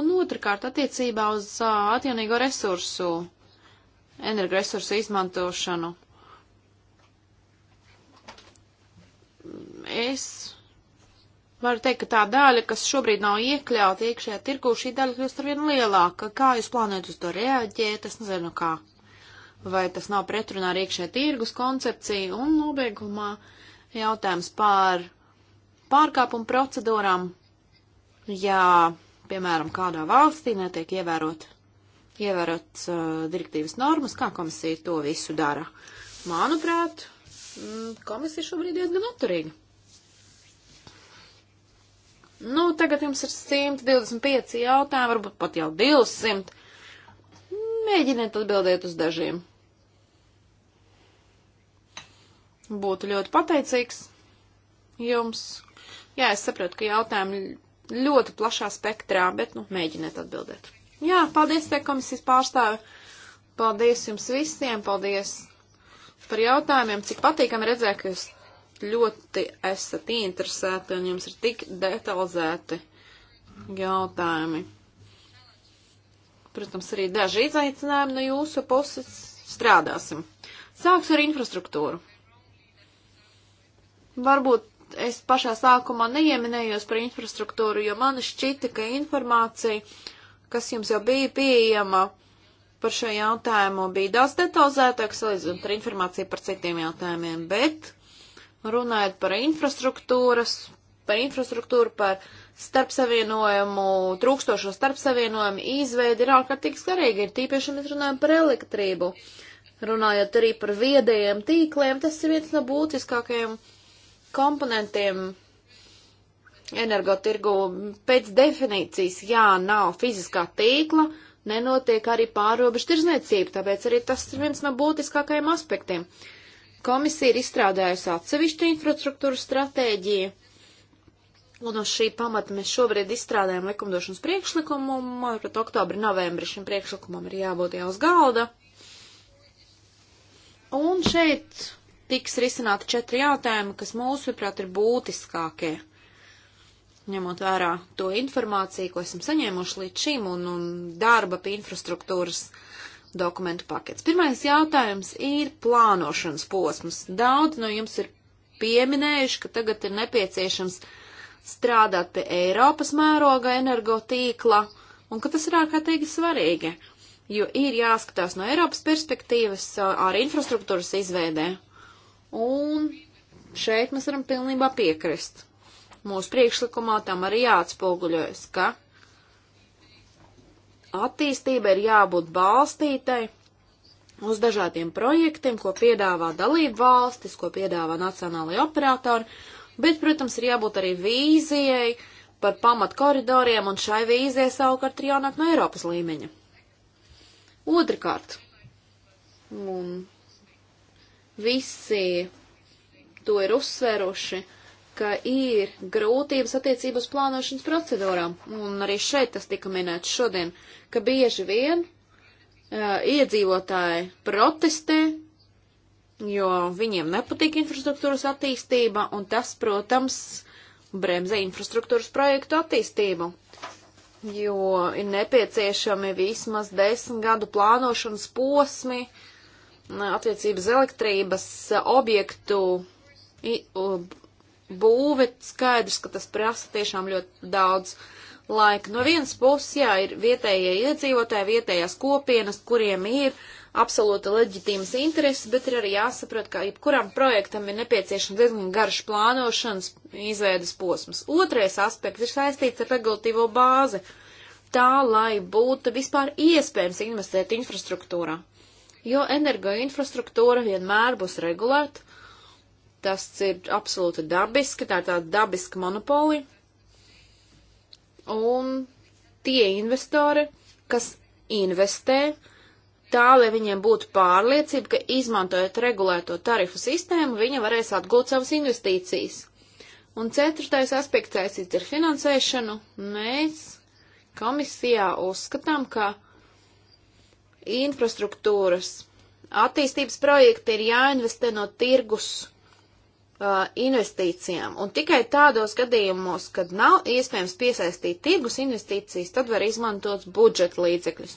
Un otrkārt, attiecībā uz atjaunīgo resursu, energoresursu izmantošanu. Es Varu teikt, ka tā daļa, kas šobrīd nav iekļauta iekšējā tirgū, šī daļa kļūst arvien lielāka. Kā jūs plānojat uz to reaģēt? Es nezinu, kā. Vai tas nav pretrunā ar iekšējā tirgus koncepciju? Un nobeigumā jautājums par pārkāpumu procedūrām. Jā, piemēram, kādā valstī netiek ievērot, ievērot uh, direktīvas normas, kā komisija to visu dara. Manuprāt, mm, komisija šobrīd diezgan atturīga. Nu, tagad jums ir 125 jautājumi, varbūt pat jau 200. Mēģiniet atbildēt uz dažiem. Būtu ļoti pateicīgs jums. Jā, es saprotu, ka jautājumi ļoti plašā spektrā, bet, nu, mēģiniet atbildēt. Jā, paldies, te komisijas pārstāvi. Paldies jums visiem, paldies par jautājumiem. Cik patīkami redzēt, ka jūs ļoti esat interesēti un jums ir tik detalizēti jautājumi. Protams, arī daži izaicinājumi no jūsu puses strādāsim. Sāksim ar infrastruktūru. Varbūt es pašā sākumā neieminējos par infrastruktūru, jo man šķita, ka informācija, kas jums jau bija pieejama par šo jautājumu, bija daudz detalizētāka salīdzinot ar informāciju par citiem jautājumiem, bet runājot par infrastruktūras, par infrastruktūru, par starpsavienojumu, trūkstošo starpsavienojumu izveidi ir ārkārtīgi svarīgi, ir tīpaši, mēs runājam par elektrību. Runājot arī par viedajiem tīkliem, tas ir viens no būtiskākajiem komponentiem energotirgu. Pēc definīcijas, jā, nav fiziskā tīkla, nenotiek arī pārobežu tirzniecība, tāpēc arī tas ir viens no būtiskākajiem aspektiem. Uh, Komisija ir izstrādājusi atsevišķu infrastruktūru stratēģiju, un uz šī pamata mēs šobrīd izstrādājam likumdošanas priekšlikumu, un, manuprāt, oktobri, novembri šim priekšlikumam ir jābūt jau uz galda. Un šeit tiks risināti četri jautājumi, kas mūsuprāt ir būtiskākie, ņemot vērā to informāciju, ko esam saņēmuši līdz šim, un, un darba pie infrastruktūras uh, dokumentu pakets. Pirmais jautājums ir plānošanas posms. Daudz no jums ir pieminējuši, ka tagad ir nepieciešams strādāt pie Eiropas mēroga energotīkla un ka tas ir ārkārtīgi svarīgi, jo ir jāskatās no Eiropas perspektīvas ar infrastruktūras izveidē. Un šeit mēs varam pilnībā piekrist. Mūsu priekšlikumā tam arī jāatspoguļojas, ka attīstība ir jābūt balstītai uz dažādiem projektiem, ko piedāvā dalību valstis, ko piedāvā nacionālai operatori, bet, protams, ir jābūt arī vīzijai par pamat koridoriem, un šai vīzijai savukārt ir jānāk no Eiropas līmeņa. Otrakārt, un visi to ir uzsveruši, ka ir grūtības attiecības plānošanas procedūrām, un arī šeit tas tika minēts šodien, ka bieži vien uh, iedzīvotāji protestē, jo viņiem nepatīk infrastruktūras attīstība, un tas, protams, bremzē infrastruktūras projektu attīstību, jo ir nepieciešami vismaz desmit gadu plānošanas posmi attiecības elektrības objektu būve, skaidrs, ka tas prasa tiešām ļoti daudz laika. No vienas puses, jā, ir vietējie iedzīvotāji, vietējās kopienas, kuriem ir absolūti leģitīmas intereses, bet ir arī jāsaprot, ka jebkuram projektam ir nepieciešams diezgan garš plānošanas izveidas posms. Otrais aspekts ir saistīts ar regulatīvo bāzi, tā lai būtu vispār iespējams investēt infrastruktūrā. Jo energo infrastruktūra vienmēr būs regulēta, Tas ir absolūti dabiski, tā ir tāda dabiska monopoli. Un tie investori, kas investē, tā, lai viņiem būtu pārliecība, ka izmantojot regulēto tarifu sistēmu, viņi varēs atgūt savas investīcijas. Un ceturtais aspekts saistīts ar finansēšanu. Mēs komisijā uzskatām, ka infrastruktūras attīstības projekti ir jāinvestē no tirgus Uh, investīcijām. Un tikai tādos gadījumos, kad nav iespējams piesaistīt tirgus investīcijas, tad var izmantot budžeta līdzekļus.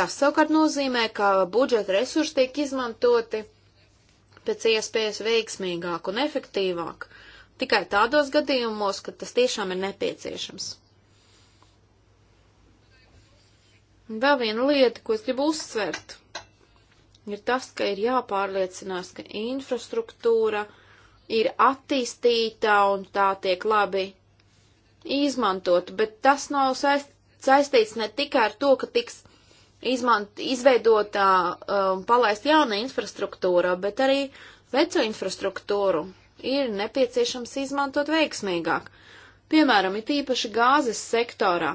Tas savukārt nozīmē, ka budžeta resursi tiek izmantoti pēc iespējas veiksmīgāk un efektīvāk, tikai tādos gadījumos, kad tas tiešām ir nepieciešams. Vēl viena lieta, ko es gribu uzsvert, ir tas, ka ir jāpārliecinās, ka infrastruktūra uh, ir attīstīta un tā tiek labi izmantot, bet tas nav saist, saistīts ne tikai ar to, ka tiks izmant, izveidotā un um, palaist jauna infrastruktūra, bet arī veco infrastruktūru ir nepieciešams izmantot veiksmīgāk. Piemēram, it īpaši gāzes sektorā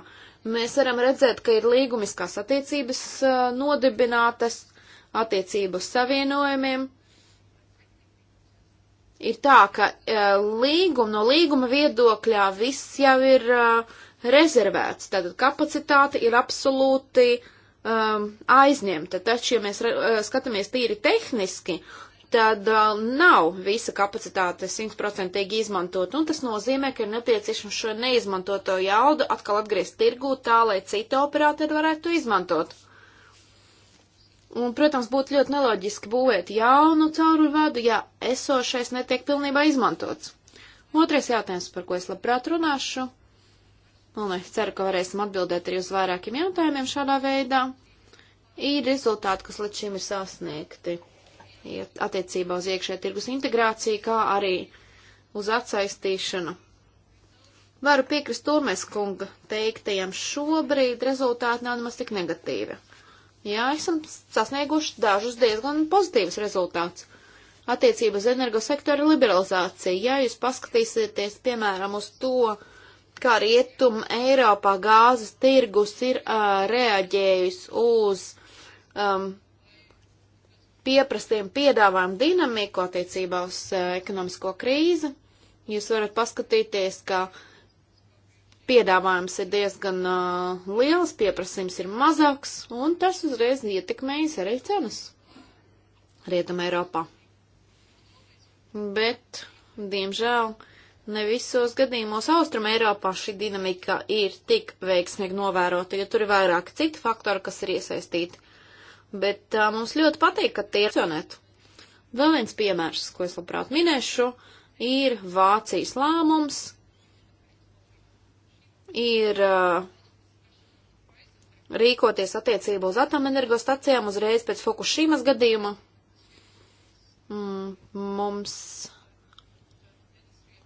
mēs varam redzēt, ka ir līgumiskās attiecības uh, nodibinātas, attiecības savienojumiem, ir tā, ka uh, eh, līguma no līguma viedokļā viss jau ir uh, rezervēts, tātad kapacitāte ir absolūti um, aizņemta, taču, ja mēs uh, skatāmies tīri tehniski, tad uh, nav visa kapacitāte simtprocentīgi izmantot, un tas nozīmē, ka ir nepieciešams šo neizmantoto jaudu atkal atgriezt tirgū tā, lai citi operatori varētu to izmantot. Uh, Un, protams, būtu ļoti neloģiski būvēt jaunu caurulvadu, ja esošais netiek pilnībā izmantots. Otrais jautājums, par ko es labprāt runāšu, un es ceru, ka varēsim atbildēt arī uz vairākiem jautājumiem šādā veidā, ir rezultāti, kas līdz šim ir sasniegti attiecībā uz iekšē tirgus integrāciju, kā arī uz atsaistīšanu. Varu piekrist Turmes kunga teiktajam, šobrīd rezultāti nav nemaz tik negatīvi. Jā, esam sasnieguši dažus diezgan pozitīvus rezultātus. Attiecība uz energosektoru liberalizāciju. Ja jūs paskatīsieties, piemēram, uz to, kā rietum Eiropā gāzes tirgus ir uh, reaģējis uz um, pieprastiem piedāvājumu dinamiku attiecībā uz uh, ekonomisko krīzi, jūs varat paskatīties, ka uh, piedāvājums ir diezgan uh, liels, pieprasījums ir mazāks, un tas uzreiz ietekmējas arī cenas Rietumē Eiropā. Bet, diemžēl, ne visos gadījumos Austrum Eiropā šī dinamika ir tik veiksmīgi novērota, jo tur ir vairāk citu faktoru, kas ir iesaistīti. Bet uh, mums ļoti patīk, ka tie ir funkcionēt. Vēl viens piemērs, ko es labprāt minēšu, ir Vācijas lēmums ir uh, rīkoties attiecībā uz atomenergo stacijām uzreiz pēc Fukushimas gadījuma. Mm, mums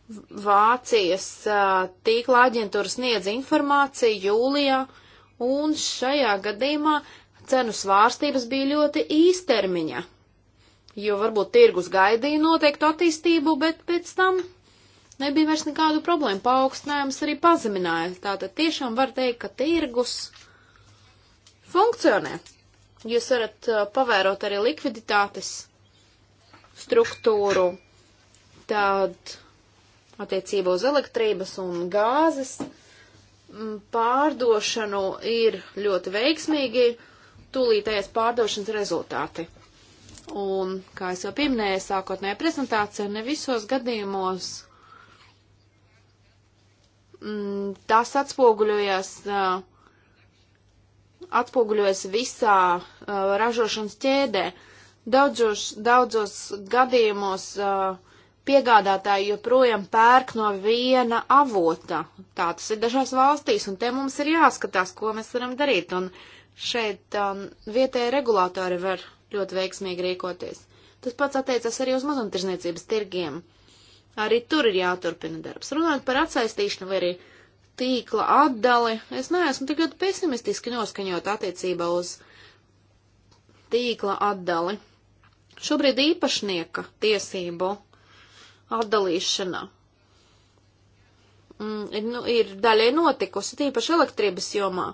Vācijas uh, tīkla aģentūra sniedz informāciju jūlijā, un šajā gadījumā cenu svārstības bija ļoti īstermiņa, jo varbūt tirgus gaidīja noteiktu attīstību, bet pēc tam nebija vairs nekādu problēmu. Paaugstinājums arī pazeminājās. Tātad tiešām var teikt, ka tirgus funkcionē. Jūs varat uh, pavērot arī likviditātes struktūru, tad attiecībā uz elektrības un gāzes mm, pārdošanu ir ļoti veiksmīgi tūlītējas pārdošanas rezultāti. Un, kā es jau pieminēju, sākotnējā prezentācijā ne visos gadījumos Mm, tas atspoguļojās, uh, atspoguļojas visā uh, ražošanas ķēdē. Daudzos, daudzos gadījumos uh, piegādātāji joprojām pērk no viena avota. Tā tas ir dažās valstīs, un te mums ir jāskatās, ko mēs varam darīt. Un šeit um, vietēji regulātori var ļoti veiksmīgi rīkoties. Tas pats attiecas arī uz mazumtirdzniecības tirgiem. Uh, Arī tur ir jāturpina darbs. Runājot par atsaistīšanu vai arī tīkla atdali, es neesmu tik ļoti pesimistiski noskaņot attiecībā uz tīkla atdali. Šobrīd īpašnieka tiesību atdalīšana mm, nu, ir daļai notikusi, tīpaši elektrības jomā.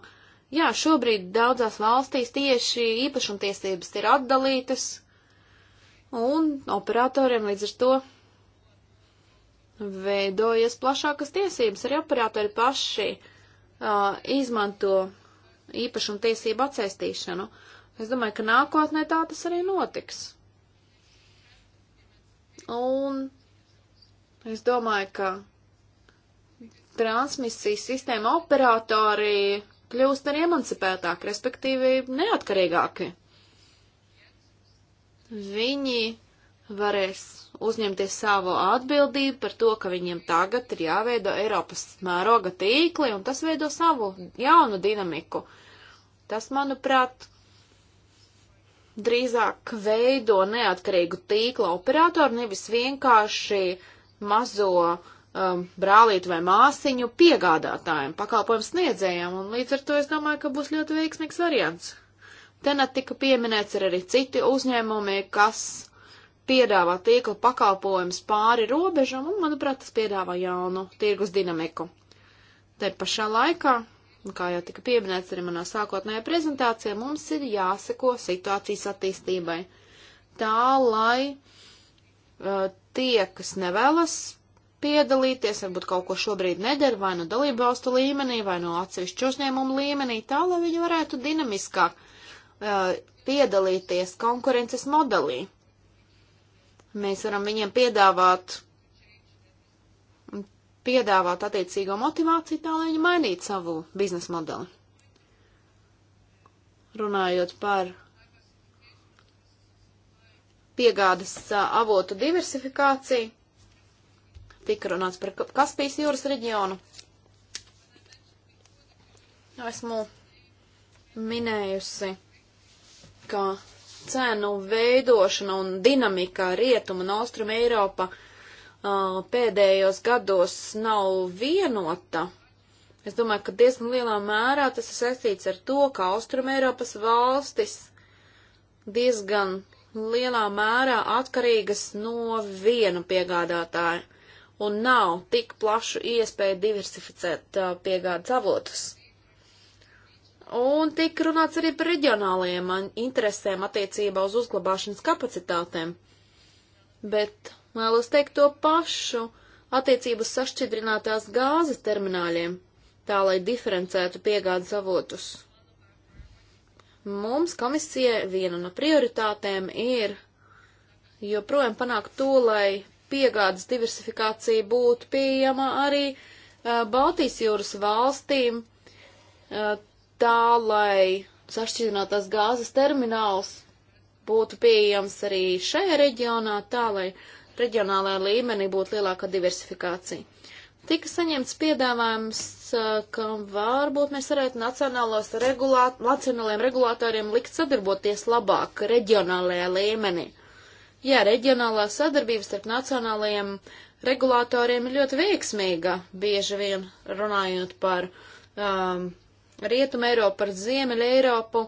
Jā, šobrīd daudzās valstīs tieši īpašumtiesības ir atdalītas, un operatoriem līdz ar to veidojas plašākas tiesības, arī operatori paši uh, izmanto īpašumu tiesību atsaistīšanu. Es domāju, ka nākotnē tā tas arī notiks. Un es domāju, ka transmisijas sistēma operatori kļūst ar emancipētāki, respektīvi neatkarīgāki. Viņi varēs uzņemties savu atbildību par to, ka viņiem tagad ir jāveido Eiropas mēroga tīkli, un tas veido savu jaunu dinamiku. Tas, manuprāt, drīzāk veido neatkarīgu tīkla operatoru, nevis vienkārši mazo um, brālītu vai māsiņu piegādātājiem, pakalpojumu sniedzējiem, un līdz ar to es domāju, ka būs ļoti veiksmīgs variants. Te net tika pieminēts ir arī citi uzņēmumi, kas piedāvā tīkla pakalpojums pāri robežam, un, manuprāt, tas piedāvā jaunu tirgus dinamiku. Te pašā laikā, kā jau tika pieminēts arī manā sākotnējā prezentācijā, mums ir jāseko situācijas attīstībai. Tā, lai uh, tie, kas nevēlas piedalīties, varbūt kaut ko šobrīd nedara, vai no nu dalību valstu līmenī, vai no nu atsevišķu uzņēmumu līmenī, tā, lai viņi varētu dinamiskāk uh, piedalīties konkurences modelī. Mēs varam viņiem piedāvāt, piedāvāt attiecīgo motivāciju tā, lai viņi mainītu savu biznesa modeli. Runājot par piegādes avotu diversifikāciju, tika runāts par Kaspijas jūras reģionu. Esmu minējusi, ka cenu veidošana un dinamika rietuma un austruma Eiropa uh, pēdējos gados nav vienota. Es domāju, ka diezgan lielā mērā tas ir saistīts ar to, ka austruma Eiropas valstis diezgan lielā mērā atkarīgas no viena piegādātāja un nav tik plašu iespēju diversificēt uh, piegādes avotus. Un tika runāts arī par reģionālajiem interesēm attiecībā uz uzglabāšanas kapacitātēm. Bet vēlos teikt to pašu attiecību sašķidrinātās gāzes termināļiem, tā lai diferencētu piegādes avotus. Mums komisija viena no prioritātēm ir joprojām panākt to, lai piegādes diversifikācija būtu pieejama arī uh, Baltijas jūras valstīm, uh, tā, lai sašķidrinātās gāzes termināls būtu pieejams arī šajā reģionā, tā, lai reģionālajā līmenī būtu lielāka diversifikācija. Tika saņemts piedāvājums, ka varbūt mēs varētu nacionālos regulāt, nacionālajiem regulātoriem likt sadarboties labāk reģionālajā līmenī. Jā, reģionālā sadarbības starp nacionālajiem regulātoriem ir ļoti veiksmīga, bieži vien runājot par um, Rietum Eiropu, par Ziemeļa Eiropu,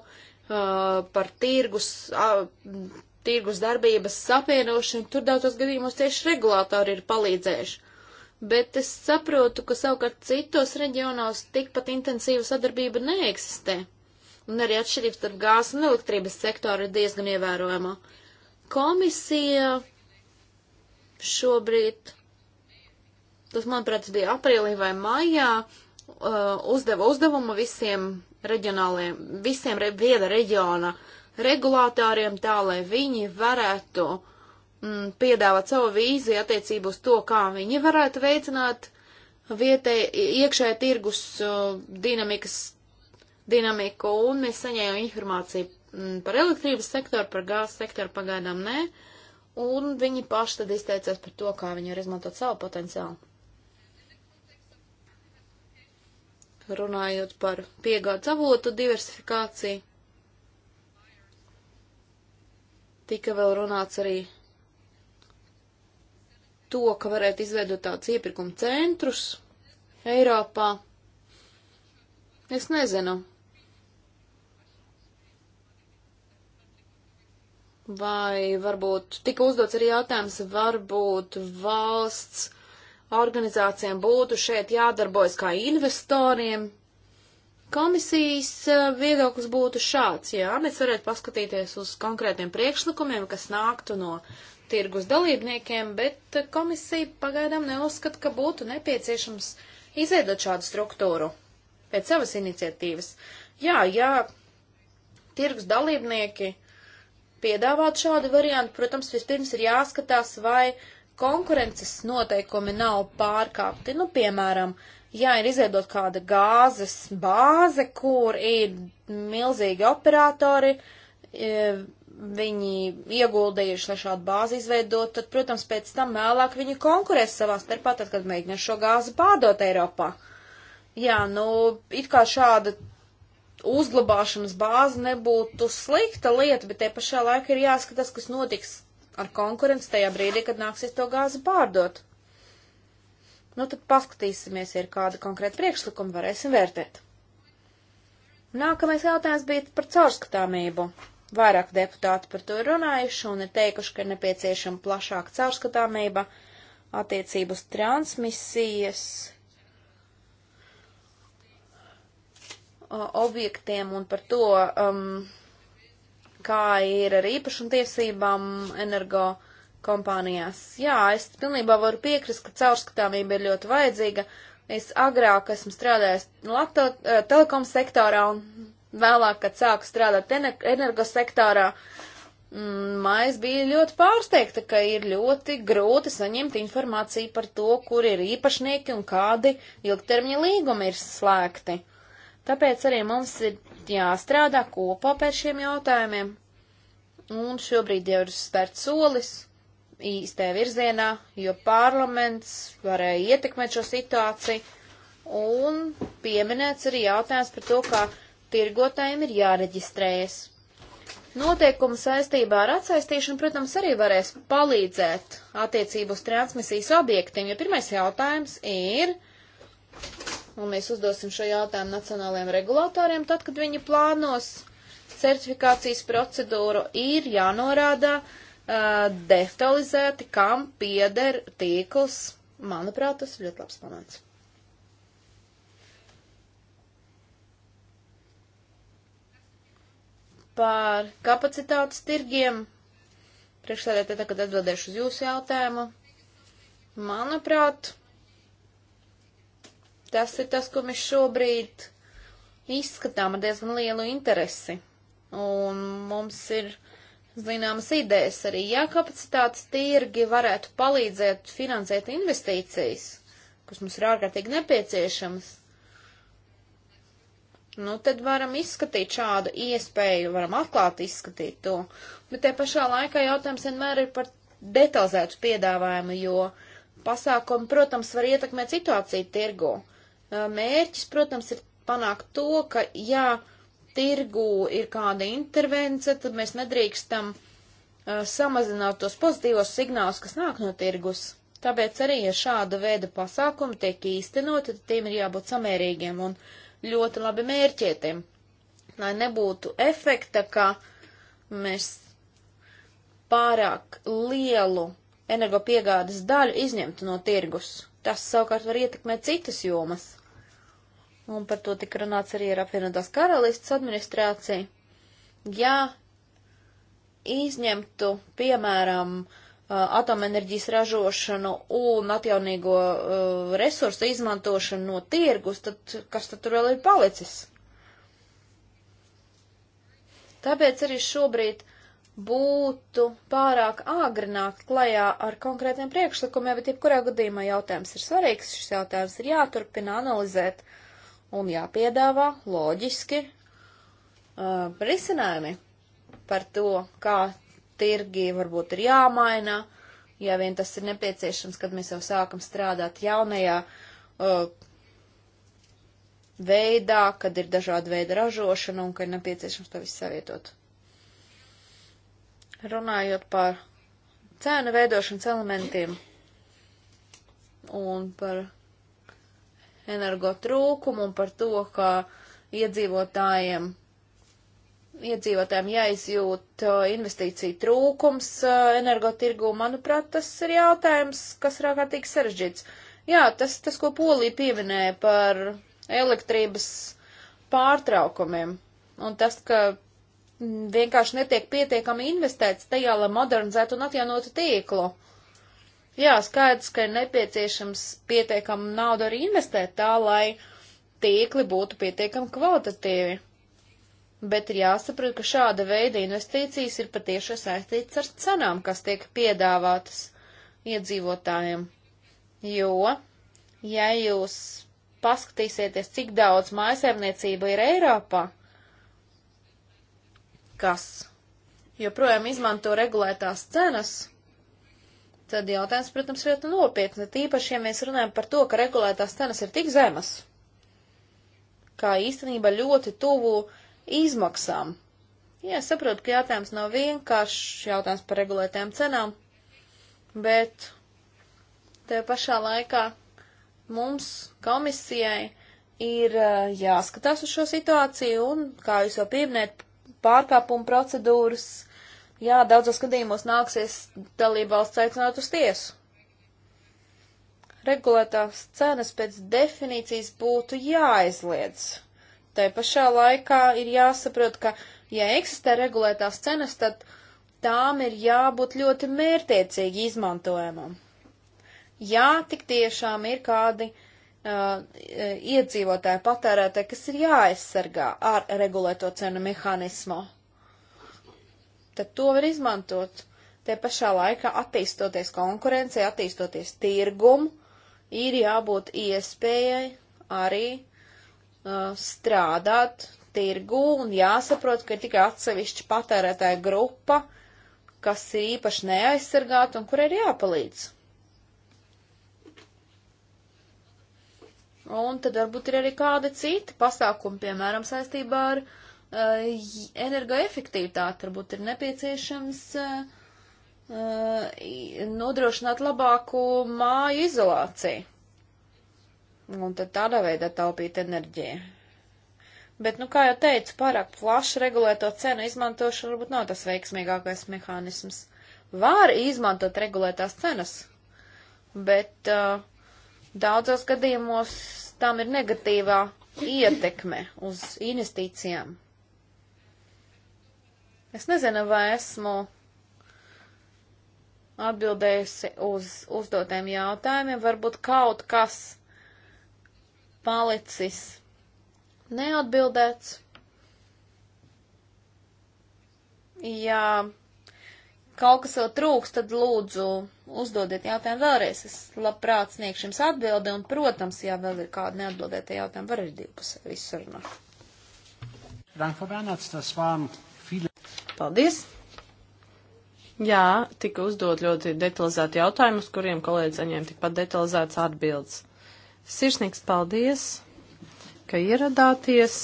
par tirgus, tirgus darbības sapienošanu, tur daudzos gadījumos tieši regulātori ir palīdzējuši. Bet es saprotu, ka savukārt citos reģionos tikpat intensīva sadarbība neeksistē. Un arī atšķirības starp gāzes un elektrības sektoru ir diezgan ievērojama. Komisija šobrīd, tas manuprāt bija aprīlī vai maijā, uh, Uh, uzdeva uzdevumu visiem reģionāliem, visiem re, viena reģiona regulātāriem tā, lai viņi varētu mm, piedāvāt savu vīziju attiecību uz to, kā viņi varētu veicināt vietē iekšēja tirgus uh, dinamikas, dinamiku, un mēs saņēmām informāciju mm, par elektrības sektoru, par gāzes sektoru pagaidām nē, un viņi paši tad izteicās par to, kā viņi var izmantot savu potenciālu. runājot par piegādes avotu diversifikāciju. Tika vēl runāts arī to, ka varētu izveidot tādus iepirkuma centrus Eiropā. Es nezinu, vai varbūt tika uzdots arī jautājums, varbūt valsts organizācijām būtu šeit jādarbojas kā investoriem. Komisijas eh, viedoklis būtu šāds, jā, mēs varētu paskatīties uz konkrētiem priekšlikumiem, kas nāktu no tirgus dalībniekiem, bet komisija pagaidām neuzskata, ka būtu nepieciešams izveidot šādu struktūru pēc savas iniciatīvas. Jā, jā, tirgus dalībnieki piedāvāt šādu variantu, protams, vispirms ir jāskatās, vai uh, konkurences noteikumi nav pārkāpti. Nu, piemēram, ja ir izveidot kāda gāzes bāze, kur ir milzīgi operatori, e, viņi ieguldījuši, lai šādu bāzi izveidot, tad, protams, pēc tam vēlāk viņi konkurēs savā starpā, tad, kad mēģinās šo gāzi pārdot Eiropā. Jā, nu, it kā šāda uzglabāšanas bāze nebūtu slikta lieta, bet te pašā laikā ir jāskatās, kas notiks ar konkurenci tajā brīdī, kad nāksies to gāzi pārdot. Nu, tad paskatīsimies, ja ir kāda konkrēta priekšlikuma, varēsim vērtēt. Nākamais jautājums bija par caurskatāmību. Vairāk deputāti par to ir runājuši un ir teikuši, ka ir nepieciešama plašāka caurskatāmība attiecības transmisijas uh, objektiem un par to, um, kā ir ar īpašumtiesībām energo kompānijās. Jā, es pilnībā varu piekrist, ka caurskatāmība ir ļoti vajadzīga. Es agrāk esmu strādājis laptop, eh, telekom sektorā un vēlāk, kad sāku strādāt energo sektorā, Mājas mm, bija ļoti pārsteigta, ka ir ļoti grūti saņemt informāciju par to, kur ir īpašnieki un kādi ilgtermiņa līgumi ir slēgti. Tāpēc arī mums ir jāstrādā kopā pēc šiem jautājumiem. Un šobrīd jau ir spērts solis īstajā virzienā, jo parlaments varēja ietekmēt šo situāciju. Un pieminēts arī jautājums par to, kā tirgotājiem ir jāreģistrējas. Noteikumi saistībā ar atsaistīšanu, protams, arī varēs palīdzēt attiecību uz transmisijas objektiem, jo pirmais jautājums ir, un mēs uzdosim šo jautājumu nacionālajiem regulātoriem, tad, kad viņi plānos certifikācijas procedūru, ir jānorāda uh, detalizēti, kam pieder tīkls. Manuprāt, tas ir ļoti labs pamats. Par kapacitātes tirgiem. Priekšsēdētāji, tagad atbildēšu uz jūsu jautājumu. Manuprāt, Tas ir tas, ko mēs šobrīd izskatām ar diezgan lielu interesi. Un mums ir zināmas idejas arī, ja kapacitātes tirgi varētu palīdzēt finansēt investīcijas, kas mums ir ārkārtīgi nepieciešamas, nu tad varam izskatīt šādu iespēju, varam atklāt izskatīt to. Bet te pašā laikā jautājums vienmēr ir par detalizētu piedāvājumu, jo pasākumi, protams, var ietekmēt situāciju tirgu. Mērķis, protams, ir panākt to, ka, ja tirgu ir kāda intervence, tad mēs nedrīkstam uh, samazināt tos pozitīvos signālus, kas nāk no tirgus. Tāpēc arī, ja šāda veida pasākumi tiek īstenoti, tad tiem ir jābūt samērīgiem un ļoti labi mērķētiem, lai nebūtu efekta, ka mēs pārāk lielu energopiegādes daļu izņemtu no tirgus. Tas savukārt var ietekmēt citas jomas un par to tika runāts arī ar apvienotās karalistas administrāciju. Ja izņemtu, piemēram, atomenerģijas ražošanu un atjaunīgo uh, resursu izmantošanu no tirgus, tad kas tad tur vēl ir palicis? Tāpēc arī šobrīd būtu pārāk āgri nākt klajā ar konkrētiem priekšlikumiem, bet jebkurā gadījumā jautājums ir svarīgs, šis jautājums ir jāturpina analizēt. Uh, un jāpiedāvā loģiski uh, risinājumi par to, kā tirgi varbūt ir jāmaina, ja vien tas ir nepieciešams, kad mēs jau sākam strādāt jaunajā uh, veidā, kad ir dažāda veida ražošana un ka ir nepieciešams to visu savietot. Runājot par cēnu veidošanas elementiem un par energo trūkumu un par to, ka iedzīvotājiem, iedzīvotājiem jāizjūt uh, investīciju trūkums uh, energo tirgū, manuprāt, tas ir jautājums, kas ir ārkārtīgi sarežģīts. Jā, tas, tas, ko Polija pieminēja par elektrības pārtraukumiem un tas, ka vienkārši netiek pietiekami investēts tajā, lai modernizētu un atjaunotu tīklu. Uh, Jā, skaidrs, ka ir nepieciešams pietiekama nauda arī investēt tā, lai tīkli būtu pietiekami kvalitatīvi. Bet ir jāsaprot, ka šāda veida investīcijas ir patiešām saistītas ar cenām, kas tiek piedāvātas iedzīvotājiem. Jo, ja jūs paskatīsieties, cik daudz mājasēmniecība ir Eiropā, kas joprojām izmanto regulētās cenas, tad jautājums, protams, ir ļoti nopietni, tīpaši, ja mēs runājam par to, ka regulētās cenas ir tik zemas, kā īstenībā ļoti tuvu izmaksām. Jā, es saprotu, ka jautājums nav vienkāršs, jautājums par regulētām cenām, bet te pašā laikā mums komisijai ir jāskatās uz šo situāciju un, kā jūs jau pieminējat, pārkāpuma procedūras jā, daudzos gadījumos nāksies dalībvalsts aicināt uz tiesu. Regulētās cenas pēc definīcijas būtu jāaizliedz. Tai pašā laikā ir jāsaprot, ka, ja eksistē regulētās cenas, tad tām ir jābūt ļoti mērtiecīgi izmantojamam. Jā, tik tiešām ir kādi uh, iedzīvotāji, patērētāji, kas ir jāaizsargā ar regulēto cenu mehānismu tad to var izmantot. Te pašā laikā attīstoties konkurencei, attīstoties tirgumu, ir jābūt iespējai arī uh, strādāt tirgu un jāsaprot, ka ir tikai atsevišķa patērētāja grupa, kas ir īpaši neaizsargāta un kur ir jāpalīdz. Un tad varbūt ir arī kādi citi pasākumi, piemēram, saistībā ar uh, Eh, energoefektivitāti. Varbūt ir nepieciešams eh, nodrošināt labāku māju izolāciju. Un tad tādā veidā taupīt enerģiju. Bet, nu, kā jau teicu, pārāk plaši regulēto cenu izmantošana varbūt nav tas veiksmīgākais mehānisms. Var izmantot regulētās cenas, bet uh, daudzos gadījumos tam ir negatīvā ietekme uz investīcijām. Es nezinu, vai esmu atbildējusi uz uzdotiem jautājumiem. Varbūt kaut kas palicis neatbildēts. Ja kaut kas vēl trūks, tad lūdzu uzdodiet jautājumu vēlreiz. Es labprāt sniegšu jums atbildi, un, protams, ja vēl ir kādi neatbildētie jautājumi, var arī divpusē visu runāt. Danko Bernards, tas vārds. Paldies! Jā, tika uzdot ļoti detalizēti jautājumi, uz kuriem kolēģi saņēma tikpat detalizētas atbildes. Sirsnīgs paldies, ka ieradāties.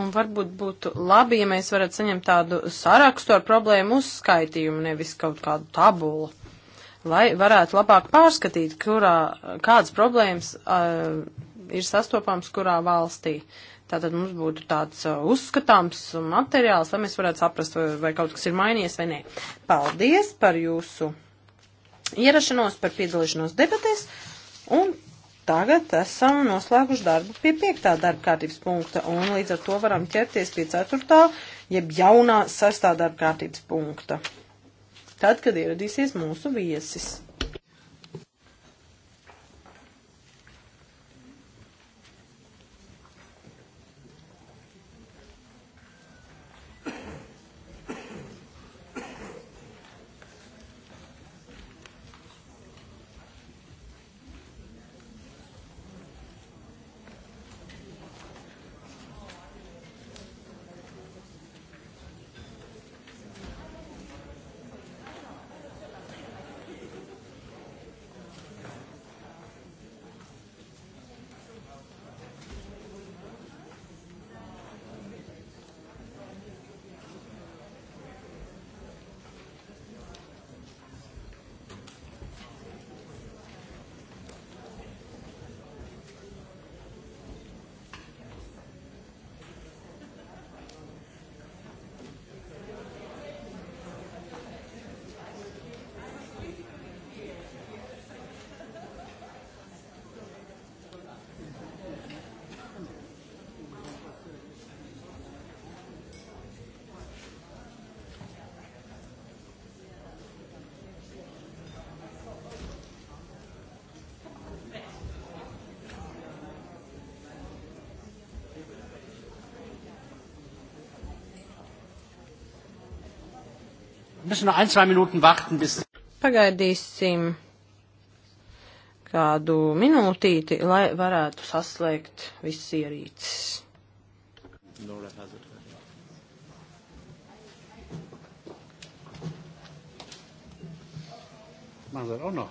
Un varbūt būtu labi, ja mēs varētu saņemt tādu sarakstu ar problēmu uzskaitījumu, nevis kaut kādu tabulu, lai varētu labāk pārskatīt, kurā, kādas problēmas uh, ir sastopams kurā valstī. Uh, Tātad mums būtu tāds uh, uzskatāms materiāls, lai mēs varētu saprast, vai, vai kaut kas ir mainījies vai nē. Paldies par jūsu ierašanos, par piedalīšanos debatēs. Un tagad esam noslēguši darbu pie piektā darba kārtības punkta. Un līdz ar to varam ķerties pie ceturtā, jeb jaunā sestā darba kārtības punkta. Tad, kad ieradīsies mūsu viesis. müssen noch ein, zwei Minuten warten, bis. Pagaidīsim kādu minūtīti, lai varētu saslēgt viss ierīces. Laura has it. Machen Sie das auch oh noch?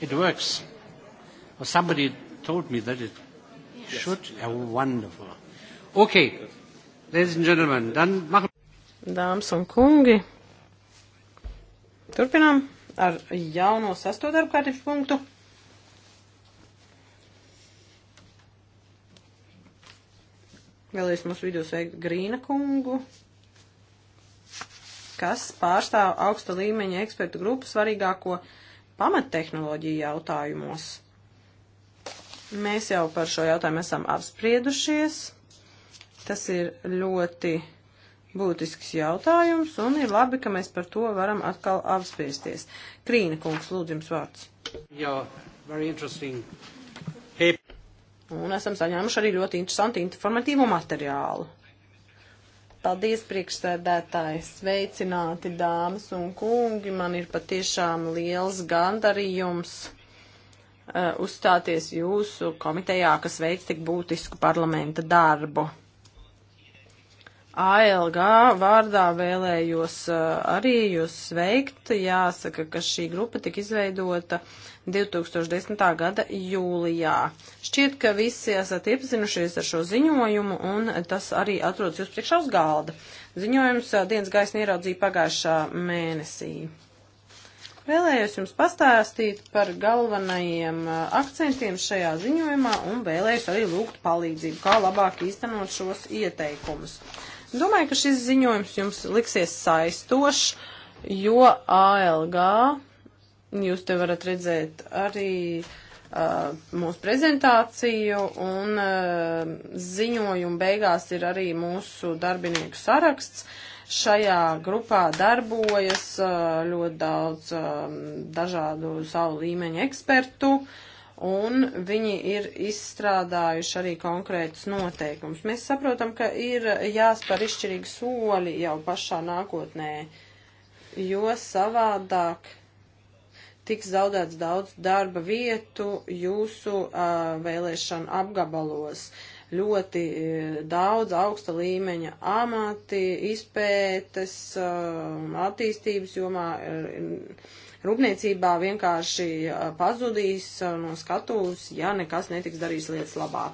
It works. Well, somebody told me that it yes. should. Yes. Oh, wonderful. Okay, ladies and gentlemen, dann machen Dāmas un kungi, turpinām ar jauno sesto darbu kārtības punktu. Vēlēs mums vidū sveikt Grīna kungu, kas pārstāv augsta līmeņa ekspertu grupu svarīgāko uh, pamattehnoloģiju jautājumos. Mēs jau par šo jautājumu esam apspriedušies. Tas ir ļoti būtisks jautājums, un ir labi, ka mēs par to varam atkal apspriesties. Krīna kungs, lūdzu jums vārds. Jā, very interesting. Hey. Un esam saņēmuši arī ļoti interesantu informatīvu materiālu. Paldies, priekšsēdētāji, sveicināti dāmas un kungi. Man ir patiešām liels gandarījums uh, uzstāties jūsu komitejā, kas veic tik būtisku parlamenta darbu. ALG vārdā vēlējos uh, arī jūs sveikt. Jāsaka, ka šī grupa tika izveidota 2010. gada jūlijā. Šķiet, ka visi esat iepazinušies ar šo ziņojumu, un tas arī atrodas jūs priekšā uz galda. Ziņojums uh, dienas gaisni ieraudzīja pagājušā mēnesī. Vēlējos jums pastāstīt par galvenajiem uh, akcentiem šajā ziņojumā un vēlējos arī lūgt palīdzību, kā labāk īstenot šos ieteikumus. Uh, Domāju, ka šis ziņojums jums liksies saistošs, jo ALG jūs te varat redzēt arī uh, mūsu prezentāciju un uh, ziņojumu beigās ir arī mūsu darbinieku saraksts. Šajā grupā darbojas uh, ļoti daudz um, dažādu savu līmeņu ekspertu. Uh, un viņi ir izstrādājuši arī konkrētus noteikumus. Mēs saprotam, ka ir jāspēr izšķirīgi soļi jau pašā nākotnē, jo savādāk tiks zaudēts daudz darba vietu jūsu uh, vēlēšanu apgabalos. Ļoti uh, daudz augsta līmeņa amati, izpētes, uh, attīstības jomā. Uh, rūpniecībā vienkārši pazudīs no skatūs, ja nekas netiks darīts lietas labā.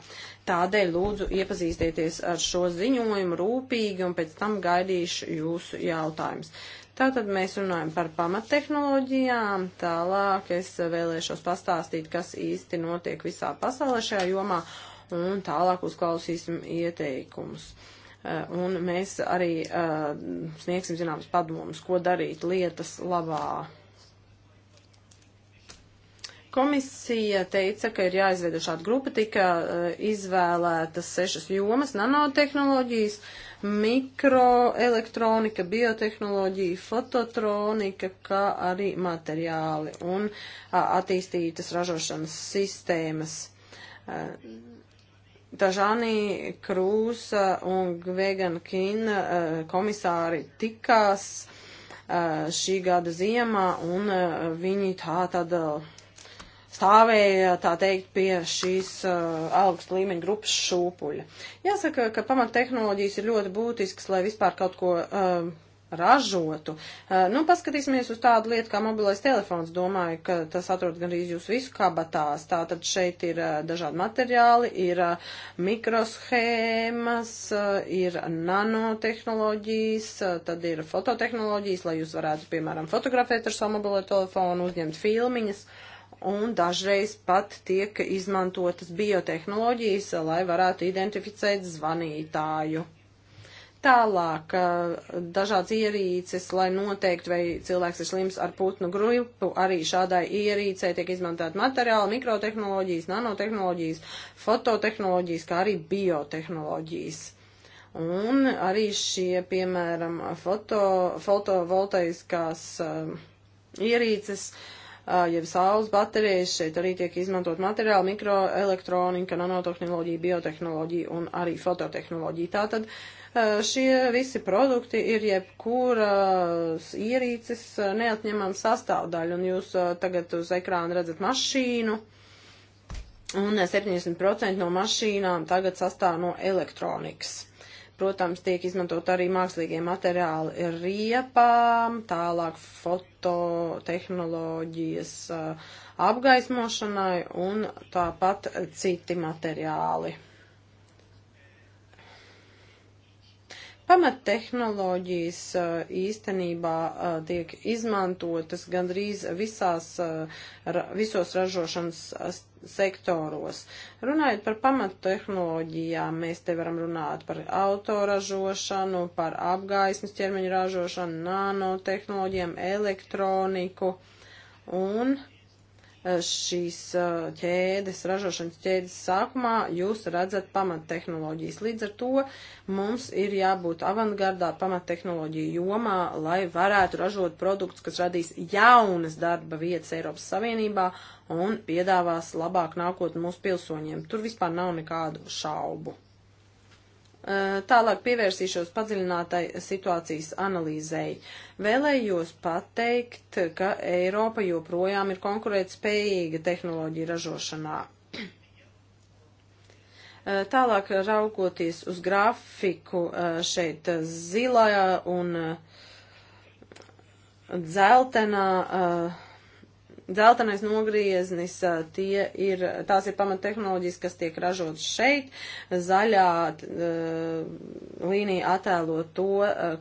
Tādēļ lūdzu iepazīstieties ar šo ziņojumu rūpīgi un pēc tam gaidīšu jūsu jautājumus. Tātad mēs runājam par pamattehnoloģijām, tālāk es vēlēšos pastāstīt, kas īsti notiek visā pasaulē šajā jomā un tālāk uzklausīsim ieteikumus. Un mēs arī sniegsim zināmas padomus, ko darīt lietas labā. Komisija teica, ka ir jāizveido šāda grupa, tika uh, izvēlētas sešas jomas - nanotehnoloģijas, mikroelektronika, biotehnoloģija, fototronika, kā arī materiāli un uh, attīstītas ražošanas sistēmas. Uh, Tažānī Krūsa un Gvegan Kina komisāri tikās šī gada ziemā, un viņi tā tad stāvēja, tā teikt, pie šīs uh, augsta līmeņa grupas šūpuļa. Jāsaka, ka pamattehnoloģijas ir ļoti būtisks, lai vispār kaut ko uh, ražotu. Uh, nu, paskatīsimies uz tādu lietu kā mobilais telefons. Domāju, ka tas atrod gandrīz jūs visu kabatās. Tātad šeit ir uh, dažādi materiāli, ir uh, mikroshēmas, uh, ir nanotehnoloģijas, uh, tad ir fototehnoloģijas, lai jūs varētu, piemēram, fotografēt ar savu mobilo telefonu, uzņemt filmiņas. Uh, un dažreiz pat tiek izmantotas biotehnoloģijas, lai varētu identificēt zvanītāju. Tālāk eh, dažādas ierīces, lai noteikti, vai cilvēks ir slims ar putnu grupu, arī šādai ierīcei tiek izmantot materiāli, mikrotehnoloģijas, nanotehnoloģijas, fototehnoloģijas, kā arī biotehnoloģijas. Un arī šie, piemēram, foto, fotovoltaiskās uh, ierīces uh, jeb saules baterijas. Šeit arī tiek izmantot materiāli, mikroelektronika, nanotehnoloģija, biotehnoloģija un arī fototehnoloģija. Tātad šie visi produkti ir jebkuras ierīces neatņemama sastāvdaļa, un jūs tagad uz ekrāna redzat mašīnu, un 70% no mašīnām tagad sastāv no elektronikas. Protams, tiek izmantot arī mākslīgie materiāli riepām, tālāk fototehnoloģijas apgaismošanai un tāpat citi materiāli. Pamattehnoloģijas eh, īstenībā eh, tiek izmantotas gandrīz visās, eh, visos ražošanas sektoros. Runājot par pamattehnoloģijām, mēs te varam runāt par autoražošanu, par apgaismas ķermeņa ražošanu, nanotehnoloģijām, elektroniku un Eh, šīs eh, ķēdes, ražošanas ķēdes sākumā jūs redzat pamattehnoloģijas. Līdz ar to mums ir jābūt avangardā pamattehnoloģiju jomā, lai varētu ražot produktus, kas radīs jaunas darba vietas Eiropas Savienībā un piedāvās labāk nākotni mūsu pilsoņiem. Tur vispār nav nekādu šaubu. Tālāk pievērsīšos padziļinātai situācijas analīzei. Vēlējos pateikt, ka Eiropa joprojām ir konkurētspējīga tehnoloģija ražošanā. Tālāk raugoties uz grafiku, šeit zilajā un dzeltenā uh, Dzeltenais nogrieznis, tie ir, tās ir pamattehnoloģijas, kas tiek ražotas šeit. Zaļā līnija attēlo to,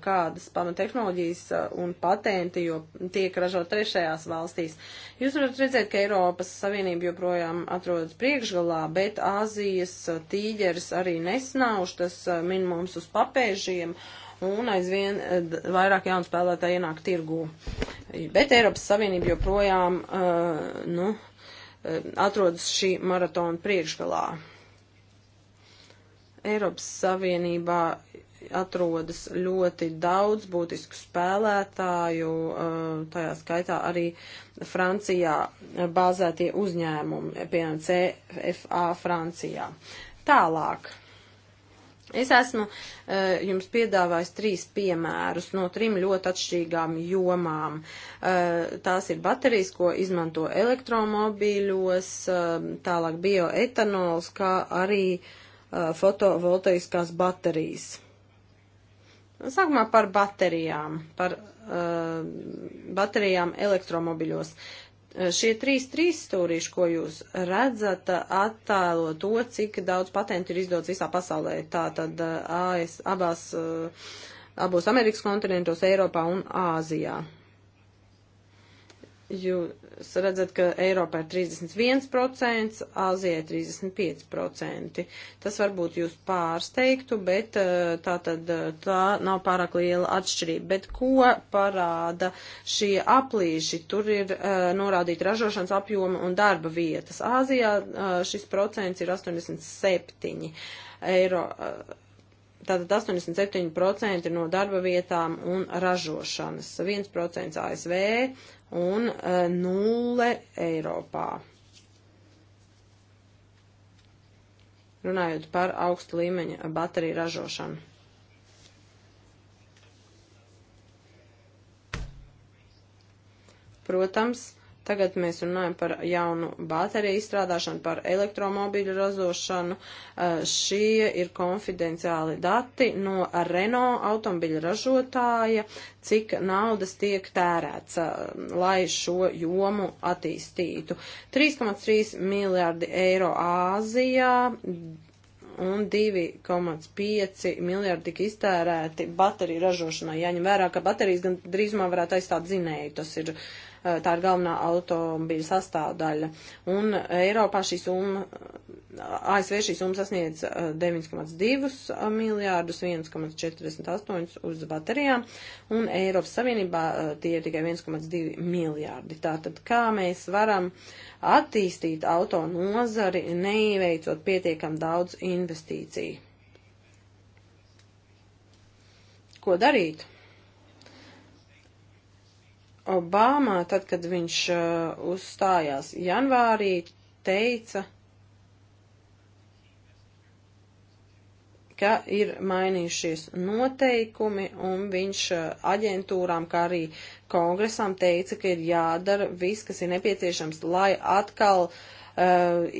kādas pamattehnoloģijas un patenti jo tiek ražot trešajās valstīs. Jūs varat redzēt, ka Eiropas Savienība joprojām atrodas priekšgalā, bet Āzijas tīģeris arī nesnauž, tas min mums uz papēžiem. Uh, un aizvien eh, vairāk jaunu spēlētāju ienāk tirgū. Bet Eiropas Savienība joprojām, uh, nu, eh, atrodas šī maratona priekšgalā. Eiropas Savienībā atrodas ļoti daudz būtisku spēlētāju, tajā skaitā arī Francijā bāzētie uzņēmumi, piemēram, CFA Francijā. Tālāk. Es esmu uh, jums piedāvājis trīs piemērus no trim ļoti atšķirīgām jomām. Uh, tās ir baterijas, ko izmanto elektromobīļos, uh, tālāk bioetanols, kā arī fotovoltaiskās baterijas. Sākumā par baterijām, par uh, baterijām elektromobiļos. Šie trīs trīs stūrīši, ko jūs redzat, attēlo to, cik daudz patentu ir izdodas visā pasaulē. Tā tad eh, AS, abās, eh, abos Amerikas kontinentos, Eiropā un Āzijā jūs redzat, ka Eiropā ir 31%, Āzijā ir 35%. Tas varbūt jūs pārsteigtu, bet eh, tā tad eh, tā nav pārāk liela atšķirība. Bet ko parāda šie aplīši? Tur ir uh, norādīti ražošanas apjoma un darba vietas. Āzijā uh, šis procents ir 87 eiro. Uh, Tātad 87% no darba vietām un ražošanas, 1% ASV, un uh, nulle Eiropā. Runājot par augstu līmeņa bateriju ražošanu. Protams, Tagad mēs runājam par jaunu bateriju izstrādāšanu, par elektromobīļu ražošanu. Šie ir konfidenciāli dati no Renault automobiļu ražotāja, cik naudas tiek tērēts, lai šo jomu attīstītu. 3,3 miljārdi eiro Āzijā un 2,5 miljardi tika iztērēti bateriju ražošanai. Jāņem vērā, ka baterijas gan drīzumā varētu aizstāt zinēju. Tas ir uh, Eh, tā ir galvenā automobīļa sastāvdaļa. Un Eiropā šī summa, ASV šī summa sasniedz 9,2 eh, miljārdus, 1,48 uz baterijām, un Eiropas Savienībā eh, tie ir tikai 1,2 miljārdi. Tātad, kā mēs varam attīstīt auto nozari, neieveicot pietiekam daudz investīciju? Ko darīt? Obama, tad, kad viņš uh, uzstājās janvārī, teica, ka ir mainījušies noteikumi, un viņš uh, aģentūrām, kā arī kongresam teica, ka ir jādara viss, kas ir nepieciešams, lai atkal uh,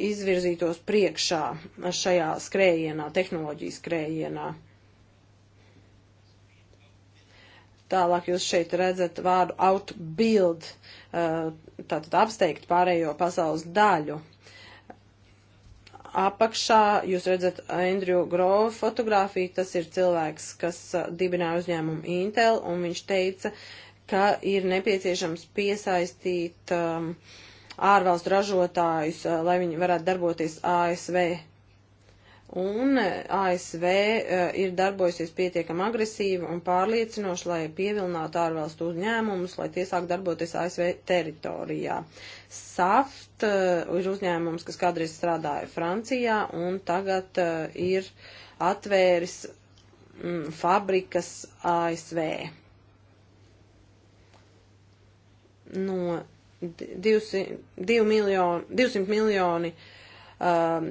izvirzītos priekšā šajā skrējienā, tehnoloģijas skrējienā. Tālāk jūs šeit redzat vārdu outbuild, uh, tātad apsteigt pārējo pasaules daļu. Apakšā jūs redzat Andrew Grove fotografiju, tas ir cilvēks, kas uh, dibināja uzņēmumu Intel, un viņš teica, ka ir nepieciešams piesaistīt um, ārvalstu ražotājus, uh, lai viņi varētu darboties ASV Un eh, ASV uh, eh, ir darbojusies pietiekami agresīvi un pārliecinoši, lai pievilinātu ārvalstu uzņēmumus, lai tie sāk darboties ASV teritorijā. SAFT uh, ir uzņēmums, kas kādreiz strādāja Francijā un tagad uh, ir atvēris mm, fabrikas ASV. No 200, 2 miljoni, 200 miljoni uh, um,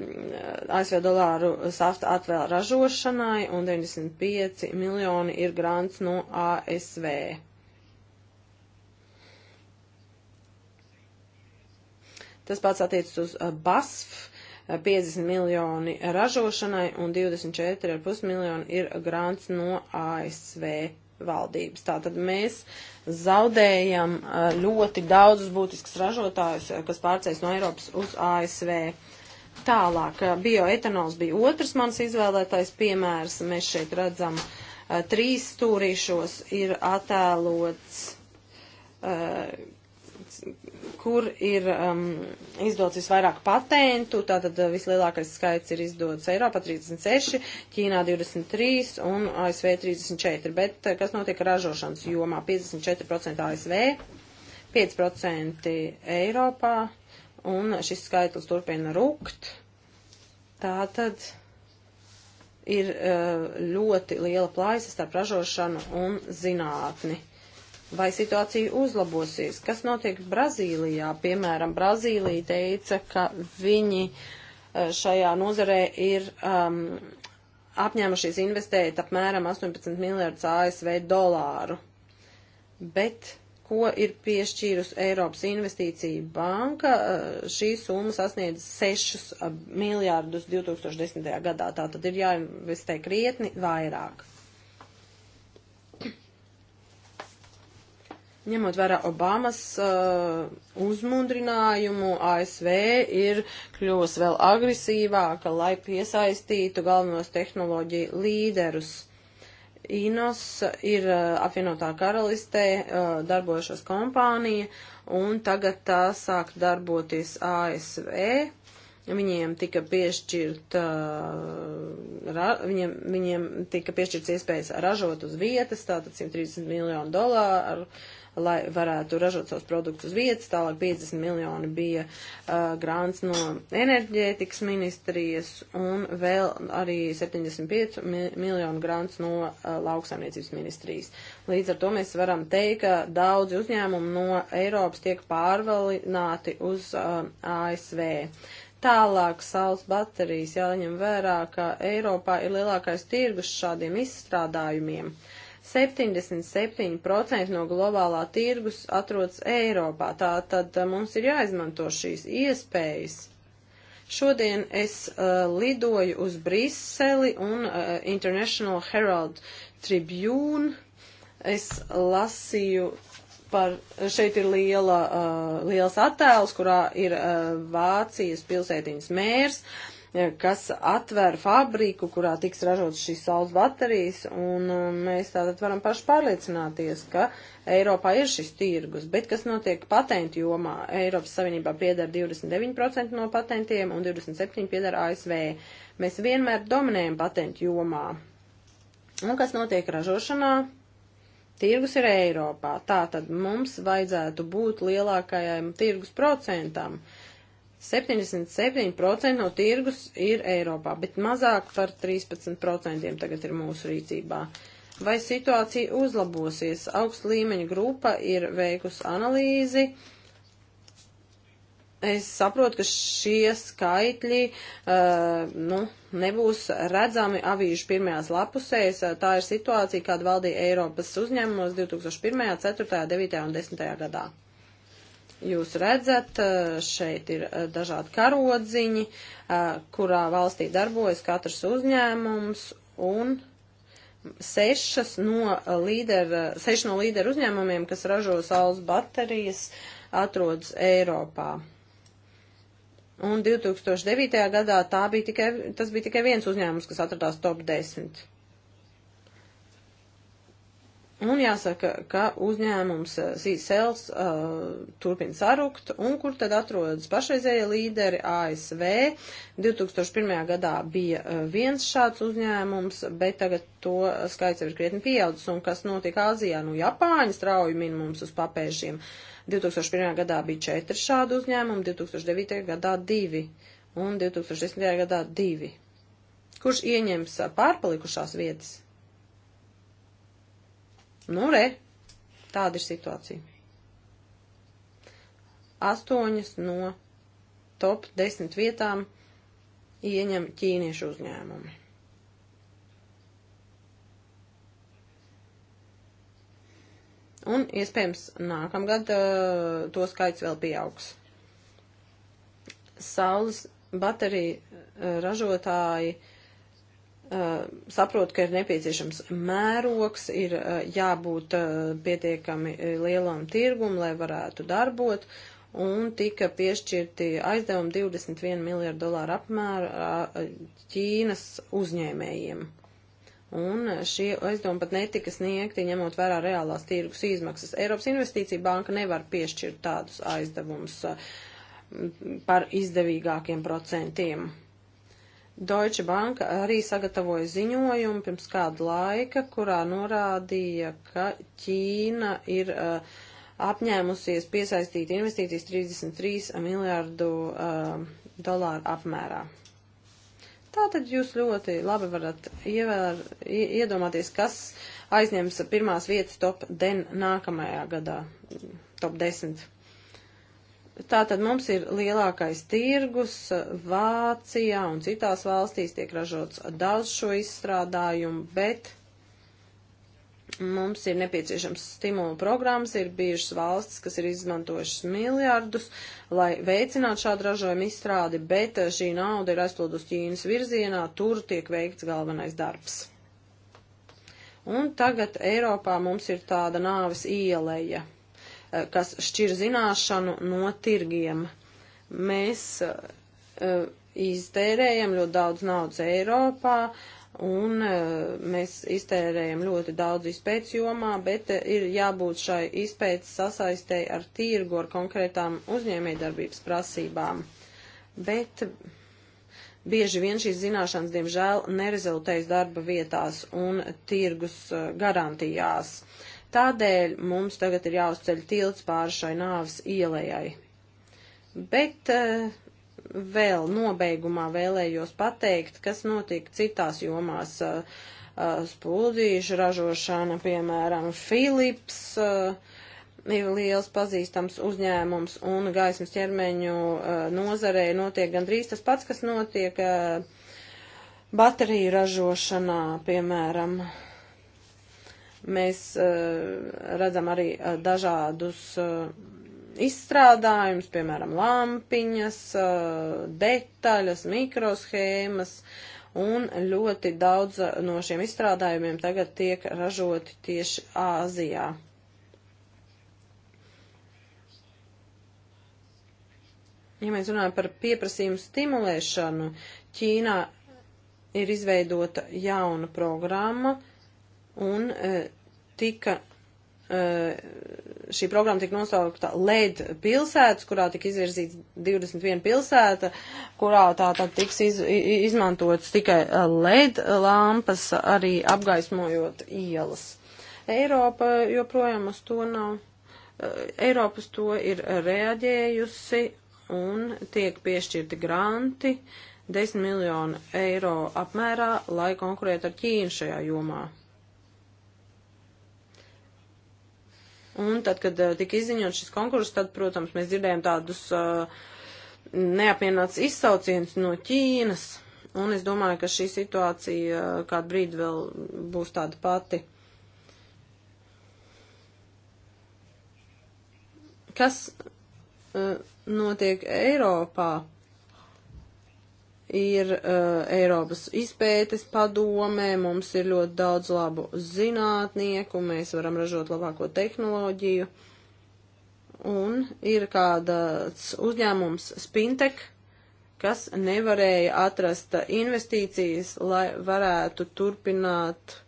ASV dolāru safta atvēl ražošanai un 95 miljoni ir grants no ASV. Tas pats attiecas uz uh, BASF. 50 miljoni ražošanai un 24,5 miljoni ir grants no ASV valdības. Tātad mēs zaudējam uh, ļoti daudzus būtiskus ražotājus, uh, kas pārceļas no Eiropas uz ASV. Tālāk, bioetanols bija otrs mans izvēlētais piemērs. Mēs šeit redzam uh, trīs stūrīšos ir attēlots, uh, kur ir um, izdots visvairāk patentu. Tātad vislielākais skaits ir izdots Eiropā 36, Ķīnā 23 un ASV 34. Bet kas notiek ražošanas jomā? 54% ASV, 5% Eiropā un šis skaitlis turpina rukt. Tā tad ir eh, ļoti liela plaisa starp ražošanu un zinātni. Vai situācija uzlabosies? Kas notiek Brazīlijā? Piemēram, Brazīlija teica, ka viņi eh, šajā nozarē ir um, apņēmušies investēt apmēram 18 miljardus ASV dolāru. Bet ko ir piešķīrusi Eiropas investīcija banka. Eh, šī summa sasniedz 6 eh, miljārdus 2010. gadā. Tā tad ir jāinvestē krietni vairāk. Ņemot vērā Obamas uh, uzmundrinājumu, ASV ir kļuvusi vēl agresīvāka, lai piesaistītu galvenos tehnoloģiju līderus Inos ir apvienotā karalistē darbojušos kompānija, un tagad tā sāk darboties ASV. Viņiem tika piešķirt, viņiem, viņiem tika piešķirts iespējas ražot uz vietas, tātad 130 miljonu dolāru lai varētu ražot savus produktus uz vietas. Tālāk 50 miljoni bija uh, grāns no enerģētikas ministrijas un vēl arī 75 mi miljonu grāns no uh, lauksaimniecības ministrijas. Līdz ar to mēs varam teikt, ka daudzi uzņēmumi no Eiropas tiek pārvalināti uz uh, ASV. Tālāk saules baterijas jāņem vērā, ka Eiropā ir lielākais tirgus šādiem izstrādājumiem. Uh, 77% no globālā tirgus atrodas Eiropā, tā tad uh, mums ir jāizmanto šīs iespējas. Šodien es uh, lidoju uz Briseli un uh, International Herald Tribune. Es lasīju par, šeit ir liela, uh, liels attēls, kurā ir uh, Vācijas pilsētiņas mērs. Uh, kas atver fabriku, kurā tiks ražotas šīs saules baterijas, un uh, mēs tātad varam paši pārliecināties, ka Eiropā ir šis tirgus, bet kas notiek patentu jomā, Eiropas Savienībā piedara 29% no patentiem un 27% piedara ASV. Mēs vienmēr dominējam patentu jomā. Un kas notiek ražošanā? Tirgus ir Eiropā, tā tad mums vajadzētu būt lielākajam tirgus procentam. Uh, 77% no tirgus ir Eiropā, bet mazāk par 13% tagad ir mūsu rīcībā. Vai situācija uzlabosies? Augst līmeņa grupa ir veikusi analīzi. Es saprotu, ka šie skaitļi uh, nu, nebūs redzami avīžu pirmajās lapusēs. Uh, tā ir situācija, kāda valdīja Eiropas uzņēmumos 2001., 2004., 2009. un 2010. gadā. Jūs redzat, šeit ir dažādi karodziņi, kurā valstī darbojas katrs uzņēmums un sešas no līdera, seši no līderu uzņēmumiem, kas ražo saules baterijas, atrodas Eiropā. Un 2009. gadā tā bija tikai, tas bija tikai viens uzņēmums, kas atradās top 10. Un jāsaka, ka uzņēmums Zīsels eh, uh, eh, turpina sarukt, un kur tad atrodas pašreizējie līderi ASV. 2001. gadā bija eh, viens šāds uzņēmums, bet tagad to skaits ir krietni pieaudzis, un kas notika Āzijā, nu Japāņi strauji min mums uz papēžiem. 2001. gadā bija četri šādi uzņēmumi, 2009. gadā divi, un 2010. gadā divi. Kurš ieņems pārpalikušās vietas? Nu, re, tāda ir situācija. Astoņas no top desmit vietām ieņem ķīniešu uzņēmumi. Un iespējams nākamgad uh, to skaits vēl pieaugs. Saules bateriju eh, ražotāji uh, Eh, saprotu, ka ir nepieciešams mērogs, ir eh, jābūt eh, pietiekami lielam tirgum, lai varētu darbot, un tika piešķirti aizdevumi 21 miljardu dolāru apmēra Ķīnas uzņēmējiem. Un šie aizdevumi pat netika sniegti, ņemot vērā reālās tirgus izmaksas. Eiropas investīcija banka nevar piešķirt tādus aizdevumus par izdevīgākiem procentiem. Deutsche Bank arī sagatavoja ziņojumu pirms kāda laika, kurā norādīja, ka Ķīna ir uh, apņēmusies piesaistīt investīcijas 33 miljārdu uh, dolāru apmērā. Tātad jūs ļoti labi varat ievēr, iedomāties, kas aizņems pirmās vietas top 10 nākamajā gadā, top 10. Tātad mums ir lielākais tirgus Vācijā un citās valstīs tiek ražots daudz šo izstrādājumu, bet mums ir nepieciešams stimulu programmas, ir bijušas valstis, kas ir izmantojušas miljardus, lai veicinātu šādu ražojumu izstrādi, bet eh, šī nauda ir aizplūdus Ķīnas virzienā, tur tiek veikts galvenais darbs. Un tagad Eiropā mums ir tāda nāves ieleja kas šķir zināšanu no tirgiem. Mēs eh, iztērējam ļoti daudz naudas Eiropā, un eh, mēs iztērējam ļoti daudz izpētes jomā, bet eh, ir jābūt šai izpētes sasaistei ar tirgu, ar konkrētām uzņēmējdarbības prasībām. Bet bieži vien šīs zināšanas, diemžēl, nerezultējas darba vietās un tirgus garantijās. Uh, Tādēļ mums tagad ir jāuzceļ tilts pāri šai nāves ielējai. Bet eh, vēl nobeigumā vēlējos pateikt, kas notiek citās jomās. Eh, eh, spūdīšu ražošana, piemēram, Philips ir liels pazīstams uzņēmums un gaismas ķermeņu nozarē notiek gandrīz tas pats, kas notiek bateriju ražošanā, piemēram. Mēs eh, redzam arī eh, dažādus eh, izstrādājums, piemēram, lampiņas, detaļas, mikroshēmas, un ļoti daudz no šiem izstrādājumiem tagad tiek ražoti tieši Āzijā. Ja mēs runājam par pieprasījumu stimulēšanu, Ķīnā ir izveidota jauna programma, uh, Un e, tika e, šī programma tika nosaukta LED pilsētas, kurā tika izvirzīts 21 pilsēta, kurā tā tad tiks iz, izmantots tikai LED lampas, arī apgaismojot ielas. Eiropa joprojām uz to nav, e, Eiropas to ir reaģējusi un tiek piešķirti granti 10 miljonu eiro apmērā, lai konkurētu ar Ķīnu šajā jomā. Un tad, kad tika izziņots šis konkurss, tad, protams, mēs dzirdējām tādus uh, neapmienāts izsauciens no Ķīnas. Un es domāju, ka šī situācija uh, kādu brīdi vēl būs tāda pati. Kas uh, notiek Eiropā? ir uh, Eiropas izpētes padomē, mums ir ļoti daudz labu zinātnieku, mēs varam ražot labāko tehnoloģiju. Un ir kāds uzņēmums Spintek, kas nevarēja atrast investīcijas, lai varētu turpināt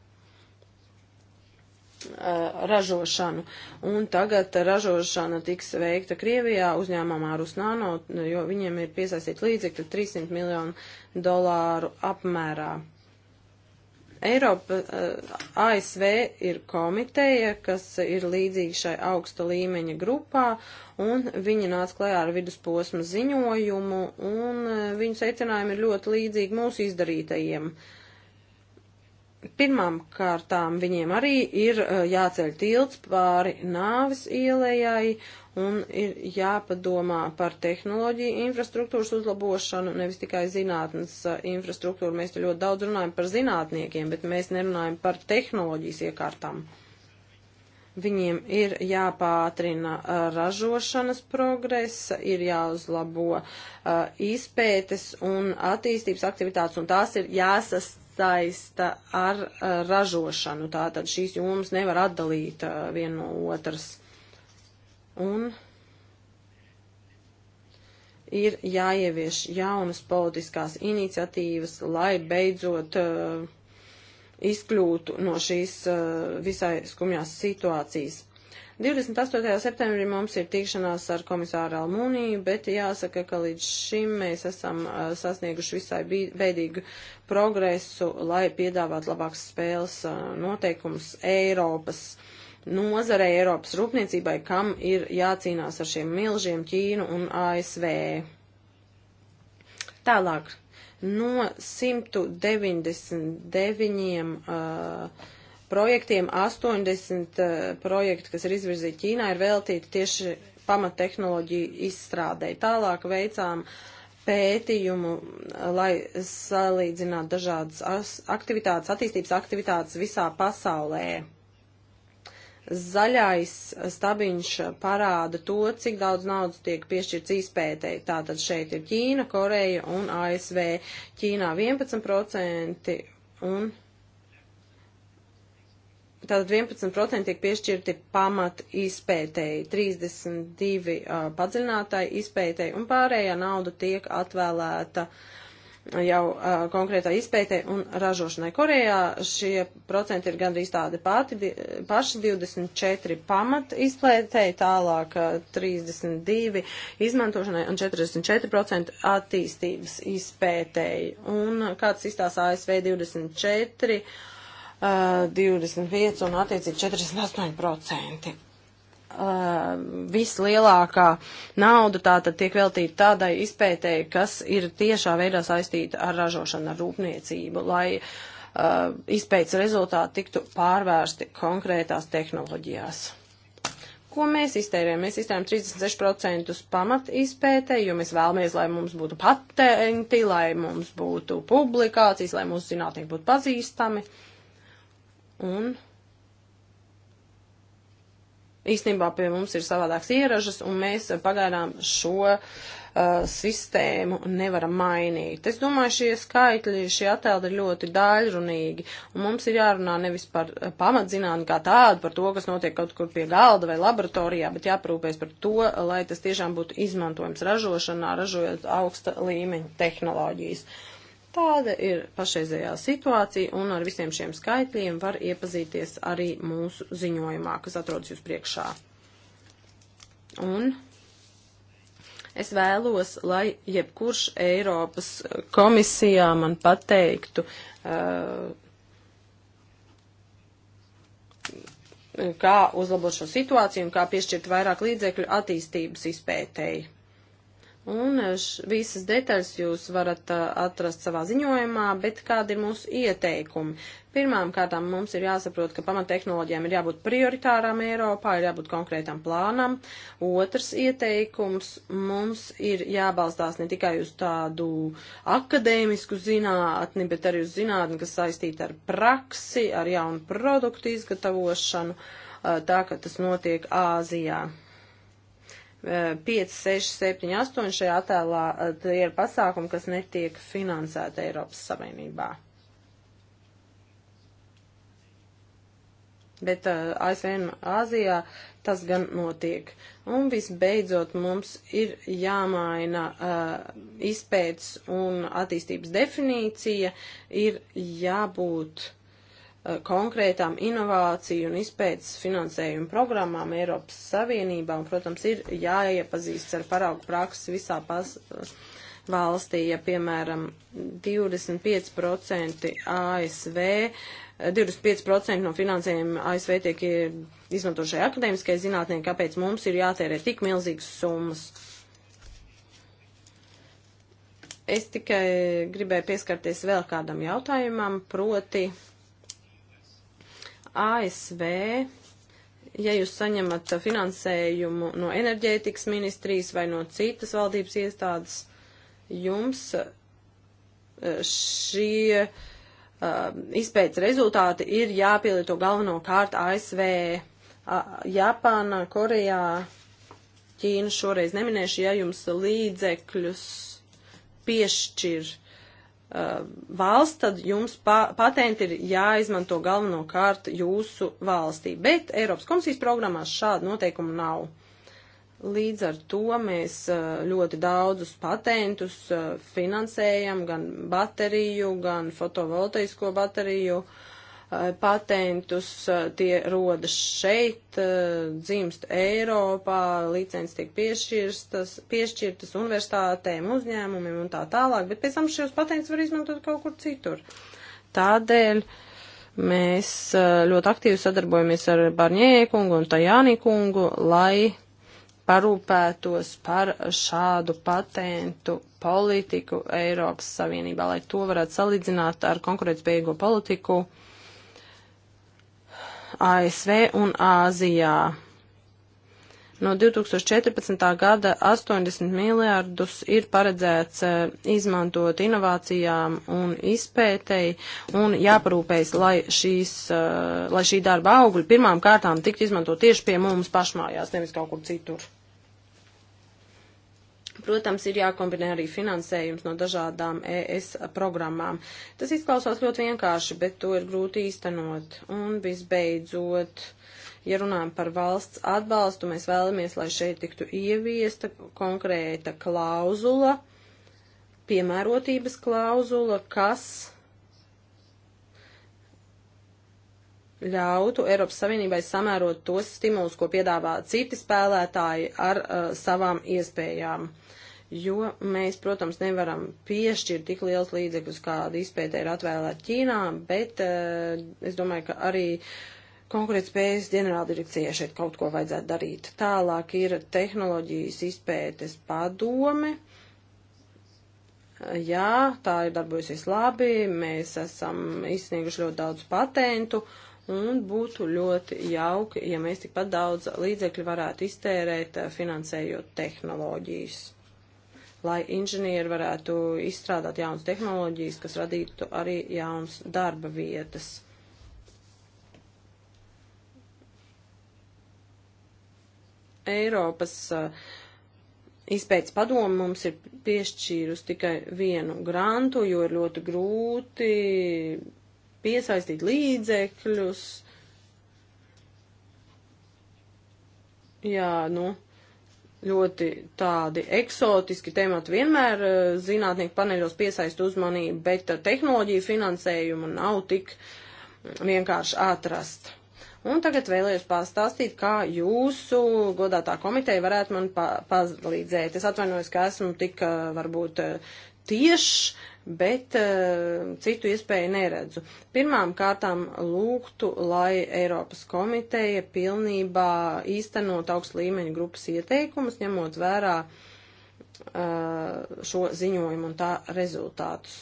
ražošanu. Un tagad ražošana tiks veikta Krievijā uzņēmumā Rusnano, jo viņiem ir piesaistīta līdzekļa 300 miljonu dolāru apmērā. Eiropa, ASV ir komiteja, kas ir līdzīga šai augsta līmeņa grupā, un viņi nāca klajā ar vidusposma ziņojumu, un viņu secinājumi ir ļoti līdzīgi mūsu izdarītajiem. Uh, Pirmām kārtām viņiem arī ir uh, jāceļ tilts pāri nāves ielējai un ir jāpadomā par tehnoloģiju infrastruktūras uzlabošanu, nevis tikai zinātnes uh, infrastruktūru. Mēs ļoti daudz runājam par zinātniekiem, bet mēs nerunājam par tehnoloģijas iekārtām. Viņiem ir jāpātrina uh, ražošanas progresa, ir jāuzlabo uh, izpētes un attīstības aktivitātes, un tās ir jāsas jāsasaista ar eh, ražošanu. Tātad šīs jomas nevar atdalīt eh, viena no otras. Un ir jāievieš jaunas politiskās iniciatīvas, lai beidzot uh, izkļūtu no šīs uh, visai skumjās situācijas. 28. septembrī mums ir tikšanās ar komisāru Almūniju, bet jāsaka, ka līdz šim mēs esam sasnieguši visai beidīgu progresu, lai piedāvātu labākas spēles noteikumus Eiropas nozarei, Eiropas rūpniecībai, kam ir jācīnās ar šiem milžiem Ķīnu un ASV. Tālāk, no 199. Uh, projektiem 80 eh, projektu, kas ir izvirzīti Ķīnā, ir veltīti tieši pamattehnoloģiju izstrādē. Tālāk veicām pētījumu, eh, lai salīdzinātu dažādas aktivitātes, attīstības aktivitātes visā pasaulē zaļais stabiņš parāda to, cik daudz naudas tiek piešķirts izpētēji. Tātad šeit ir Ķīna, Koreja un ASV. Ķīnā 11% un Tātad 11% tiek piešķirti pamat izpētēji, 32 uh, padziļinātāji izpētēji un pārējā nauda tiek atvēlēta jau uh, konkrētā izpētē un ražošanai. Korejā šie procenti ir gandrīz tādi pati, di, paši 24 pamat izpētēji, tālāk uh, 32 izmantošanai un 44% attīstības izpētēji. Un kāds izstās ASV 24? 25 un attiecīgi 48%. Uh, vislielākā nauda tātad tiek veltīta tādai izpētēji, kas ir tiešā veidā saistīta ar ražošanu, ar rūpniecību, lai uh, izpētes rezultāti tiktu pārvērsti konkrētās tehnoloģijās. Ko mēs iztērējam? Mēs iztērējam 36% pamat izpētē, jo mēs vēlamies, lai mums būtu patenti, lai mums būtu publikācijas, lai mūsu zinātnieki būtu pazīstami. Uh, un īstenībā pie mums ir savādāks ieražas, un mēs pagaidām šo uh, sistēmu nevaram mainīt. Es domāju, šie skaitļi, šie attēli ir ļoti daļrunīgi, un mums ir jārunā nevis par uh, pamatzinātni kā tādu, par to, kas notiek kaut kur pie galda vai laboratorijā, bet jāprūpēs par to, lai tas tiešām būtu izmantojams ražošanā, ražojot augsta līmeņa tehnoloģijas. Uh, Tāda ir pašreizējā situācija, un ar visiem šiem skaitļiem var iepazīties arī mūsu ziņojumā, kas atrodas jūs priekšā. Un es vēlos, lai jebkurš Eiropas komisijā man pateiktu, uh, kā uzlabot šo situāciju un kā piešķirt vairāk līdzekļu attīstības izpētēji. Un eh, š, visas detaļas jūs varat eh, atrast savā ziņojumā, bet kādi ir mūsu ieteikumi? Pirmām kārtām mums ir jāsaprot, ka pamattehnoloģijām ir jābūt prioritārām Eiropā, ir jābūt konkrētam plānam. Otrs ieteikums mums ir jābalstās ne tikai uz tādu akadēmisku zinātni, bet arī uz zinātni, kas saistīta ar praksi, ar jaunu produktu izgatavošanu, eh, tā, ka tas notiek Āzijā. 5, 6, 7, 8 šajā attēlā eh, tie ir pasākumi, kas netiek finansēti Eiropas Savienībā. Bet uh, eh, ASV un Āzijā tas gan notiek. Un visbeidzot mums ir jāmaina uh, izpētes un attīstības definīcija, ir jābūt uh, Eh, konkrētām inovāciju un izpētes finansējumu programmām Eiropas Savienībā, un, protams, ir jāiepazīst ar paraugu praksi visā pas valstī, ja, piemēram, 25% ASV, 25% no finansējuma ASV tiek izmantošai akadēmiskai zinātnē, kāpēc mums ir jātērē tik milzīgas summas. Es tikai gribēju pieskarties vēl kādam jautājumam, proti ASV, ja jūs saņemat finansējumu no enerģētikas ministrijas vai no citas valdības iestādes, jums e, šie uh, izpētes rezultāti ir jāpielieto galvenokārt ASV, uh, Japāna, Korejā, Ķīna šoreiz neminēšu, ja jums līdzekļus piešķir Uh, valsts, tad jums pa, patenti ir jāizmanto galvenokārt jūsu valstī. Bet Eiropas komisijas programmās šāda noteikuma nav. Līdz ar to mēs uh, ļoti daudzus patentus uh, finansējam, gan bateriju, gan fotovoltaisko bateriju. Uh, patentus, tie rodas šeit, dzimst Eiropā, licences tiek piešķirtas, piešķirtas universitātēm, uzņēmumiem un tā tālāk, bet pēc tam šos patentus var izmantot kaut kur citur. Tādēļ mēs ļoti aktīvi sadarbojamies ar Barņē kungu un Tajāni kungu, lai parūpētos par šādu patentu politiku Eiropas Savienībā, lai to varētu salīdzināt ar konkurētspējīgo politiku uh, ASV un Āzijā. No 2014. gada 80 miljārdus ir paredzēts e, izmantot inovācijām un izpētēji un jāparūpējas, lai, šīs, e, lai šī darba augļi pirmām kārtām tiktu izmantot tieši pie mums pašmājās, nevis kaut kur citur. Protams, ir jākombinē arī finansējums no dažādām ES programmām. Tas izklausās ļoti vienkārši, bet to ir grūti īstenot. Un visbeidzot, ja runājam par valsts atbalstu, mēs vēlamies, lai šeit tiktu ieviesta konkrēta klauzula, piemērotības klauzula, kas ļautu Eiropas Savienībai samērot tos stimulus, ko piedāvā citi spēlētāji ar uh, savām iespējām. Jo mēs, protams, nevaram piešķirt tik liels līdzekļus, kāda izpēta ir atvēlēta Ķīnā, bet uh, es domāju, ka arī konkurētspējas ģenerāldirekcijai šeit kaut ko vajadzētu darīt. Tālāk ir tehnoloģijas izpētes padome. Uh, jā, tā ir darbojusies labi, mēs esam izsnieguši ļoti daudz patentu, un būtu ļoti jauki, ja mēs tikpat daudz līdzekļu varētu iztērēt eh, finansējot tehnoloģijas, lai inženieri varētu izstrādāt jaunas tehnoloģijas, kas radītu arī jaunas darba vietas. Eiropas uh, Izpētes padomu mums ir piešķīrusi tikai vienu grantu, jo ir ļoti grūti piesaistīt līdzekļus. Jā, nu, ļoti tādi eksotiski temati vienmēr eh, zinātnieku paneļos piesaista uzmanību, bet eh, tehnoloģiju finansējumu nav tik mm, vienkārši atrast. Un tagad vēlējos pastāstīt, kā jūsu godātā komiteja varētu man pa palīdzēt. Es atvainojos, ka esmu tik eh, varbūt tiešs, bet uh, citu iespēju neredzu. Pirmām kārtām lūgtu, lai Eiropas komiteja pilnībā īstenot augstu līmeņu grupas ieteikumus, ņemot vērā uh, šo ziņojumu un tā rezultātus.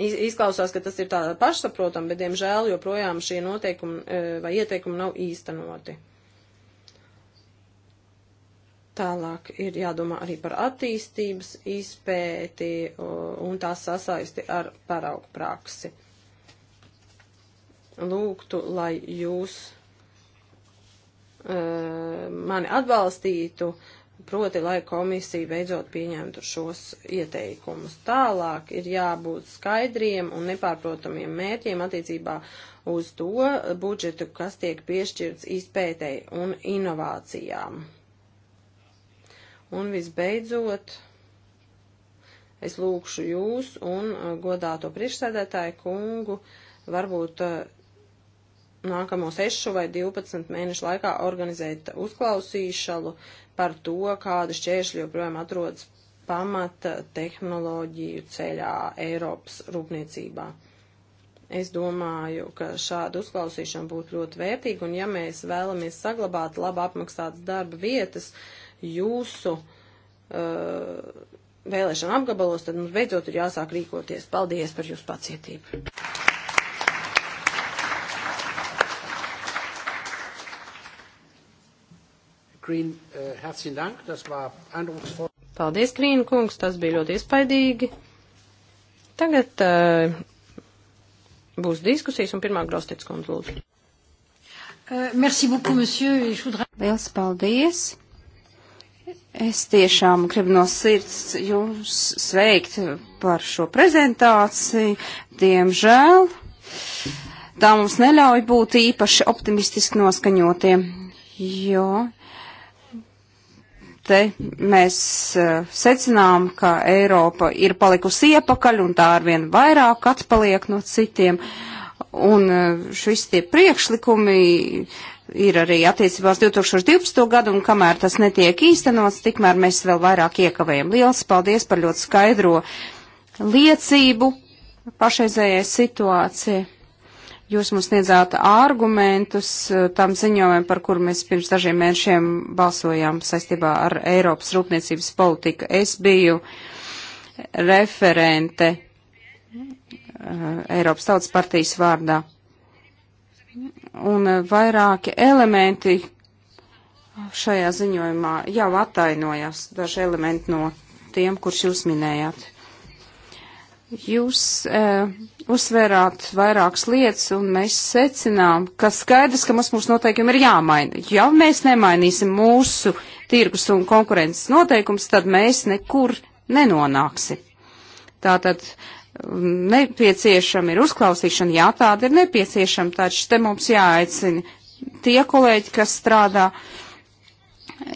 Iz, izklausās, ka tas ir tā pašsaprotam, bet, diemžēl, joprojām šie noteikumi uh, vai ieteikumi nav īstenoti. Tālāk ir jādomā arī par attīstības izpēti un tās sasaisti ar paraugu praksi. Lūgtu, lai jūs uh, mani atbalstītu, proti, lai komisija beidzot pieņemtu šos ieteikumus. Tālāk ir jābūt skaidriem un nepārprotamiem mērķiem attiecībā uz to budžetu, kas tiek piešķirts izpētēji un inovācijām. Un visbeidzot, es lūkšu jūs un uh, godāto priekšsēdētāju kungu varbūt uh, nākamo 6 vai 12 mēnešu laikā organizēt uzklausīšanu par to, kāda šķēršļa joprojām atrodas pamata tehnoloģiju ceļā Eiropas rūpniecībā. Es domāju, ka šāda uzklausīšana būtu ļoti vērtīga, un ja mēs vēlamies saglabāt labi apmaksātas darba vietas, uh, jūsu uh, vēlēšana apgabalos, tad mums beidzot ir jāsāk rīkoties. Paldies par jūsu pacietību. Green, uh, Dank, das war eindrucksvoll. Paldies, Krīna kungs, tas bija ļoti iespaidīgi. Tagad uh, būs diskusijas un pirmā Grostits kundze lūdzu. Uh, merci beaucoup, monsieur. Voudrais... Liels paldies. Es tiešām gribu no sirds jums sveikt par šo prezentāciju. Diemžēl tā mums neļauj būt īpaši optimistiski noskaņotiem, jo te mēs eh, secinām, ka Eiropa ir palikusi iepakaļ un tā arvien vairāk atpaliek no citiem. Un eh, šis tie priekšlikumi ir arī attiecībās 2012. gadu, un kamēr tas netiek īstenots, tikmēr mēs vēl vairāk iekavējam. Liels paldies par ļoti skaidro liecību pašreizējai situācijai. Jūs mums sniedzāt argumentus eh, tam ziņojumam, par kuru mēs pirms dažiem mēnešiem balsojām saistībā ar Eiropas rūpniecības politiku. Es biju referente eh, Eiropas tautas partijas vārdā un eh, vairāki elementi šajā ziņojumā jau atainojās, daži elementi no tiem, kurš jūs minējāt. Jūs e, uzsvērāt vairākas lietas, un mēs secinām, ka skaidrs, ka mums mūsu noteikumi ir jāmaina. Ja mēs nemainīsim mūsu tirgus un konkurences noteikumus, tad mēs nekur nenonāksim. Tātad nepieciešama ir uzklausīšana, jā, tāda ir nepieciešama, taču te mums jāaicina tie kolēģi, kas strādā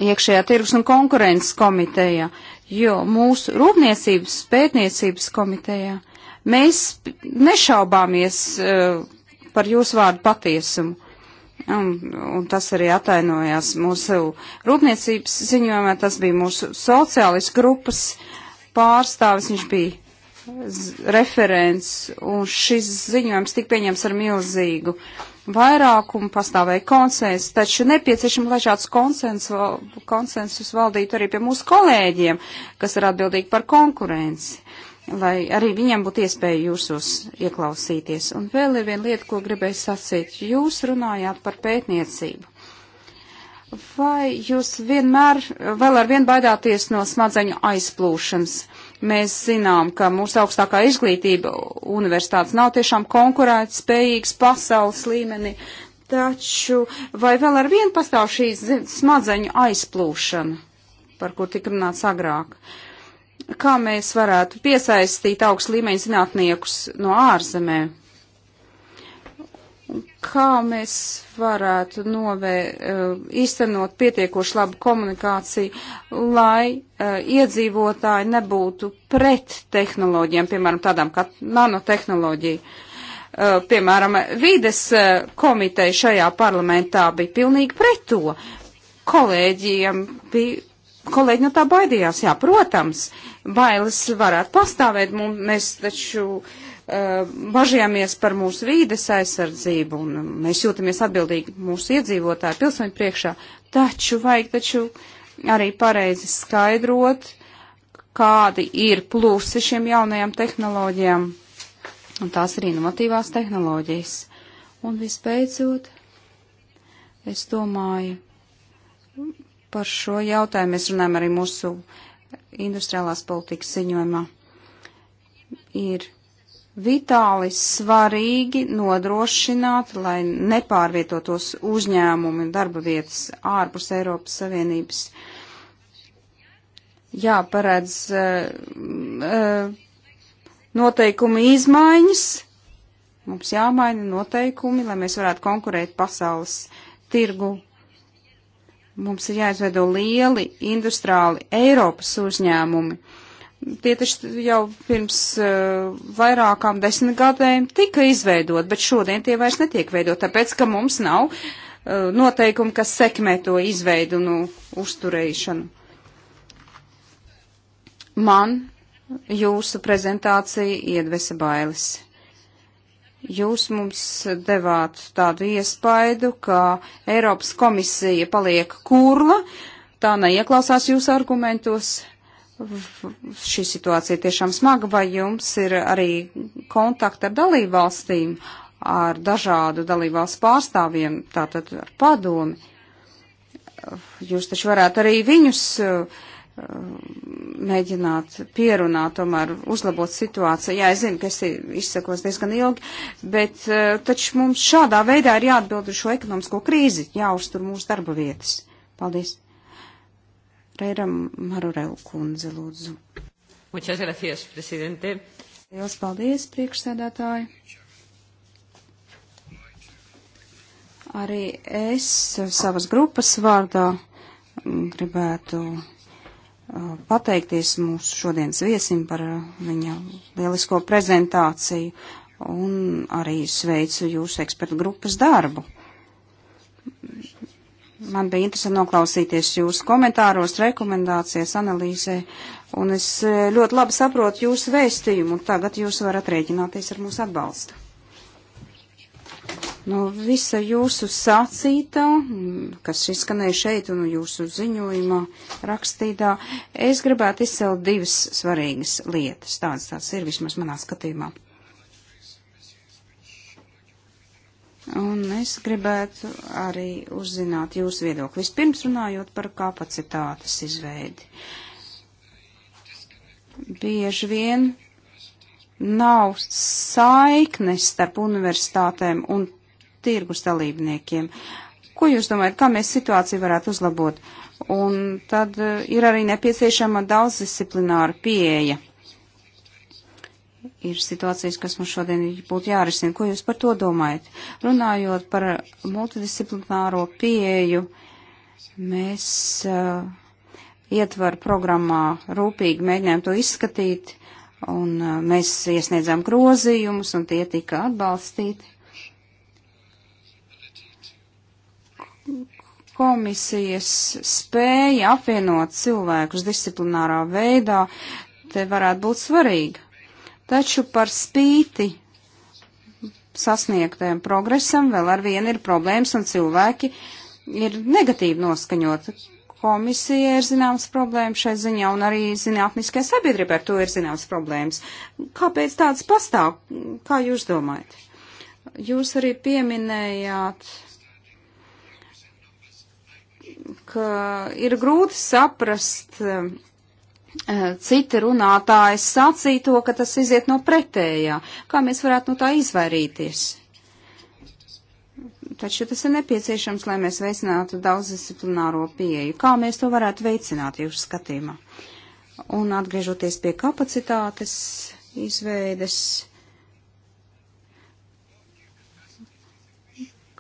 iekšējā tirgus un konkurences komitejā, jo mūsu rūpniecības pētniecības komitejā mēs nešaubāmies uh, par jūsu vārdu patiesumu. Un, un tas arī atainojās mūsu rūpniecības ziņojumā, tas bija mūsu sociālistu grupas pārstāvis, viņš bija referents, un šis ziņojums tika pieņems ar milzīgu vairākumu, pastāvēja konsens, taču nepieciešams, lai šāds konsens, konsensus valdītu arī pie mūsu kolēģiem, kas ir atbildīgi par konkurenci, lai arī viņiem būtu iespēja jūsos ieklausīties. Un vēl ir viena lieta, ko gribēju sacīt. Jūs runājāt par pētniecību. Vai jūs vienmēr vēl ar vien baidāties no smadzeņu aizplūšanas? Mēs zinām, ka mūsu augstākā izglītība universitātes nav tiešām konkurēt spējīgs pasaules līmenī, taču vai vēl ar vienu pastāv šī smadzeņu aizplūšana, par kur tik runāts agrāk? Kā mēs varētu piesaistīt augstu līmeņu zinātniekus no ārzemēm? Kā mēs varētu novē, eh, īstenot pietiekoši labu komunikāciju, lai eh, iedzīvotāji nebūtu pret tehnoloģiem, piemēram, tādām kā nanotehnoloģija? Eh, piemēram, vides komiteja šajā parlamentā bija pilnīgi pret to. Kolēģiem bija kolēģi no tā baidījās. Jā, protams, bailes varētu pastāvēt. Mums, mēs taču Eh, bažījāmies par mūsu vīdes aizsardzību un mēs jūtamies atbildīgi mūsu iedzīvotāju pilsoņu priekšā, taču vajag taču arī pareizi skaidrot, kādi ir plusi šiem jaunajām tehnoloģijām, un tās ir inovatīvās tehnoloģijas. Un visbeidzot, es domāju, par šo jautājumu mēs runājam arī mūsu industriālās politikas ziņojumā. Ir vitāli svarīgi nodrošināt, lai nepārvietotos uzņēmumi un darba vietas ārpus Eiropas Savienības. Jāparedz uh, eh, uh, eh, noteikumu izmaiņas, mums jāmaina noteikumi, lai mēs varētu konkurēt pasaules tirgu. Mums ir jāizveido lieli industriāli Eiropas uzņēmumi Tie taču jau pirms uh, vairākām desmit gadiem tika izveidot, bet šodien tie vairs netiek veidot, tāpēc, ka mums nav uh, eh, noteikumi, kas sekmē to izveidu un nu, uzturēšanu. Man jūsu prezentācija iedvesa bailes. Jūs mums devāt tādu iespaidu, ka Eiropas komisija paliek kurla, tā neieklausās jūsu argumentos, šī situācija tiešām smaga, vai jums ir arī kontakti ar dalībvalstīm, ar dažādu dalībvalstu pārstāvjiem, tātad ar padomi. Jūs taču varētu arī viņus eh, mēģināt pierunāt, tomēr uzlabot situāciju. Jā, es zinu, ka es izsakos diezgan ilgi, bet eh, taču mums šādā veidā ir jāatbild uz šo ekonomisko krīzi, jāuztur mūsu darba vietas. Paldies! Reira Marurelu kundze, lūdzu. Muchas gracias, presidente. Liels paldies, priekšsēdētāji. Arī es savas grupas vārdā mm, gribētu pateikties mūsu šodienas viesim par viņa lielisko prezentāciju un arī sveicu jūsu ekspertu grupas darbu. Man bija interesanti noklausīties jūsu komentāros, rekomendācijas, analīzē, un es e, ļoti labi saprotu jūsu vēstījumu, un tagad jūs varat rēķināties ar mūsu atbalstu. No nu, visa jūsu sacītā, kas izskanēja šeit un jūsu ziņojumā rakstītā, es gribētu izcelt divas svarīgas lietas. Tādas tās ir vismaz manā skatījumā. Un es gribētu arī uzzināt jūsu viedokli. Vispirms runājot par kapacitātes izveidi. Bieži vien nav saiknes starp universitātēm un tirgus dalībniekiem. Ko jūs domājat, kā mēs situāciju varētu uzlabot? Un tad eh, ir arī nepieciešama daudzdisciplināra pieeja ir situācijas, kas mums šodien būtu jārisina. Ko jūs par to domājat? Runājot par multidisciplināro pieeju, mēs uh, ietvaru programmā rūpīgi mēģinājām to izskatīt, un uh, mēs iesniedzām grozījumus, un tie tika atbalstīti. Komisijas spēja apvienot cilvēkus disciplinārā veidā te varētu būt svarīga Taču par spīti sasniegtajam progresam vēl ar vienu ir problēmas un cilvēki ir negatīvi noskaņoti. Komisija ir zināmas problēmas šai ziņā un arī zinātniskai sabiedrībai ar to ir zināmas problēmas. Kāpēc tāds pastāv? Kā jūs domājat? Jūs arī pieminējāt, ka ir grūti saprast Eh, citi runātāji sacīja to, ka tas iziet no pretējā. Kā mēs varētu no tā izvairīties? Taču tas ir nepieciešams, lai mēs veicinātu daudzdisciplināro pieeju. Kā mēs to varētu veicināt jūsu skatījumā? Un atgriežoties pie kapacitātes izveides,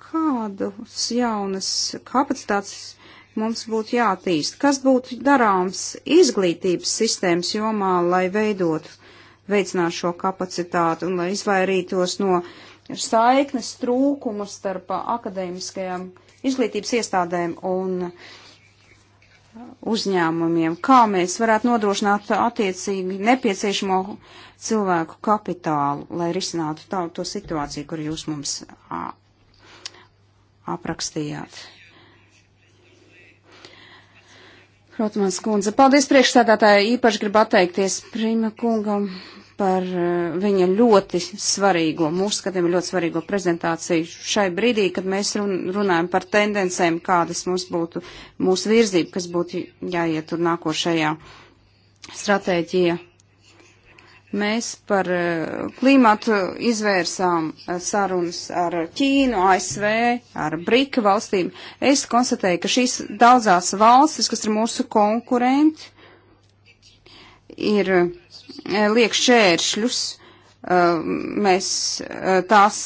kādus jaunas kapacitātes mums būtu jātīst. Kas būtu darāms izglītības sistēmas jomā, lai veidotu, veicinātu šo kapacitātu un lai izvairītos no saiknes trūkumu starp akadēmiskajām izglītības iestādēm un uzņēmumiem, kā mēs varētu nodrošināt attiecīgi nepieciešamo cilvēku kapitālu, lai risinātu tā, to situāciju, kur jūs mums aprakstījāt. Rotmans kundze, paldies priekšstādātāji, īpaši gribu atteikties Prima kungam par eh, viņa ļoti svarīgo, mūsu skatījumā ļoti svarīgo prezentāciju šai brīdī, kad mēs runājam par tendencēm, kādas mums būtu, mūsu virzība, kas būtu jāietur nākošajā stratēģijā Mēs par eh, klimatu izvērsām eh, sarunas ar Ķīnu, ASV, ar Brika valstīm. Es konstatēju, ka šīs daudzās valstis, kas ir mūsu konkurenti, ir eh, liek šķēršļus. Mēs tās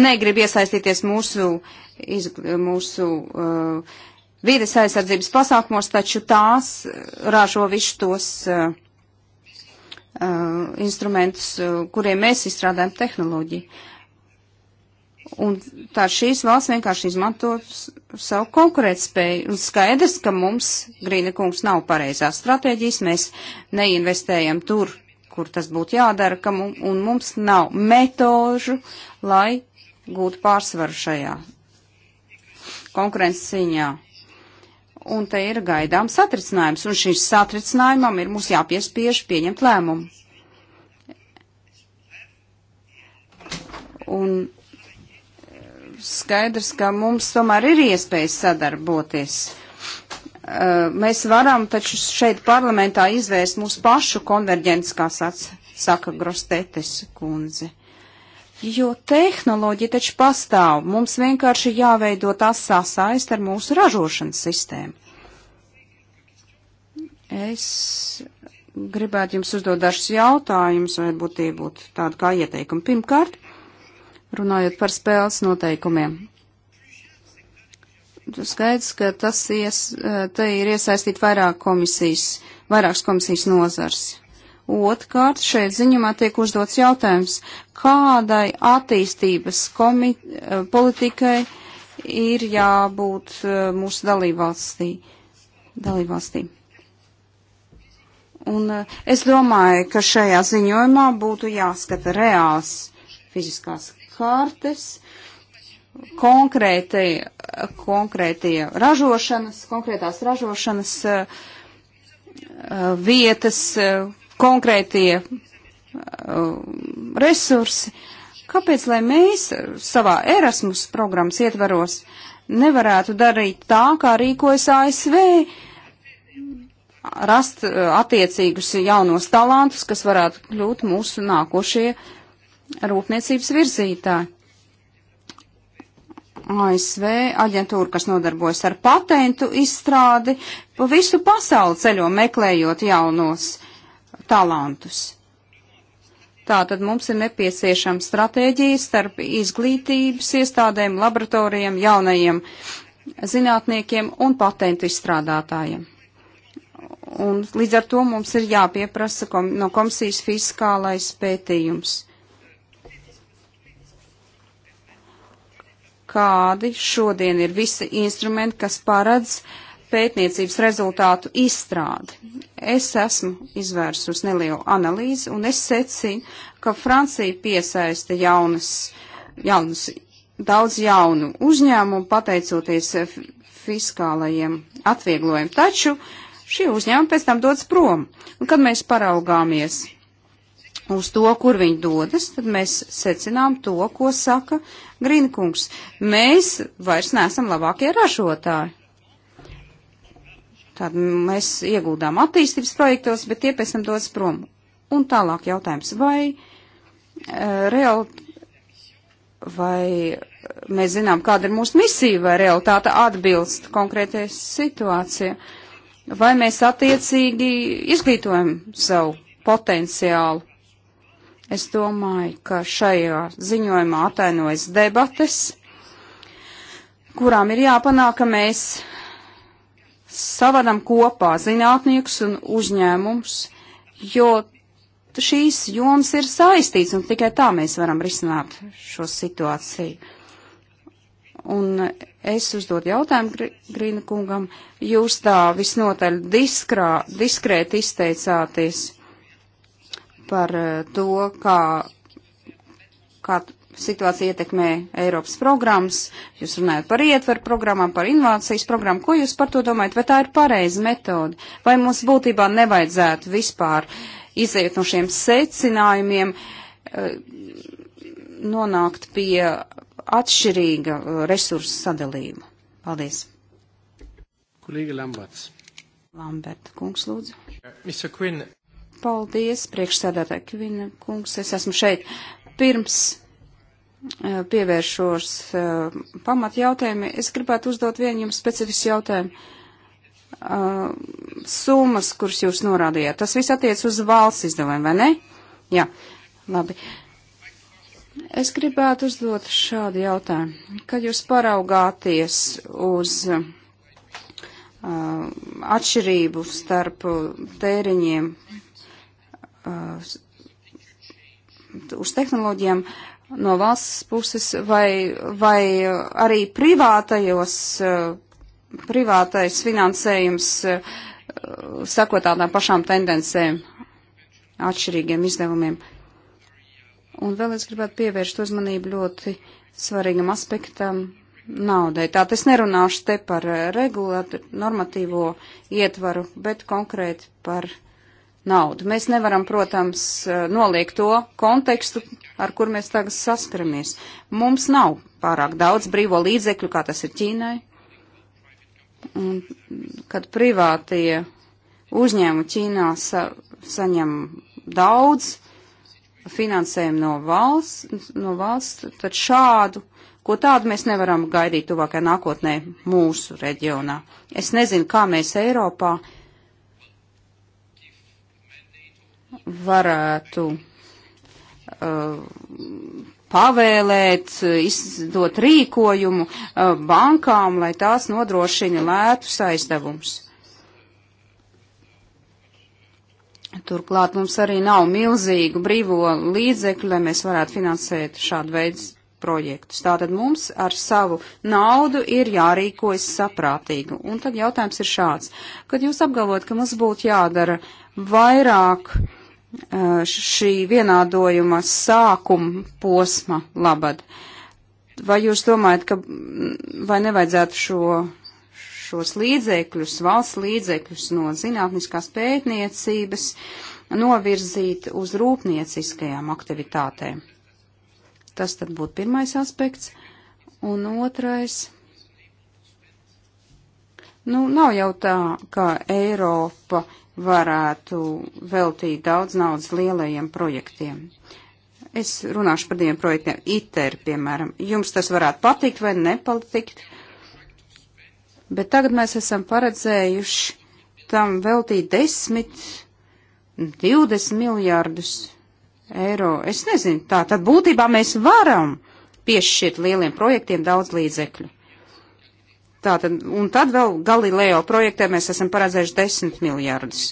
negrib iesaistīties mūsu, mūsu vides aizsardzības pasākumos, taču tās ražo visus tos uh, Uh, instrumentus, uh, kuriem mēs izstrādājam tehnoloģiju. Un tā šīs valsts vienkārši izmanto savu konkurētspēju. Un skaidrs, ka mums, Grīna kungs, nav pareizās stratēģijas, mēs neinvestējam tur, kur tas būtu jādara, ka mums, un mums nav metožu, lai gūtu pārsvaru šajā konkurences ciņā un te ir gaidām satricinājums, un šim satricinājumam ir mums jāpiespiež pieņemt lēmumu. Un skaidrs, ka mums tomēr ir iespējas sadarboties. Uh, mēs varam taču šeit parlamentā izvērst mūsu pašu konverģents, kā saka Grostetes kundze. Jo tehnoloģija taču pastāv, mums vienkārši jāveido tās sasaist ar mūsu ražošanas sistēmu. Es gribētu jums uzdot dažus jautājumus, varbūt tie būtu tādi kā ieteikumi. Pirmkārt, runājot par spēles noteikumiem. Skaidrs, ka tas ies, eh, te ir iesaistīt vairāk komisijas, vairākas komisijas nozars. Otkārt, šeit ziņumā tiek uzdots jautājums, kādai attīstības komit, eh, politikai ir jābūt eh, mūsu dalībvalstī. dalībvalstī. Un eh, es domāju, ka šajā ziņojumā būtu jāskata reāls fiziskās kartes, konkrēti, konkrētie ražošanas, konkrētās ražošanas vietas, konkrētie uh, resursi. Kāpēc, lai mēs savā Erasmus programmas ietvaros nevarētu darīt tā, kā rīkojas ASV, rast uh, attiecīgus jaunos talantus, kas varētu kļūt mūsu nākošie rūpniecības virzītāji? ASV aģentūra, kas nodarbojas ar patentu izstrādi, pa visu pasauli ceļo meklējot jaunos uh, talantus. Tātad mums ir nepieciešama stratēģija starp izglītības iestādēm, laboratorijiem, jaunajiem zinātniekiem un patentu izstrādātājiem. Un līdz ar to mums ir jāpieprasa kom no komisijas fiskālais pētījums. Kādi šodien ir visi instrumenti, kas paredz uh, pētniecības rezultātu izstrādi. Es esmu izvērsus nelielu analīzi un es secinu, ka Francija piesaista jaunas, jaunas daudz jaunu uzņēmumu pateicoties fiskālajiem atvieglojumiem. Taču šie uzņēmumi pēc tam dodas prom. Un kad mēs paraugāmies uz to, kur viņi dodas, tad mēs secinām to, ko saka Grinkungs. Mēs vairs neesam labākie ražotāji. Tad mēs ieguldām attīstības projektos, bet tie pēc tam dodas prom. Un tālāk jautājums, vai uh, eh, reāli, vai mēs zinām, kāda ir mūsu misija, vai realitāte atbilst konkrētajai situācijai, vai mēs attiecīgi izglītojam savu potenciālu. Es domāju, ka šajā ziņojumā atainojas debates, kurām ir jāpanāk, ka mēs savadam kopā zinātniekus un uzņēmums, jo šīs jomas ir saistīts un tikai tā mēs varam risināt šo situāciju. Un es uzdod jautājumu Grīna kungam, jūs tā visnotaļ diskrā, diskrēt izteicāties par eh, to, kā, kā situācija ietekmē Eiropas programmas, jūs runājat par ietveru programmām, par inovācijas programmu, ko jūs par to domājat, vai tā ir pareiza metode, vai mums būtībā nevajadzētu vispār iziet no šiem secinājumiem, eh, nonākt pie atšķirīga eh, resursu sadalījuma. Paldies. Kolīga Lamberts. Lamberta kungs, lūdzu. Mr. Quinn. Paldies, priekšsēdētāji Kvina kungs, es esmu šeit. Pirms Eh, pievēršos eh, pamat jautājumi. Es gribētu uzdot vienu jums specifisku jautājumu. Uh, summas, kuras jūs norādījāt, tas viss attiec uz valsts izdevumiem, vai ne? Jā, labi. Es gribētu uzdot šādu jautājumu. Kad jūs paraugāties uz uh, atšķirību starp tēriņiem, uh, uz tehnoloģijām, uh, no valsts puses, vai, vai arī privātajos, eh, privātais finansējums eh, sako tādām pašām tendencēm, atšķirīgiem izdevumiem. Un vēl es gribētu pievērst uzmanību ļoti svarīgam aspektam naudai. Tātad es nerunāšu te par regulātu normatīvo ietvaru, bet konkrēti par naudu. Mēs nevaram, protams, eh, noliegt to kontekstu, ar kur mēs tagad saskaramies. Mums nav pārāk daudz brīvo līdzekļu, kā tas ir Ķīnai. Un, kad privātie uzņēmumi Ķīnā sa saņem daudz finansējumu no valsts, no valsts, tad šādu ko tādu mēs nevaram gaidīt tuvākajā nākotnē mūsu reģionā. Es nezinu, kā mēs Eiropā varētu Uh, pavēlēt, uh, izdot rīkojumu uh, bankām, lai tās nodrošina lētus aizdevumus. Turklāt mums arī nav milzīgu brīvo līdzekļu, lai mēs varētu finansēt šādu veidu projektus. Tātad mums ar savu naudu ir jārīkojas saprātīgi. Un tad jautājums ir šāds. Kad jūs apgalvot, ka mums būtu jādara vairāk uh, Eh, šī vienādojuma sākuma posma labad. Vai jūs domājat, ka mm, vai nevajadzētu šo, šos līdzekļus, valsts līdzekļus no zinātniskās pētniecības novirzīt uz rūpnieciskajām aktivitātēm? Tas tad būtu pirmais aspekts. Un otrais. Nu, nav jau tā, ka Eiropa varētu veltīt daudz naudas lielajiem projektiem. Es runāšu par diviem projektiem. ITER, piemēram. Jums tas varētu patikt vai nepatikt, bet tagad mēs esam paredzējuši tam veltīt 10, 20 miljārdus eiro. Es nezinu, tā tad būtībā mēs varam piešķirt lieliem projektiem daudz līdzekļu. Tātad, un tad vēl Galileo projektē mēs esam paredzējuši 10 miljārdus.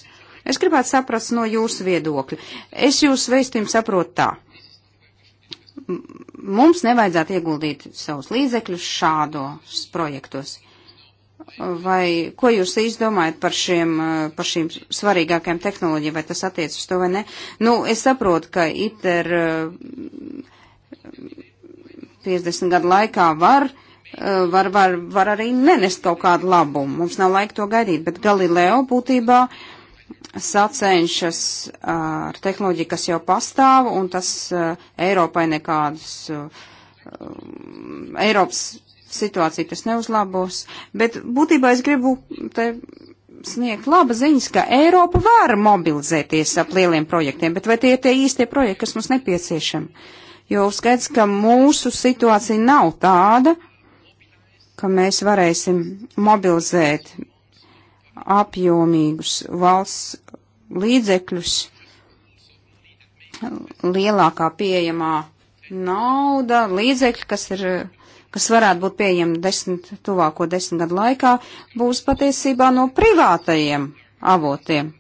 Es gribētu saprast no jūsu viedokļa. Es jūsu vēstījumu saprotu tā. Mums nevajadzētu ieguldīt savus līdzekļus šādos projektos. Vai ko jūs izdomājat par, šiem, par šīm svarīgākajām tehnoloģijām, vai tas attiec uz to vai ne? Nu, es saprotu, ka ITER 50 eh, gadu laikā var uh, Eh, var, var, var arī nenest kaut kādu labumu. Mums nav laika to gaidīt, bet Galileo būtībā sacenšas eh, ar tehnoloģiju, kas jau pastāv, un tas eh, Eiropai nekādus, Eiropas situāciju tas neuzlabos. Bet būtībā es gribu te sniegt laba ziņas, ka Eiropa var mobilizēties ap lieliem projektiem, bet vai tie ir tie īstie projekti, kas mums nepieciešami? Jo skaidrs, ka mūsu situācija nav tāda, ka mēs varēsim mobilizēt apjomīgus valsts līdzekļus, lielākā pieejamā nauda, līdzekļi, kas ir kas varētu būt pieejami desmit, tuvāko desmit gadu laikā, būs patiesībā no privātajiem avotiem.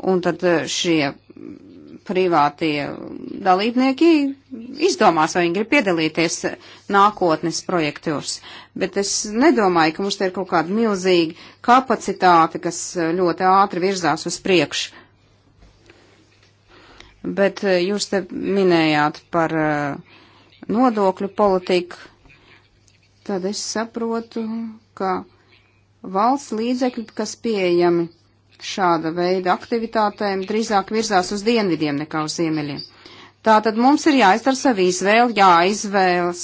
Un tad eh, šie privātie dalībnieki izdomās, vai viņi grib piedalīties nākotnes projektos. Bet es nedomāju, ka mums te ir kaut kāda milzīga kapacitāte, kas ļoti ātri virzās uz priekšu. Bet eh, jūs te minējāt par eh, nodokļu politiku, tad es saprotu, ka valsts līdzekļi, kas pieejami šāda veida aktivitātēm drīzāk virzās uz dienvidiem nekā uz ziemeļiem. Tātad mums ir jāizdara savu izvēli, jāizvēlas,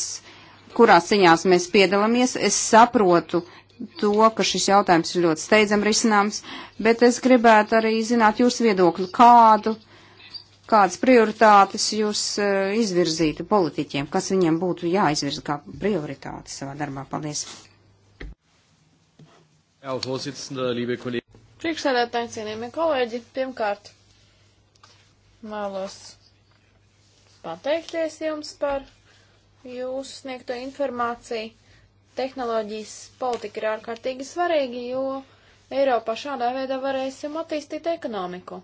kurās ciņās mēs piedalāmies. Es saprotu to, ka šis jautājums ir ļoti steidzam risināms, bet es gribētu arī zināt jūsu viedokli, kādu, kādas prioritātes jūs uh, izvirzītu politiķiem, kas viņiem būtu jāizvirza kā prioritāte savā darbā. Paldies! Herr Vorsitzender, liebe Kollegen. Priekšsēdētāji, cienījamie kolēģi, pirmkārt vēlos pateikties jums par jūsu sniegto informāciju. Tehnoloģijas politika ir ārkārtīgi svarīga, jo Eiropā šādā veidā varēsim attīstīt ekonomiku.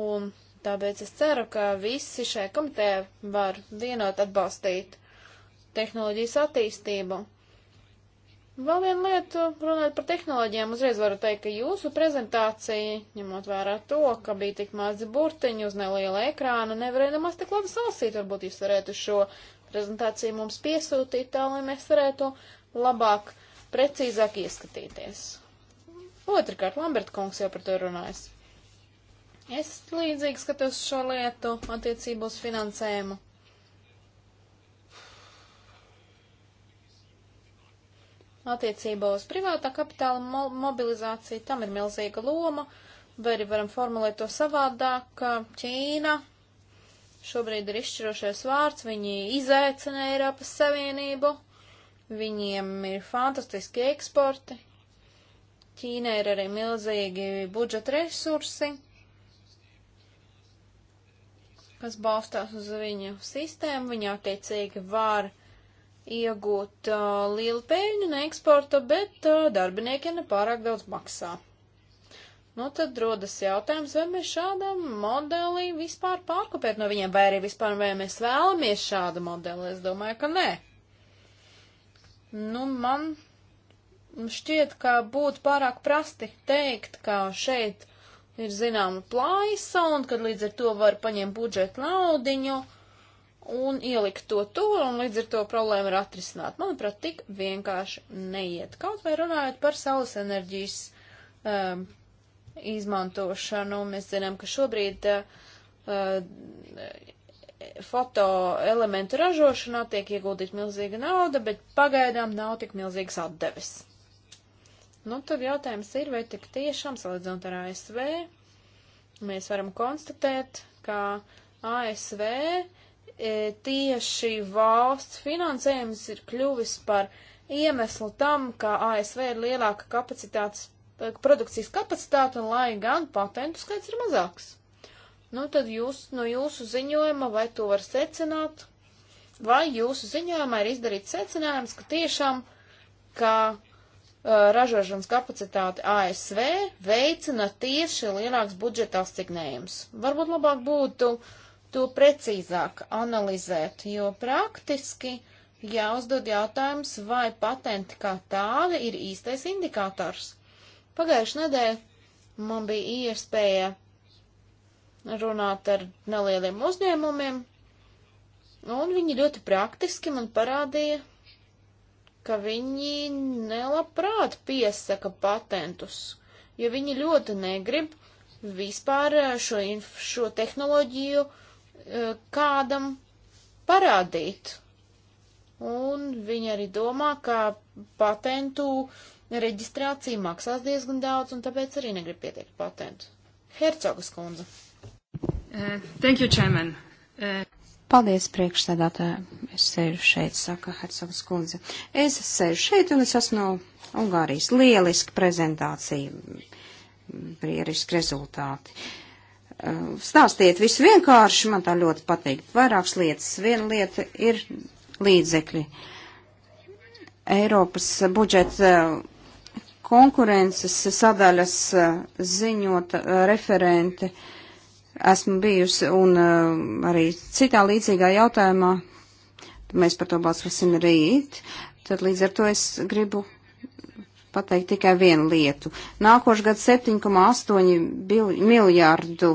Un tāpēc es ceru, ka visi šai komitē var vienot atbalstīt tehnoloģijas attīstību. Vēl viena lieta, runājot par tehnoloģijām, uzreiz varu teikt, ka jūsu prezentācija, ņemot vērā to, ka bija tik mazi burtiņi uz neliela ekrāna, nevarēja nemaz tik labi salasīt. Varbūt jūs varētu šo prezentāciju mums piesūtīt tā, lai mēs varētu labāk, precīzāk ieskatīties. Otrakārt, Lambert kungs jau par to runājis. Es līdzīgi skatos šo lietu attiecību uz finansējumu. attiecībā uz privātā kapitāla mo mobilizāciju, tam ir milzīga loma, vai arī varam formulēt to savādāk, ka Ķīna šobrīd ir izšķirošais vārds, viņi izaicina Eiropas Savienību, viņiem ir fantastiski eksporti, Ķīnai ir arī milzīgi budžeta resursi, kas balstās uz viņu sistēmu, viņi attiecīgi var uh, iegūt uh, lielu peļņu no eksporta, bet uh, darbiniekiem nepārāk daudz maksā. Nu, tad rodas jautājums, vai mēs šādam modeli vispār pārkopēt no viņiem, vai arī vispār vai mēs vēlamies šādu modeli. Es domāju, ka nē. Nu, man šķiet, ka būtu pārāk prasti teikt, ka šeit ir zināma plaisa un kad līdz ar to var paņemt budžeta naudiņu. Uh, un ielikt to tur, un līdz ar to problēmu ir atrisināt. Manuprāt, tik vienkārši neiet. Kaut vai runājot par saules enerģijas um, izmantošanu, mēs zinām, ka šobrīd uh, fotoelementu ražošanā tiek ieguldīta milzīga nauda, bet pagaidām nav tik milzīgas atdeves. Nu, tad jautājums ir, vai tik tiešām, salīdzinot ar ASV, mēs varam konstatēt, ka ASV uh, E, tieši valsts finansējums ir kļuvis par iemeslu tam, ka ASV ir lielāka kapacitātes, e, produkcijas kapacitāte, lai gan patentu skaits ir mazāks. Nu, tad jūs, no jūsu ziņojuma vai to var secināt, vai jūsu ziņojumā ir izdarīts secinājums, ka tiešām, ka e, ražošanas kapacitāti ASV veicina tieši lielāks budžeta asignējums. Varbūt labāk būtu uh, to precīzāk analizēt, jo praktiski jāuzdod jautājums, vai patenti kā tāda ir īstais indikators. Pagājušajā nedēļā man bija iespēja runāt ar nelieliem uzņēmumiem, un viņi ļoti praktiski man parādīja, ka viņi nelabprāt piesaka patentus, jo viņi ļoti negrib vispār eh, šo, šo tehnoloģiju uh, Eh, kādam parādīt. Un viņi arī domā, ka patentu reģistrācija maksās diezgan daudz, un tāpēc arī negrib pieteikt patentu. Hercogas kundze. Uh, thank you, Chairman. Uh... Paldies, priekšsēdātāji. Es sēžu šeit, saka Hercogs kundze. Es sēžu šeit un es esmu no Ungārijas. Lieliski prezentācija, brieriski rezultāti. Eh, stāstiet visu vienkārši, man tā ļoti patīk. Vairākas lietas. Viena lieta ir līdzekļi. Eiropas budžeta eh, konkurences sadaļas eh, ziņota referente esmu bijusi un arī citā līdzīgā jautājumā. Mēs par to balsosim rīt. Tad līdz ar to es gribu pateikt tikai vienu lietu. Nākošu gadu 7,8 miljārdu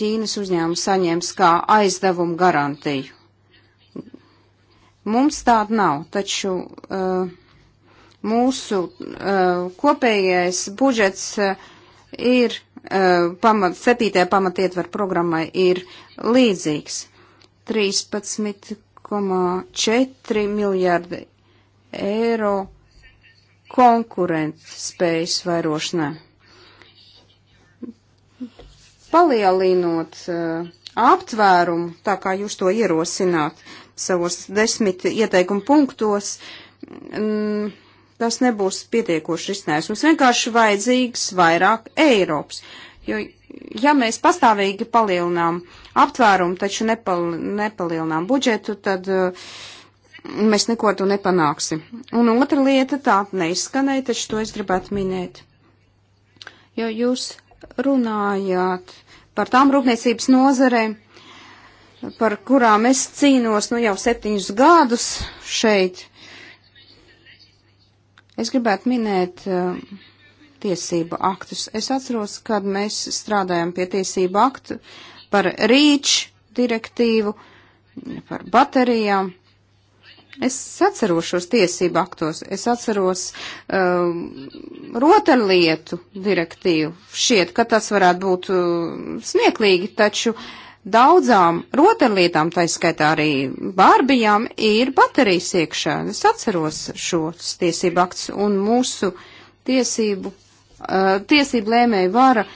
Ķīnas uzņēmumu saņems kā aizdevumu garantiju. Mums tāda nav, taču uh, mūsu uh, kopējais budžets uh, ir uh, pamat, septītajā pamatietver programmai ir līdzīgs 13,4 miljārdi eiro konkurentspējas vairošanai. Palielinot uh, aptvērumu, tā kā jūs to ierosināt savos desmit ieteikumu punktos, mm, tas nebūs pietiekoši risinājums. Mums vienkārši vajadzīgs vairāk Eiropas. Jo, ja mēs pastāvīgi palielinām aptvērumu, taču nepal, nepalielinām budžetu, tad uh, mēs neko ar to nepanāksim. Un otra lieta tā neizskanēja, taču to es gribētu minēt. Jo jūs runājāt par tām rūpniecības nozarēm, par kurām es cīnos nu jau septiņus gadus šeit. Es gribētu minēt uh, tiesību aktus. Es atceros, kad mēs strādājam pie tiesību aktu par rīču direktīvu, par baterijām Es atceros šos tiesību aktos, es atceros um, rotaļlietu direktīvu. Šķiet, ka tas varētu būt uh, smieklīgi, taču daudzām rotaļlietām, tā skaitā arī bārbijām, ir baterijas iekšā. Es atceros šos tiesību aktus un mūsu tiesību, uh, tiesību lēmēju vara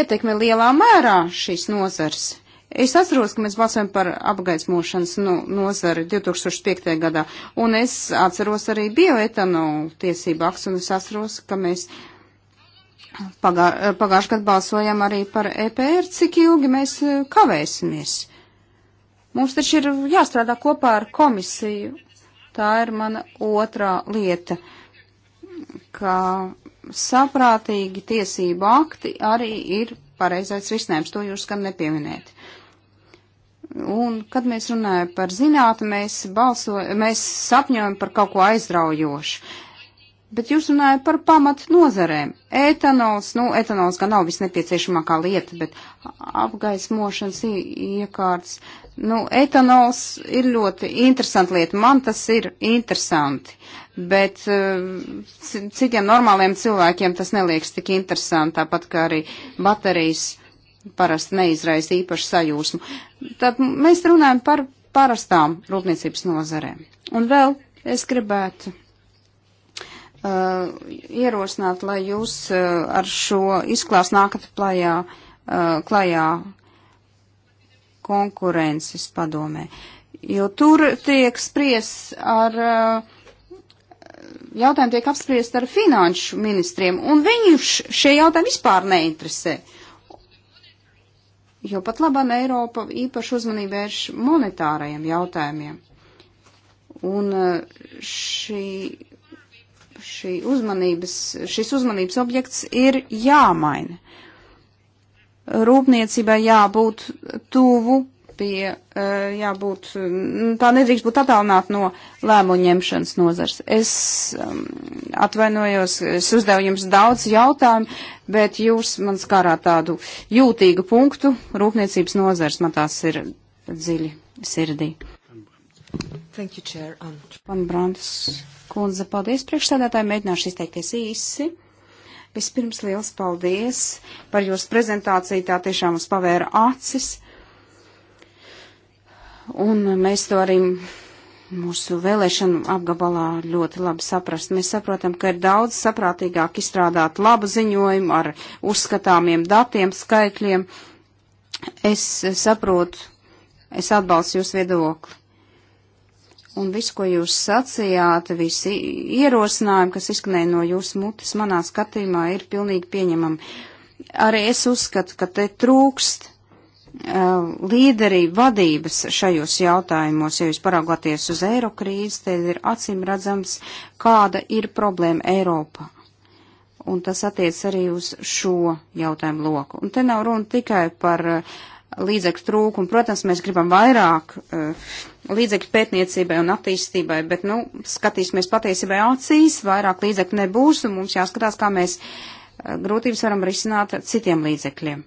ietekme lielā mērā šīs nozars. Es atceros, ka mēs balsojam par apgaismošanas nu, nozari 2005. gadā, un es atceros arī bioetanolu tiesību aktu, un es atceros, ka mēs pagā, pagājušajā gadā balsojam arī par EPR, cik ilgi mēs e, kavēsimies. Mums taču ir jāstrādā kopā ar komisiju. Tā ir mana otrā lieta, ka saprātīgi tiesību akti arī ir pareizais risinājums. To jūs gan nepieminēt. Un, kad mēs runājam par zinātni, mēs, balso, mēs sapņojam par kaut ko aizraujošu. Bet jūs runājat par pamat nozarēm. Etanols, nu, etanols gan nav visnepieciešamākā lieta, bet apgaismošanas iekārtas. Nu, etanols ir ļoti interesanta lieta. Man tas ir interesanti. Bet eh, citiem normāliem cilvēkiem tas neliekas tik interesanti, tāpat kā arī baterijas parasti neizraisa īpašu sajūsmu. Tad mēs runājam par parastām rūpniecības nozarēm. Un vēl es gribētu uh, ierosināt, lai jūs uh, ar šo izklās nākat plajā, uh, klajā konkurences padomē. Jo tur tiek spries ar. Uh, Jautājumi tiek apspriest ar finanšu ministriem, un viņus šie jautājumi vispār neinteresē. Uh, jo pat labam Eiropa īpaši uzmanību vērš monetārajiem jautājumiem. Un e, šī, šī uzmanības, šis uzmanības objekts ir jāmaina. Rūpniecībai jābūt tuvu pie eh, jābūt, mm, tā nedrīkst būt attālināta no lēmu ņemšanas nozars. Es mm, atvainojos, es uzdevu jums daudz jautājumu, bet jūs man skārāt tādu jūtīgu punktu, rūpniecības nozars man tās ir dziļi sirdī. Thank you, Chair. Um, Pan Brantas kundze, paldies priekšsēdētāji, mēģināšu izteikties īsi. Vispirms liels paldies par jūsu prezentāciju, tā tiešām mums pavēra acis. Un mēs to arī mūsu vēlēšanu apgabalā ļoti labi saprast. Mēs saprotam, ka ir daudz saprātīgāk izstrādāt labu ziņojumu ar uzskatāmiem datiem, skaitļiem. Es saprotu, es atbalstu jūs viedokli. Un viss, ko jūs sacījāt, visi ierosinājumi, kas izskanēja no jūsu mutes, manā skatījumā ir pilnīgi pieņemami. Arī es uzskatu, ka te trūkst Eh, līderība vadības šajos jautājumos, ja jūs paraugoties uz eiro krīzi, tad ir acīm redzams, kāda ir problēma Eiropā. Un tas attiec arī uz šo jautājumu loku. Un te nav runa tikai par eh, līdzekļu trūkumu. Protams, mēs gribam vairāk eh, līdzekļu pētniecībai un attīstībai, bet, nu, skatīsimies patiesībai acīs, vairāk līdzekļu nebūs, un mums jāskatās, kā mēs grūtības varam risināt citiem līdzekļiem.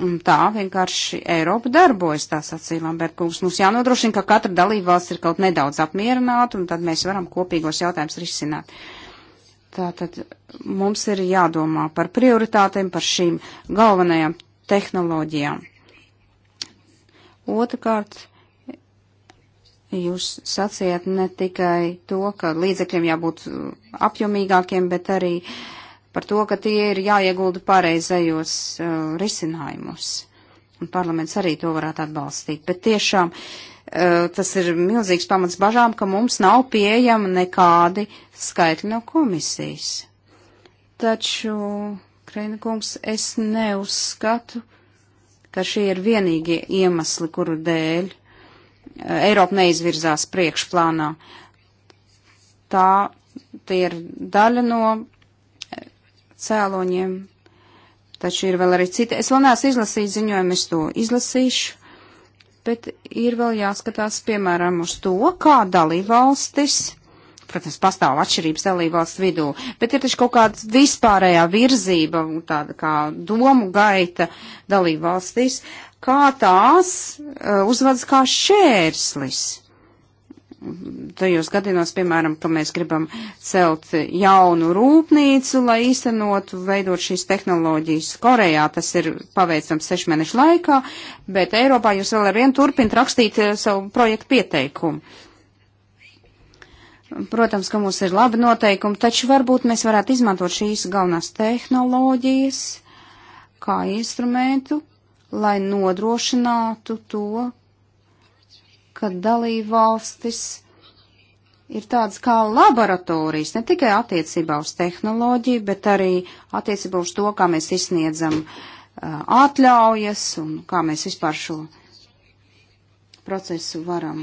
Un tā vienkārši Eiropa darbojas, tā sacīja Lamberkungs. Mums jānodrošina, ka katra dalībvalsts ir kaut nedaudz apmierināta, un tad mēs varam kopīgos jautājumus risināt. Tātad mums ir jādomā par prioritātēm, par šīm galvenajām tehnoloģijām. Otrakārt, jūs sacījāt ne tikai to, ka līdzekļiem jābūt apjomīgākiem, bet arī uh, par to, ka tie ir jāiegulda pareizajos uh, risinājumus. Un parlaments arī to varētu atbalstīt. Bet tiešām uh, tas ir milzīgs pamats bažām, ka mums nav pieejama nekādi skaitļi no komisijas. Taču, Kreina kungs, es neuzskatu, ka šie ir vienīgie iemesli, kuru dēļ uh, Eiropa neizvirzās priekšplānā. Tā tie ir daļa no cēloņiem, taču ir vēl arī citi. Es vēl neesmu izlasījis ziņojumu, es to izlasīšu, bet ir vēl jāskatās, piemēram, uz to, kā dalībvalstis. Protams, pastāv atšķirības dalībvalstu vidū, bet ir taču kaut kāda vispārējā virzība, tāda kā domu gaita dalībvalstīs, kā tās uh, eh, uzvedas kā šērslis tajos gadījumos, piemēram, ka mēs gribam celt jaunu rūpnīcu, lai īstenotu, veidot šīs tehnoloģijas. Korejā tas ir paveicams sešu mēnešu laikā, bet Eiropā jūs vēl ar vienu turpinat rakstīt eh, savu projektu pieteikumu. Protams, ka mums ir labi noteikumi, taču varbūt mēs varētu izmantot šīs galvenās tehnoloģijas kā instrumentu, lai nodrošinātu to, ka dalībvalstis ir tādas kā laboratorijas, ne tikai attiecībā uz tehnoloģiju, bet arī attiecībā uz to, kā mēs izsniedzam uh, atļaujas un kā mēs vispār šo procesu varam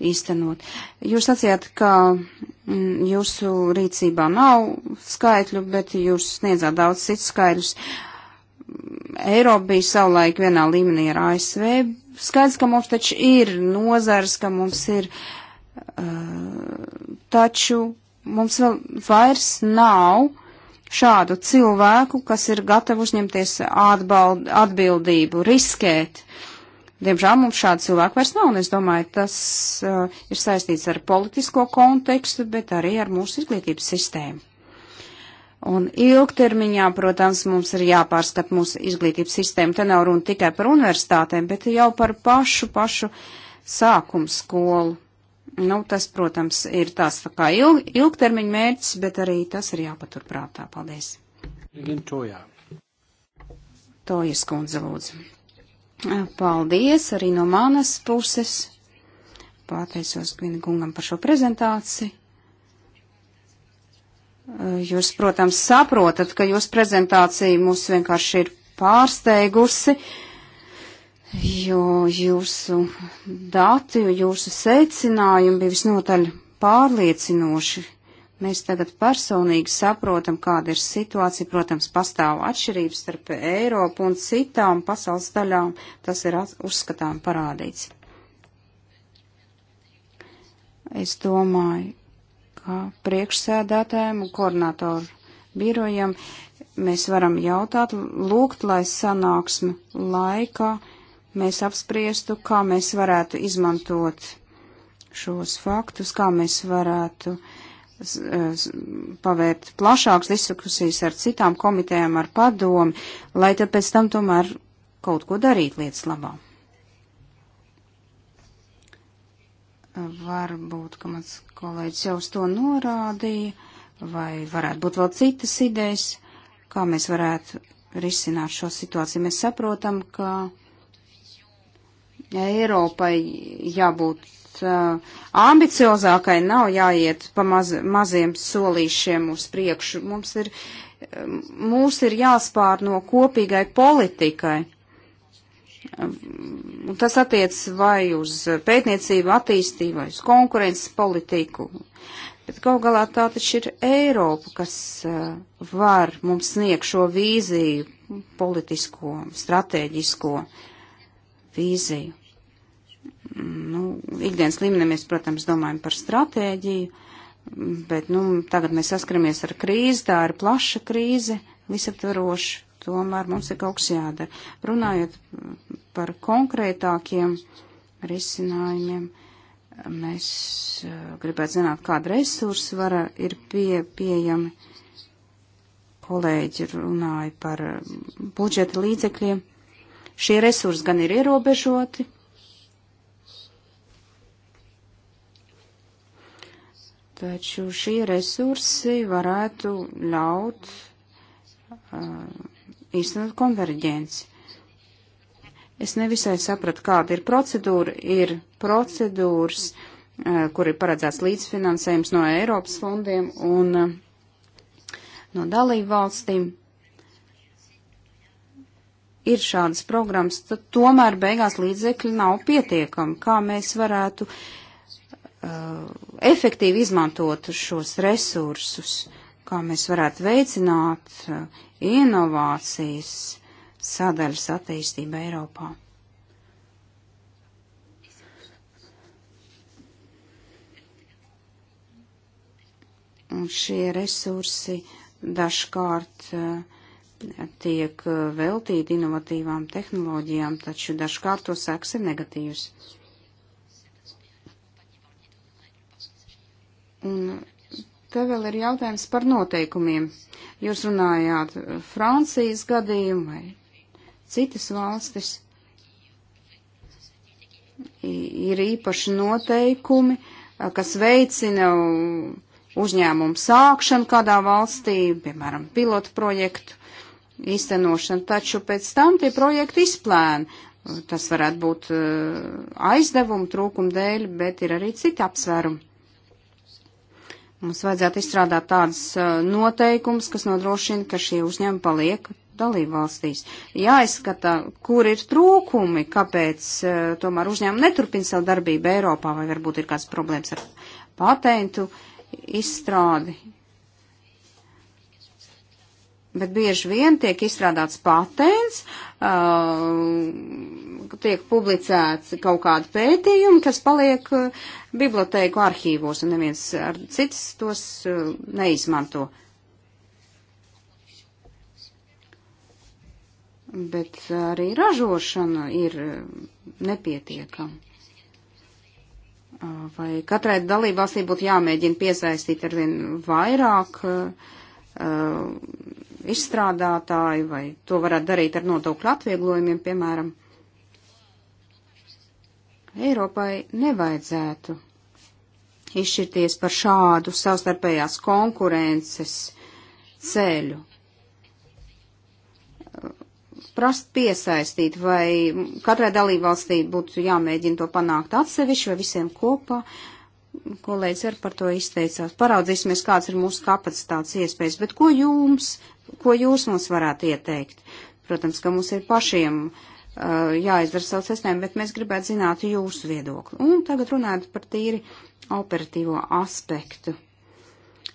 īstenot. Jūs sacījāt, ka mm, jūsu rīcībā nav skaitļu, bet jūs sniedzāt daudz citu skaidrus. Eiropa bija savulaik vienā līmenī ar ASV, Skaidrs, ka mums taču ir nozars, ka mums ir, uh, taču mums vēl vairs nav šādu cilvēku, kas ir gatavi uzņemties atbald, atbildību, riskēt. Diemžēl mums šādu cilvēku vairs nav, un es domāju, tas uh, ir saistīts ar politisko kontekstu, bet arī ar mūsu izglītības sistēmu. Un ilgtermiņā, protams, mums ir jāpārskat mūsu izglītības sistēma. Te nav runa tikai par universitātēm, bet jau par pašu, pašu sākumu skolu. Nu, tas, protams, ir tās tā kā ilg, ilgtermiņa mērķis, bet arī tas ir jāpaturprātā. Paldies. Tojā. Tojas kundze, lūdzu. Paldies arī no manas puses. Pateicos Gvina kungam par šo prezentāciju. Jūs, protams, saprotat, ka jūsu prezentācija mūs vienkārši ir pārsteigusi, jo jūsu dati, jūsu secinājumi bija visnotaļ pārliecinoši. Mēs tagad personīgi saprotam, kāda ir situācija. Protams, pastāv atšķirības starp Eiropu un citām pasaules daļām. Tas ir uzskatām parādīts. Es domāju, kā priekšsēdētājiem un koordinatoru birojam mēs varam jautāt, lūgt, lai sanāksme laikā mēs apspriestu, kā mēs varētu izmantot šos faktus, kā mēs varētu pavērt plašākas diskusijas ar citām komitējām, ar padomu, lai tad pēc tam tomēr kaut ko darīt lietas labāk. Varbūt, ka mans kolēģis jau uz to norādīja, vai varētu būt vēl citas idejas, kā mēs varētu risināt šo situāciju. Mēs saprotam, ka Eiropai jābūt uh, ambiciozākai, nav jāiet pa maz, maziem solīšiem uz priekšu. Mums ir, uh, mums ir jāspār no kopīgai politikai Un tas attiec vai uz pētniecību, attīstību, vai uz konkurences politiku. Bet kaut galā tā taču ir Eiropa, kas eh, var mums sniegt šo vīziju, politisko, strateģisko vīziju. Nu, ikdienas līmenī mēs, protams, domājam par stratēģiju, bet nu, tagad mēs saskaramies ar krīzi, tā ir plaša krīze, visaptvaroša, tomēr mums ir kaut kas jādara. Runājot par konkrētākiem risinājumiem. Mēs eh, gribētu zināt, kāda resursa var, ir pie, pieejami. Kolēģi runāja par eh, budžeta līdzekļiem. Šie resursi gan ir ierobežoti. Taču šie resursi varētu ļaut uh, īstenot konverģenci. Es nevisai sapratu, kāda ir procedūra. Ir procedūras, eh, kur ir paredzēts līdzfinansējums no Eiropas fondiem un eh, no dalību valstīm. Ir šādas programmas, tad tomēr beigās līdzekļi nav pietiekami. Kā mēs varētu uh, efektīvi izmantot šos resursus, kā mēs varētu veicināt uh, inovācijas, sadaļas attīstība Eiropā. Un šie resursi dažkārt eh, tiek eh, veltīti inovatīvām tehnoloģijām, taču dažkārt to seks ir negatīvs. Un te vēl ir jautājums par noteikumiem. Jūs runājāt Francijas gadījumu vai citas valstis ir īpaši noteikumi, kas veicina uzņēmumu sākšanu kādā valstī, piemēram, pilotu projektu īstenošanu, taču pēc tam tie projekti izplēna. Tas varētu būt aizdevumu trūkuma dēļ, bet ir arī citi apsvērumi. Mums vajadzētu izstrādāt tādas noteikumus, kas nodrošina, ka šie uzņēmumi paliek dalībvalstīs. Jāizskata, kur ir trūkumi, kāpēc uh, tomēr uzņēmumi neturpina savu darbību Eiropā, vai varbūt ir kāds problēmas ar patentu izstrādi. Bet bieži vien tiek izstrādāts patents, uh, tiek publicēts kaut kādi pētījumi, kas paliek uh, eh, bibliotēku arhīvos, un neviens ar citas tos uh, neizmanto. Uh, bet arī ražošana ir eh, nepietiekama. Eh, vai katrai dalībvalstī būtu jāmēģina piesaistīt arvien vairāk uh, izstrādātāju, vai to varētu darīt ar nodokļu atvieglojumiem, piemēram? Eiropai nevajadzētu izšķirties par šādu savstarpējās konkurences ceļu prast piesaistīt, vai katrai dalībvalstī būtu jāmēģina to panākt atsevišķi vai visiem kopā. Kolēģis arī par to izteicās. Paraudzīsimies, kāds ir mūsu kapacitātes iespējas, bet ko jums, ko jūs mums varētu ieteikt? Protams, ka mums ir pašiem uh, jāizdara savu sistēmu, bet mēs gribētu zināt jūsu viedokli. Un tagad runājot par tīri operatīvo aspektu.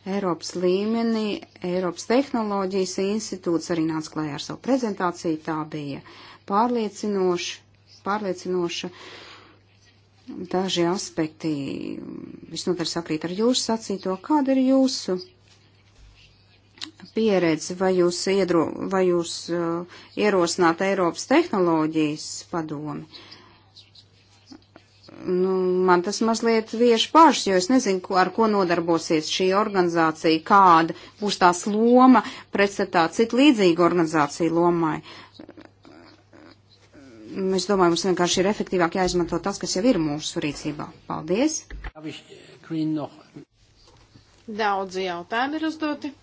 Eiropas līmenī, Eiropas tehnoloģijas institūts arī nāca klājā ar savu prezentāciju. Tā bija pārliecinoša. pārliecinoša. Daži aspekti visnotaļ sakrīt ar jūsu sacīto. Kāda ir jūsu pieredze, vai jūs, iedro, vai jūs uh, ierosināt Eiropas tehnoloģijas padomi? Uh, nu, man tas mazliet vieši pašs, jo es nezinu, ko, ar ko nodarbosies šī organizācija, kāda būs tās loma pretstatā citu līdzīgu organizāciju lomai. Es domāju, mums vienkārši ir efektīvāk jāizmanto tas, kas jau ir mūsu rīcībā. Paldies! Daudzi jautājumi ir uzdoti.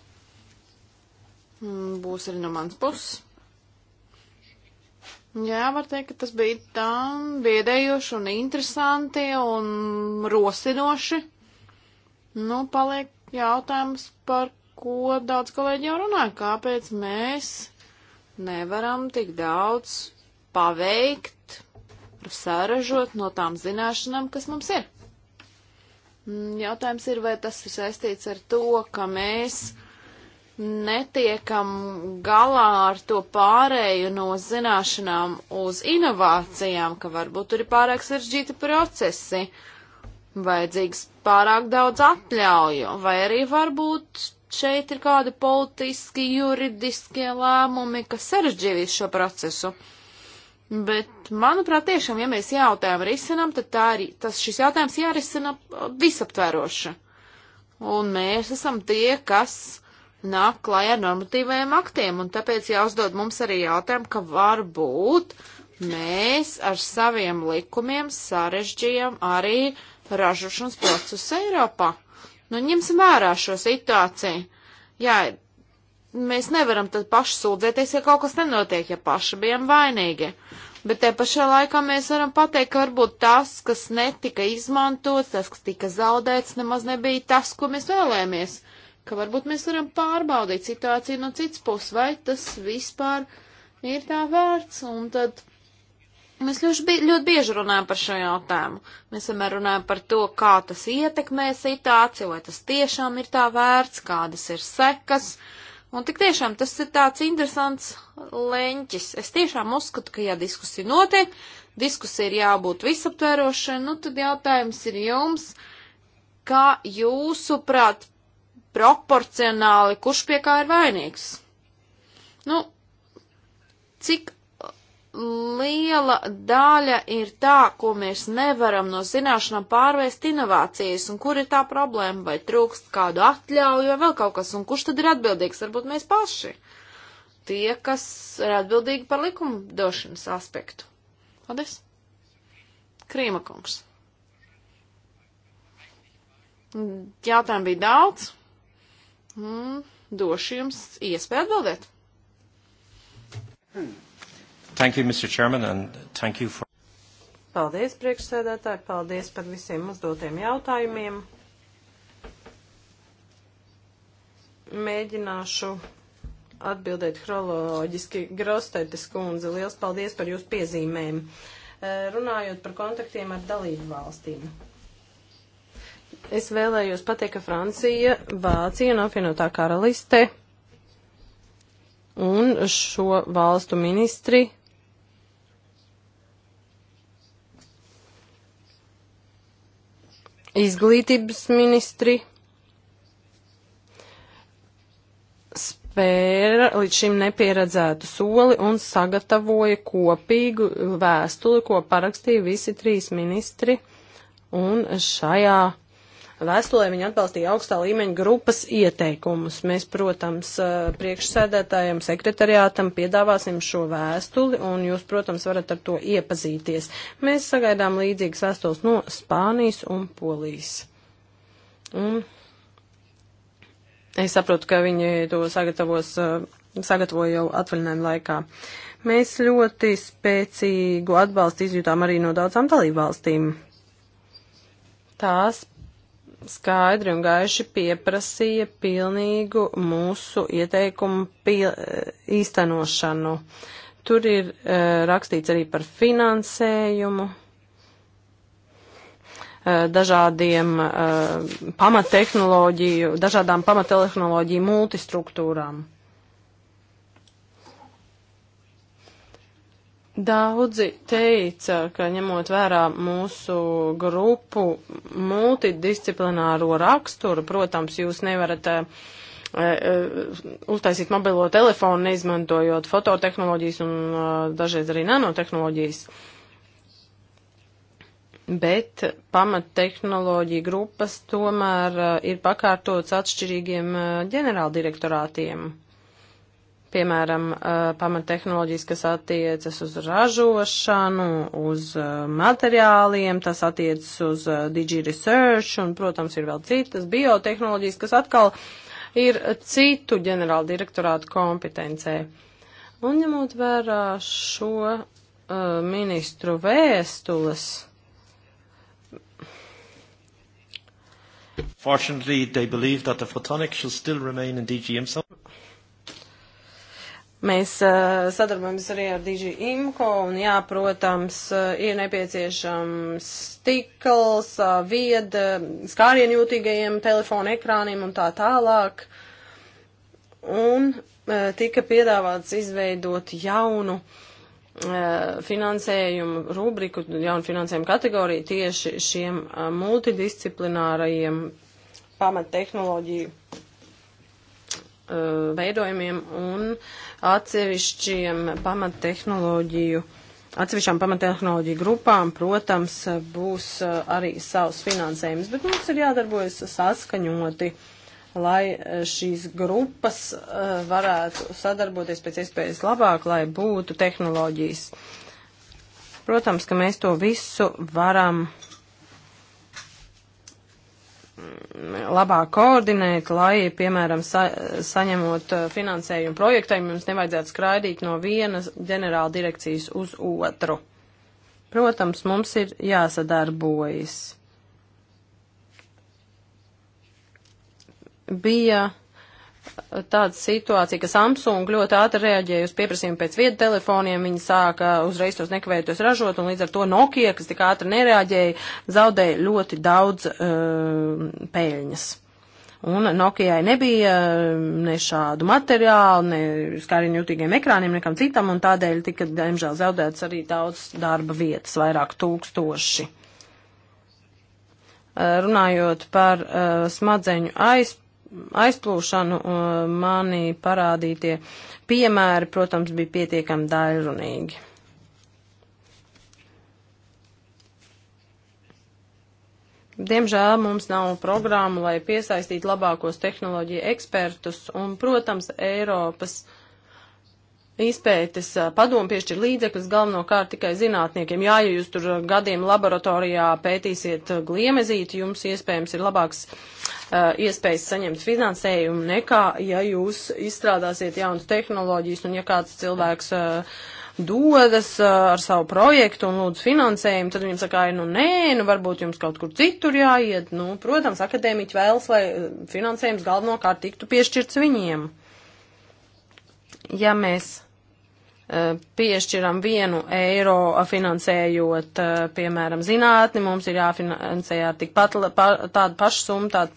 Mm, būs arī no mans puses. Jā, var teikt, ka tas bija tā biedējoši un interesanti un rosinoši. Nu, paliek jautājums, par ko daudz kolēģi jau runā, kāpēc mēs nevaram tik daudz paveikt, sāražot no tām zināšanām, kas mums ir. Mm, jautājums ir, vai tas ir saistīts ar to, ka mēs netiekam galā ar to pārēju no zināšanām uz inovācijām, ka varbūt tur ir pārāk saržģīti procesi, vajadzīgs pārāk daudz atļauju, vai arī varbūt šeit ir kādi politiski, juridiskie lēmumi, kas sarežģīs šo procesu. Bet, manuprāt, tiešām, ja mēs jautājumu risinam, tad tā arī, tas šis jautājums jārisina visaptveroši. Un mēs esam tie, kas nāk klajā ar normatīvajiem aktiem, un tāpēc jāuzdod mums arī jautājumu, ka varbūt mēs ar saviem likumiem sarežģījam arī ražošanas procesu Eiropā. Nu, ņemsim vērā šo situāciju. Jā, mēs nevaram tad paši sūdzēties, ja kaut kas nenotiek, ja paši bijām vainīgi. Bet te pašā laikā mēs varam pateikt, ka varbūt tas, kas netika izmantots, tas, kas tika zaudēts, nemaz nebija tas, ko mēs vēlējāmies ka varbūt mēs varam pārbaudīt situāciju no citas puses, vai tas vispār ir tā vērts, un tad mēs ļoti, ļoti bieži runājam par šo jautājumu. Mēs vienmēr runājam par to, kā tas ietekmē situāciju, vai tas tiešām ir tā vērts, kādas ir sekas, un tik tiešām tas ir tāds interesants leņķis. Es tiešām uzskatu, ka, ja diskusija notiek, diskusija ir jābūt visaptvērošai, nu tad jautājums ir jums, kā jūsuprāt proporcionāli, kurš pie kā ir vainīgs. Nu, cik liela daļa ir tā, ko mēs nevaram no zināšanām pārvērst inovācijas, un kur ir tā problēma, vai trūkst kādu atļauju, vai vēl kaut kas, un kurš tad ir atbildīgs, varbūt mēs paši, tie, kas ir atbildīgi par likumdošanas aspektu. Paldies! Krīmakungs. Jautājumu bija daudz. Mm, došu jums iespēju atbildēt. Thank you, Mr. Chairman, and thank you for. Paldies, priekšsēdētāji, paldies par visiem uzdotiem jautājumiem. Mēģināšu atbildēt chronoloģiski. Grostetes kundze, liels paldies par jūsu piezīmēm. Eh, runājot par kontaktiem ar dalību valstīm. Es vēlējos pateikt, ka Francija, Vācija un apvienotā karaliste un šo valstu ministri izglītības ministri spēra līdz šim nepieredzētu soli un sagatavoja kopīgu vēstuli, ko parakstīja visi trīs ministri. Un šajā vēstulē viņi atbalstīja augstā līmeņa grupas ieteikumus. Mēs, protams, priekšsēdētājiem, sekretariātam piedāvāsim šo vēstuli, un jūs, protams, varat ar to iepazīties. Mēs sagaidām līdzīgas vēstules no Spānijas un Polijas. Un es saprotu, ka viņi to sagatavos, sagatavoja jau atvaļinājumu laikā. Mēs ļoti spēcīgu atbalstu izjūtām arī no daudzām dalībvalstīm tās skaidri un gaiši pieprasīja pilnīgu mūsu ieteikumu pie, eh, īstenošanu. Tur ir e, rakstīts arī par finansējumu, e, dažādiem e, pamattehnoloģiju, dažādām pamattehnoloģiju multistruktūrām. Daudzi teica, ka ņemot vērā mūsu grupu multidisciplināro raksturu, protams, jūs nevarat uh, uh, uztaisīt mobilo telefonu, neizmantojot fototehnoloģijas un uh, dažreiz arī nanotehnoloģijas. Bet pamattehnoloģija grupas tomēr ir pakārtotas atšķirīgiem ģenerāldirektorātiem piemēram, uh, pamattehnoloģijas, kas attiecas uz ražošanu, uz uh, materiāliem, tas attiecas uz uh, digi-research un, protams, ir vēl citas biotehnoloģijas, kas atkal ir citu ģenerāla direktorātu kompetencē. Un ņemot vērā šo uh, ministru vēstules. Fortunately, they believe that the photonic shall still remain in DG IMSO. Mēs uh, sadarbojamies arī ar Digi Imko, un jā, protams, uh, ir nepieciešams stikls, uh, vieda, skārienjūtīgajiem telefonu ekrāniem un tā tālāk. Un tika piedāvāts izveidot jaunu finansējumu rubriku, jaunu finansējumu kategoriju tieši šiem multidisciplinārajiem pamattehnoloģiju Uh, veidojumiem un atsevišķiem pamattehnoloģiju. Atsevišķām pamatehnoloģiju grupām, protams, būs uh, arī savs finansējums, bet mums ir jādarbojas saskaņoti, lai uh, šīs grupas varētu sadarboties pēc iespējas labāk, lai būtu tehnoloģijas. Protams, ka mēs to visu varam labāk koordinēt, lai, piemēram, sa saņemot eh, finansējumu projektiem, jums nevajadzētu skraidīt no vienas ģenerāla direkcijas uz otru. Protams, mums ir jāsadarbojas. Bija tāda situācija, ka Samsung ļoti ātri reaģēja uz pieprasījumu pēc vietu telefoniem, viņi sāka uzreiz tos nekavējoties ražot, un līdz ar to Nokia, kas tik ātri nereaģēja, zaudēja ļoti daudz uh, eh, peļņas. Un Nokijai nebija eh, ne šādu materiālu, ne skāriņu jūtīgiem ekrāniem, nekam citam, un tādēļ tika, diemžēl, zaudēts arī daudz darba vietas, vairāk tūkstoši eh, runājot par uh, smadzeņu aizpildījumu aizplūšanu uh, mani parādītie piemēri, protams, bija pietiekami dairunīgi. Diemžēl mums nav programmu, lai piesaistītu labākos tehnoloģiju ekspertus, un, protams, Eiropas uh, izpētes padomu piešķir līdzekļus galvenokārt tikai zinātniekiem. Jā, ja jūs tur gadiem laboratorijā pētīsiet gliemezīti, jums iespējams ir labāks uh, iespējas saņemt finansējumu nekā, ja jūs izstrādāsiet jaunas tehnoloģijas un ja kāds cilvēks uh, dodas ar savu projektu un lūdz finansējumu, tad viņam saka, nu nē, nu varbūt jums kaut kur citur jāiet. Nu, protams, akadēmiķi vēlas, lai finansējums galvenokārt tiktu piešķirts viņiem. Ja mēs piešķiram vienu eiro finansējot, eh, piemēram, zinātni, mums ir jāfinansē ar tikpat pa, tādu pašu summu, tāds,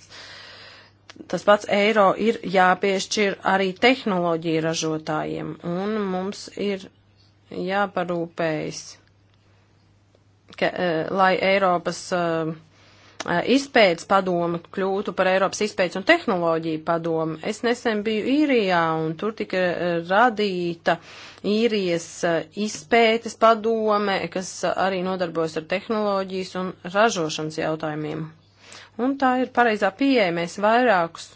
tas pats eiro ir jāpiešķir arī tehnoloģiju ražotājiem, un mums ir jāparūpējas, ka, eh, lai Eiropas uh, Eh, izpētes padoma kļūtu par Eiropas izpētes un tehnoloģiju padomu. Es nesen biju īrijā un tur tika eh, radīta īrijas eh, izpētes padome, kas arī nodarbojas ar tehnoloģijas un ražošanas jautājumiem. Un tā ir pareizā pieeja. Mēs vairākus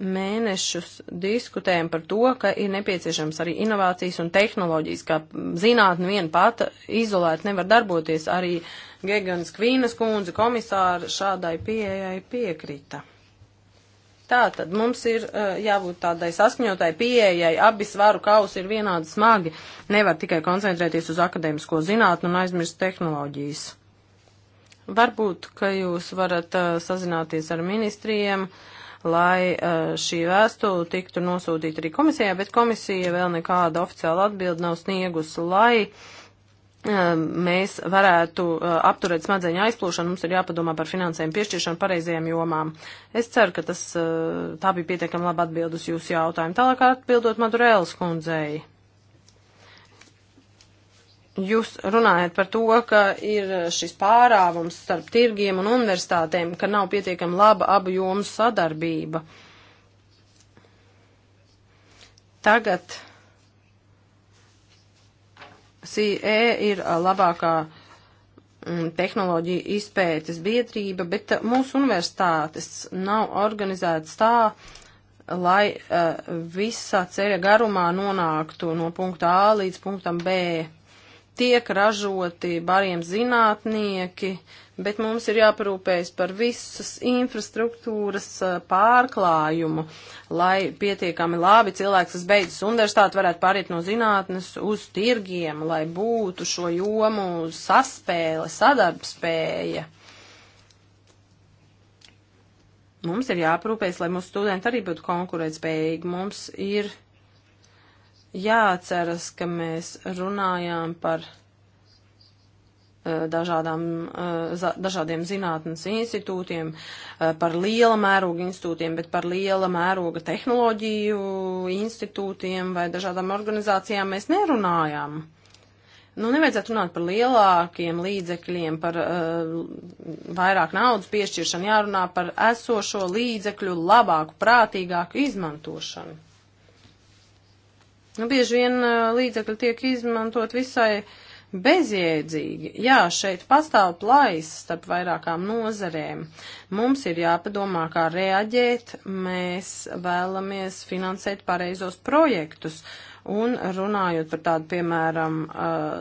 mēnešus diskutējam par to, ka ir nepieciešams arī inovācijas un tehnoloģijas, ka zinātne vien pata izolēt nevar darboties. Arī Gegans Kvīnas kundze komisāra šādai pieejai piekrita. Tātad mums ir eh, jābūt tādai saskaņotai pieejai, abi svaru kausi ir vienādi smagi, nevar tikai koncentrēties uz akadēmisko zinātnu un aizmirst tehnoloģijas. Varbūt, ka jūs varat eh, sazināties ar ministrijiem, uh, lai eh, šī vēstule tiktu nosūtīta arī komisijā, bet komisija vēl nekāda oficiāla atbilda nav sniegusi, lai eh, mēs varētu eh, apturēt smadzeņu aizplūšanu, mums ir jāpadomā par finansējumu piešķiršanu pareizajām jomām. Es ceru, ka tas, tā bija pietiekami laba atbildus jūsu jautājumu. Tālāk atbildot Madurēlas kundzei. Jūs runājat par to, ka ir šis pārāvums starp tirgiem un universitātēm, ka nav pietiekami laba abu jomu sadarbība. Tagad CE ir labākā mm, tehnoloģija izpētes biedrība, bet eh, mūsu universitātes nav organizētas tā, lai uh, eh, visā ceļa garumā nonāktu no punkta A līdz punktam B tiek ražoti bariem zinātnieki, bet mums ir jāparūpējas par visas infrastruktūras pārklājumu, lai pietiekami labi cilvēks, kas beidzas universitāti, varētu pāriet no zinātnes uz tirgiem, lai būtu šo jomu saspēle, sadarbspēja. Mums ir jāparūpējas, lai mūsu studenti arī būtu konkurētspējīgi. Mums ir Jāatceras, ka mēs runājām par eh, dažādām, eh, dažādiem zinātnes institūtiem, eh, par liela mēroga institūtiem, bet par liela mēroga tehnoloģiju institūtiem vai dažādām organizācijām mēs nerunājām. Nu, nevajadzētu runāt par lielākiem līdzekļiem, par uh, vairāk naudas piešķiršanu, jārunā par esošo līdzekļu labāku, prātīgāku izmantošanu. Nu, bieži vien līdzekļi tiek izmantot visai bezjēdzīgi. Jā, šeit pastāv plaisas starp vairākām nozarēm. Mums ir jāpadomā, kā reaģēt. Mēs vēlamies finansēt pareizos projektus. Un runājot par tādu, piemēram,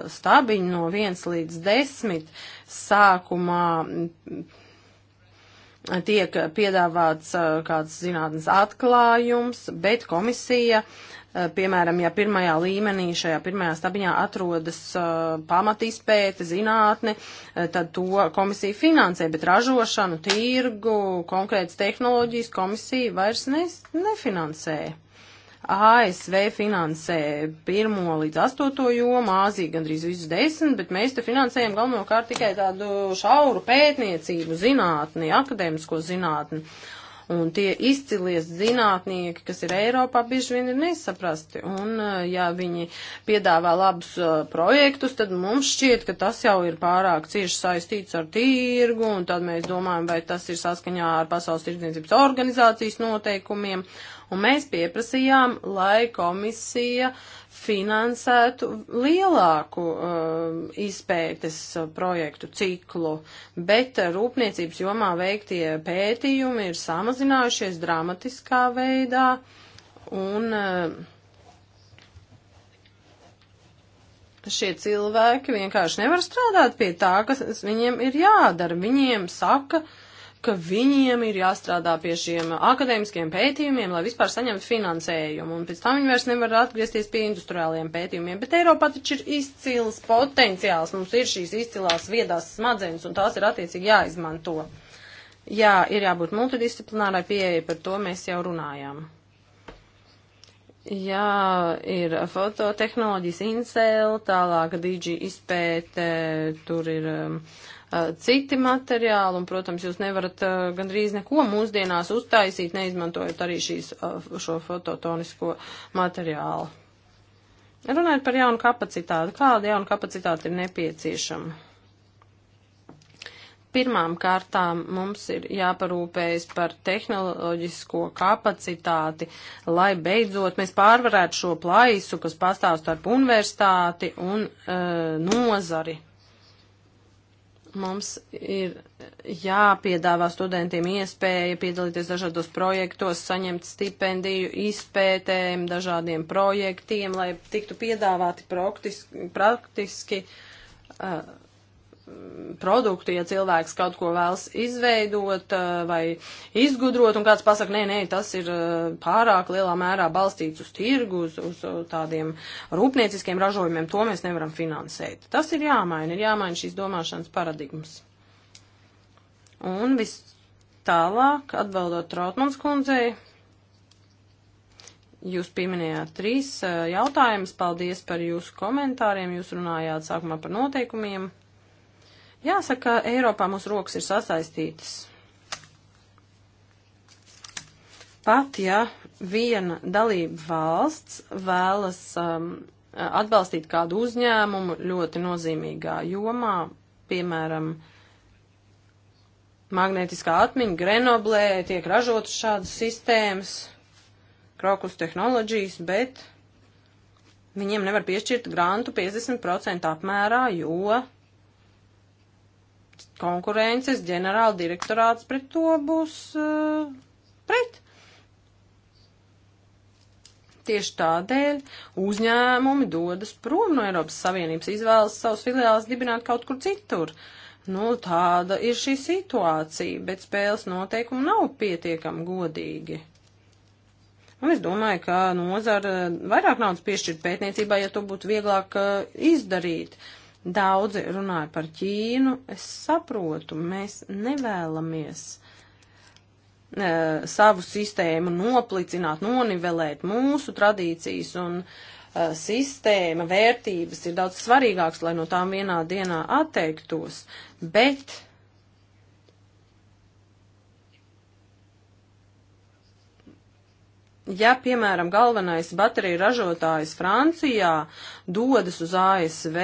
stabiņu no 1 līdz 10 sākumā tiek piedāvāts kāds zinātnes atklājums, bet komisija uh, Eh, piemēram, ja pirmajā līmenī, šajā pirmajā stabiņā atrodas uh, pamatīspēte, zinātne, eh, tad to komisija finansē, bet ražošanu, tirgu, konkrētas tehnoloģijas komisija vairs ne, nefinansē. ASV finansē pirmo līdz astoto jomu, Āzija gandrīz visus desmit, bet mēs te finansējam galvenokārt tikai tādu šauru pētniecību, zinātni, akadēmisko zinātni. Uh, Un tie izcilies zinātnieki, kas ir Eiropā, bieži vien ir nesaprasti. Un, eh, ja viņi piedāvā labus eh, projektus, tad mums šķiet, ka tas jau ir pārāk cieši saistīts ar tirgu, un tad mēs domājam, vai tas ir saskaņā ar Pasaules tirdzniecības organizācijas noteikumiem. Un mēs pieprasījām, lai komisija finansētu lielāku uh, izpētes projektu ciklu, bet rūpniecības jomā veiktie pētījumi ir samazinājušies dramatiskā veidā un uh, šie cilvēki vienkārši nevar strādāt pie tā, kas viņiem ir jādara. Viņiem saka, uh, ka viņiem ir jāstrādā pie šiem akadēmiskiem pētījumiem, lai vispār saņemtu finansējumu, un pēc tam viņi vairs nevar atgriezties pie industriāliem pētījumiem. Bet Eiropā taču ir izcils potenciāls, mums ir šīs izcilās viedās smadzenes, un tās ir attiecīgi jāizmanto. Jā, ir jābūt multidisciplinārai pieeja, par to mēs jau runājām. Jā, ir fototehnoloģijas incēla, tālāk dīģi izpēte, tur ir um, uh, citi materiāli, un, protams, jūs nevarat uh, gandrīz neko mūsdienās uztaisīt, neizmantojot arī šīs, uh, šo fototonisko materiālu. Runājot par jaunu kapacitāti, kāda jauna kapacitāte ir nepieciešama? Pirmām kārtām mums ir jāparūpējas par tehnoloģisko kapacitāti, lai beidzot mēs pārvarētu šo plaisu, kas pastāv starp universitāti un e, nozari. Mums ir jāpiedāvā studentiem iespēja piedalīties dažādos projektos, saņemt stipendiju, izpētēm, dažādiem projektiem, lai tiktu piedāvāti praktiski, praktiski uh, Mm, produktu, ja cilvēks kaut ko vēlas izveidot eh, vai izgudrot, un kāds pasaka, nē, nē, tas ir eh, pārāk lielā mērā balstīts uz tirgu, uz, uz eh, tādiem rūpnieciskiem ražojumiem, to mēs nevaram finansēt. Tas ir jāmaina, ir jāmaina šīs domāšanas paradigmas. Un viss tālāk, atbildot Trautmans kundzei, Jūs pieminējāt trīs jautājumus. Paldies par jūsu komentāriem. Jūs runājāt sākumā par noteikumiem. Jāsaka, Eiropā mūsu rokas ir sasaistītas. Pat ja viena dalība valsts vēlas um, atbalstīt kādu uzņēmumu ļoti nozīmīgā jomā, piemēram, magnētiskā atmiņa Grenoblē tiek ražotas šādas sistēmas, krokus tehnoloģijas, bet viņiem nevar piešķirt grantu 50% apmērā, jo konkurences ģenerāla direktorāts pret to būs uh, pret. Tieši tādēļ uzņēmumi dodas prom no Eiropas Savienības, izvēlas savus filiālus dibināt kaut kur citur. Nu, tāda ir šī situācija, bet spēles noteikumi nav pietiekami godīgi. Un es domāju, ka nozara vairāk naudas piešķirt pētniecībā, ja to būtu vieglāk uh, izdarīt. Uh, Daudzi runāja par Ķīnu. Es saprotu, mēs nevēlamies e, savu sistēmu noplicināt, nonivelēt mūsu tradīcijas un e, sistēma, vērtības ir daudz svarīgāks, lai no tām vienā dienā atteiktos, bet Ja, piemēram, galvenais bateriju ražotājs Francijā dodas uz ASV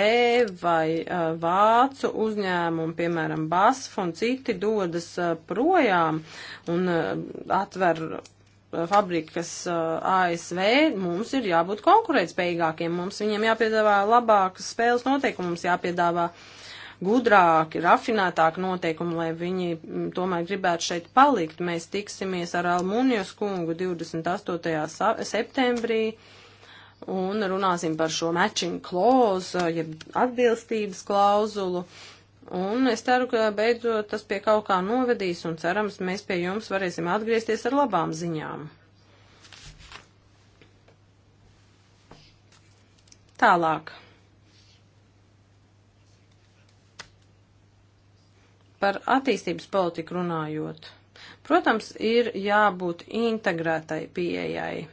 vai uh, Vācu uzņēmumu, piemēram, BASF un citi dodas uh, projām un uh, atver fabrikas uh, ASV, mums ir jābūt konkurētspējīgākiem, mums viņiem jāpiedāvā labākas spēles noteikumi, mums jāpiedāvā uh, gudrāki, rafinētāki noteikumi, lai viņi mm, tomēr gribētu šeit palikt. Mēs tiksimies ar Almunijas kungu 28. septembrī un runāsim par šo matching clause, jeb atbilstības klauzulu. Un es ceru, ka beidzot tas pie kaut kā novedīs un cerams, mēs pie jums varēsim atgriezties ar labām ziņām. Tālāk. par attīstības politiku runājot. Protams, ir jābūt integrētai pieejai.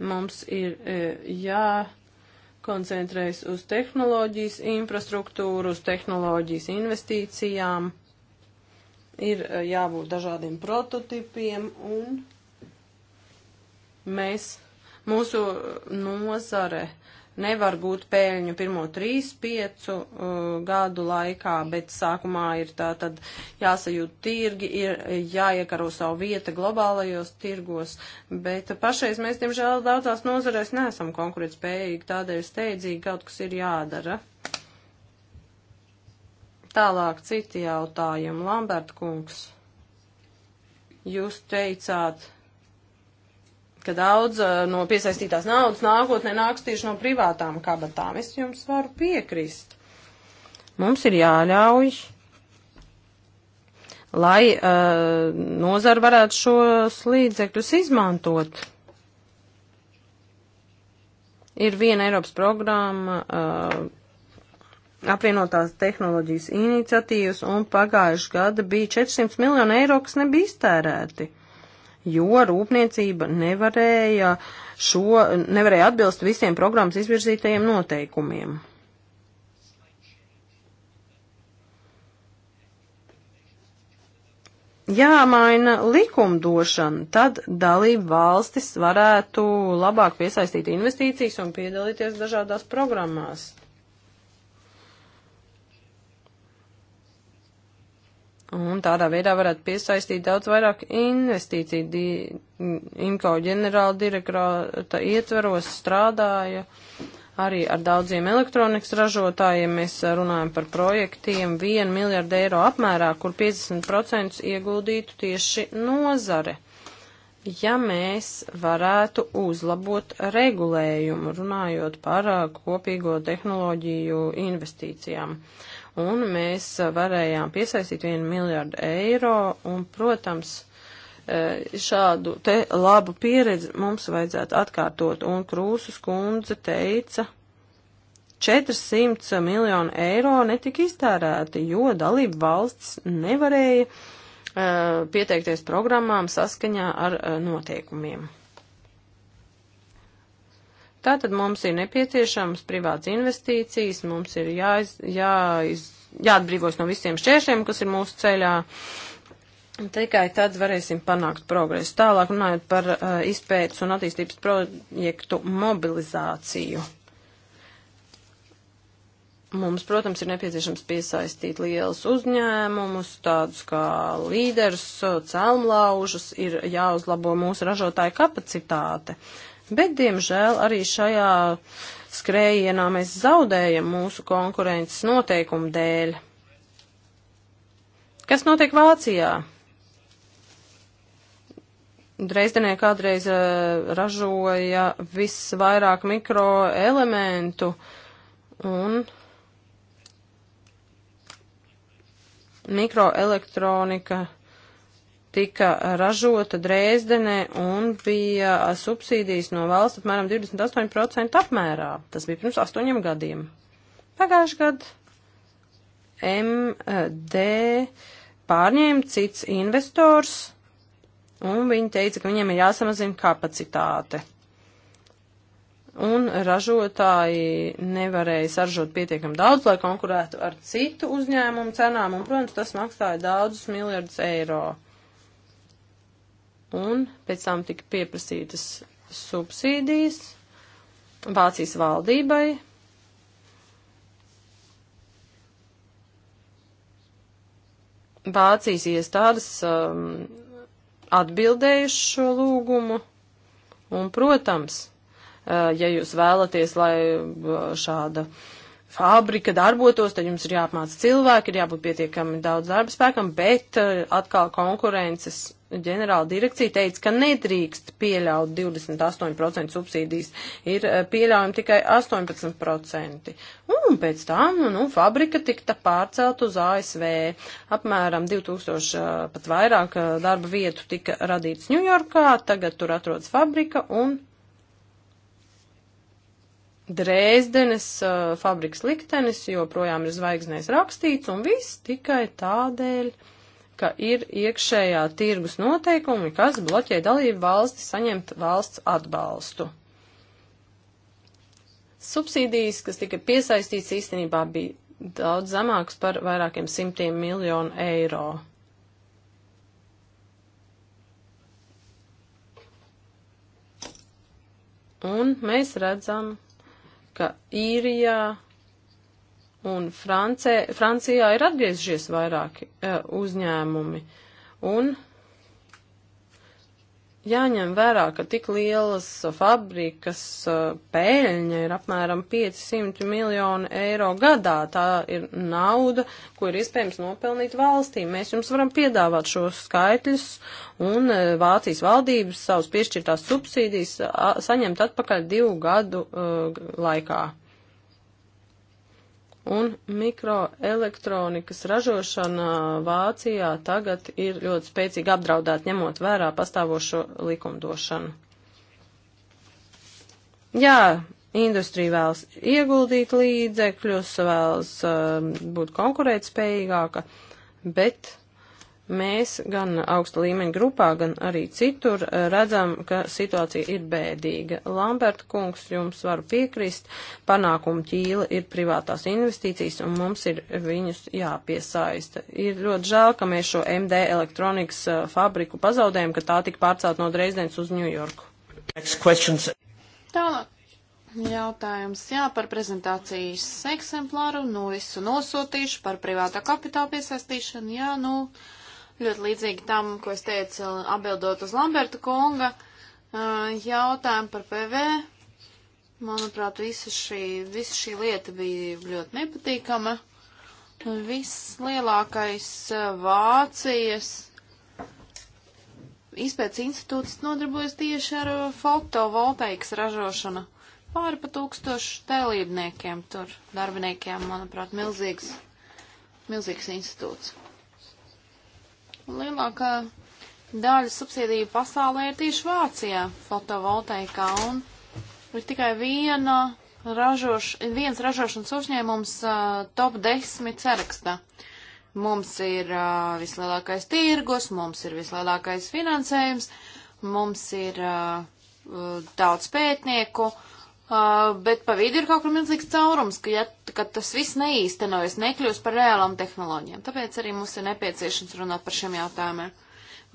Mums ir e, jākoncentrējas uz tehnoloģijas infrastruktūru, uz tehnoloģijas investīcijām, ir e, jābūt dažādiem prototipiem un mēs, mūsu nozare, uh, nevar būt pēļņu pirmo 3-5 uh, gadu laikā, bet sākumā ir tā tad jāsajūt tirgi, ir jāiekaro savu vietu globālajos tirgos, bet pašreiz mēs, diemžēl, daudzās nozarēs neesam konkurētspējīgi, tādēļ steidzīgi kaut kas ir jādara. Tālāk citi jautājumi. Lambert kungs, jūs teicāt, ka daudz eh, no piesaistītās naudas nākotnē nāks tieši no privātām kabatām. Es jums varu piekrist. Mums ir jāļauj, lai uh, nozara varētu šos līdzekļus izmantot. Ir viena Eiropas programma. Uh, apvienotās tehnoloģijas iniciatīvas, un pagājuši gada bija 400 miljoni eiro, kas nebija iztērēti jo rūpniecība nevarēja, šo, nevarēja atbilst visiem programmas izvirzītajiem noteikumiem. jāmaina likumdošana, tad dalību valstis varētu labāk piesaistīt investīcijas un piedalīties dažādās programmās. Un tādā veidā varētu piesaistīt daudz vairāk investīciju. Di Inko ģenerāla direktorāta ietveros strādāja arī ar daudziem elektronikas ražotājiem. Mēs runājam par projektiem 1 miljardu eiro apmērā, kur 50% ieguldītu tieši nozare. Ja mēs varētu uzlabot regulējumu, runājot par kopīgo tehnoloģiju investīcijām. Uh, un mēs uh, varējām piesaistīt 1 miljārdu eiro, un, protams, uh, šādu te labu pieredzi mums vajadzētu atkārtot, un Krūsus kundze teica, 400 miljonu eiro netika iztērēti, jo dalību valsts nevarēja uh, pieteikties programmām saskaņā ar uh, noteikumiem. Tātad mums ir nepieciešams privāts investīcijas, mums ir jāiz, jāiz, jāatbrīvojas no visiem šķēršiem, kas ir mūsu ceļā. Tikai tad varēsim panākt progresu. Tālāk runājot par uh, izpētes un attīstības projektu mobilizāciju. Mums, protams, ir nepieciešams piesaistīt lielus uzņēmumus, tādus kā līderus, cēlmlaužus, ir jāuzlabo mūsu ražotāju kapacitāte. Uh, Bet, diemžēl, arī šajā skrējienā mēs zaudējam mūsu konkurences noteikumu dēļ. Kas notiek Vācijā? Dresdenē kādreiz uh, ražoja visvairāk mikroelementu un mikroelektronika tika ražota Dresdenē un bija subsīdijas no valsts apmēram 28% apmērā. Tas bija pirms astoņiem gadiem. Pagājuši gadu MD pārņēma cits investors un viņi teica, ka viņiem ir jāsamazina kapacitāte. Un ražotāji nevarēja saržot pietiekam daudz, lai konkurētu ar citu uzņēmumu cenām, un, protams, tas maksāja daudzus miljardus eiro un pēc tam tika pieprasītas subsīdijas Vācijas valdībai. Vācijas iestādes um, atbildējuši šo lūgumu, un, protams, uh, ja jūs vēlaties, lai uh, šāda uh, fabrika darbotos, tad jums ir jāapmāca cilvēki, ir jābūt pietiekami daudz darba spēkam, bet uh, atkal konkurences ģenerāla direkcija teica, ka nedrīkst pieļaut 28% subsīdijas, ir eh, pieļaujami tikai 18%. Un pēc tam, nu, nu, fabrika tikta pārcelt uz ASV. Apmēram 2000 eh, pat vairāk eh, darba vietu tika radīts Ņujorkā, tagad tur atrodas fabrika un Dresdenes fabrikas liktenis joprojām ir zvaigznēs rakstīts un viss tikai tādēļ ka ir iekšējā tirgus noteikumi, kas bloķē dalību valsti saņemt valsts atbalstu. Subsīdijas, kas tika piesaistīts, īstenībā bija daudz zemāks par vairākiem simtiem miljonu eiro. Un mēs redzam, ka īrijā Un Francē, Francijā ir atgriezušies vairāki uh, uzņēmumi. Un jāņem vērā, ka tik lielas fabrikas e, pēļņa ir apmēram 500 miljonu eiro gadā. Tā ir nauda, ko ir iespējams nopelnīt valstī. Mēs jums varam piedāvāt šos skaitļus un e, Vācijas valdības savus piešķirtās subsīdijas saņemt atpakaļ divu gadu uh, laikā. Un mikroelektronikas ražošana Vācijā tagad ir ļoti spēcīgi apdraudēta, ņemot vērā pastāvošo likumdošanu. Jā, industrija vēlas ieguldīt līdzekļus, vēlas uh, būt konkurētspējīgāka, bet Mēs gan augsta līmeņa grupā, gan arī citur eh, redzam, ka situācija ir bēdīga. Lamberta kungs, jums varu piekrist, panākumu ķīla ir privātās investīcijas un mums ir viņus jāpiesaista. Ir ļoti žēl, ka mēs šo MD elektronikas eh, fabriku pazaudējam, ka tā tika pārcelt no Dresdens uz Ņujorku. Tālāk. Jautājums, jā, par prezentācijas eksemplāru, nu, visu nu nosūtīšu, par privātā kapitāla piesaistīšanu, jā, nu. Uh, Ļoti līdzīgi tam, ko es teicu, atbildot uz Lamberta kunga uh, jautājumu par PV. Manuprāt, visa šī, visa šī lieta bija ļoti nepatīkama. Vislielākais uh, Vācijas izpētes institūts nodarbojas tieši ar uh, fotovoltaikas ražošanu. Pāri pa tūkstošu tēlībniekiem tur darbiniekiem, manuprāt, milzīgs, milzīgs institūts lielākā daļa subsīdiju pasaulē ir tieši Vācijā fotovoltaikā, un ir tikai viena ražoš, viens ražošanas uzņēmums uh, top 10 sarakstā. Mums ir uh, vislielākais tirgus, mums ir vislielākais finansējums, mums ir uh, daudz pētnieku, uh, Uh, bet pa vidu ir kaut kur milzīgs caurums, ka, ja, ka tas viss neīstenojas, nekļūst par reālām tehnoloģijām. Tāpēc arī mums ir nepieciešams runāt par šiem jautājumiem.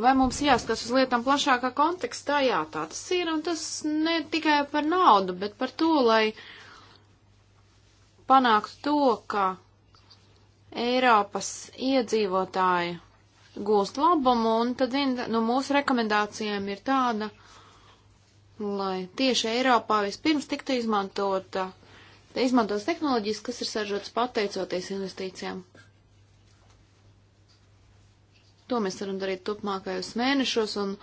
Vai mums jāskatās uz lietām plašākā kontekstā? Jā, tā tas ir, un tas ne tikai par naudu, bet par to, lai panāktu to, ka Eiropas iedzīvotāji gūst labumu, un tad viena no nu, mūsu rekomendācijām ir tāda, lai tieši Eiropā vispirms tiktu izmantota, te izmantotas tehnoloģijas, kas ir saržotas pateicoties investīcijām. To mēs varam darīt turpmākajos mēnešos, un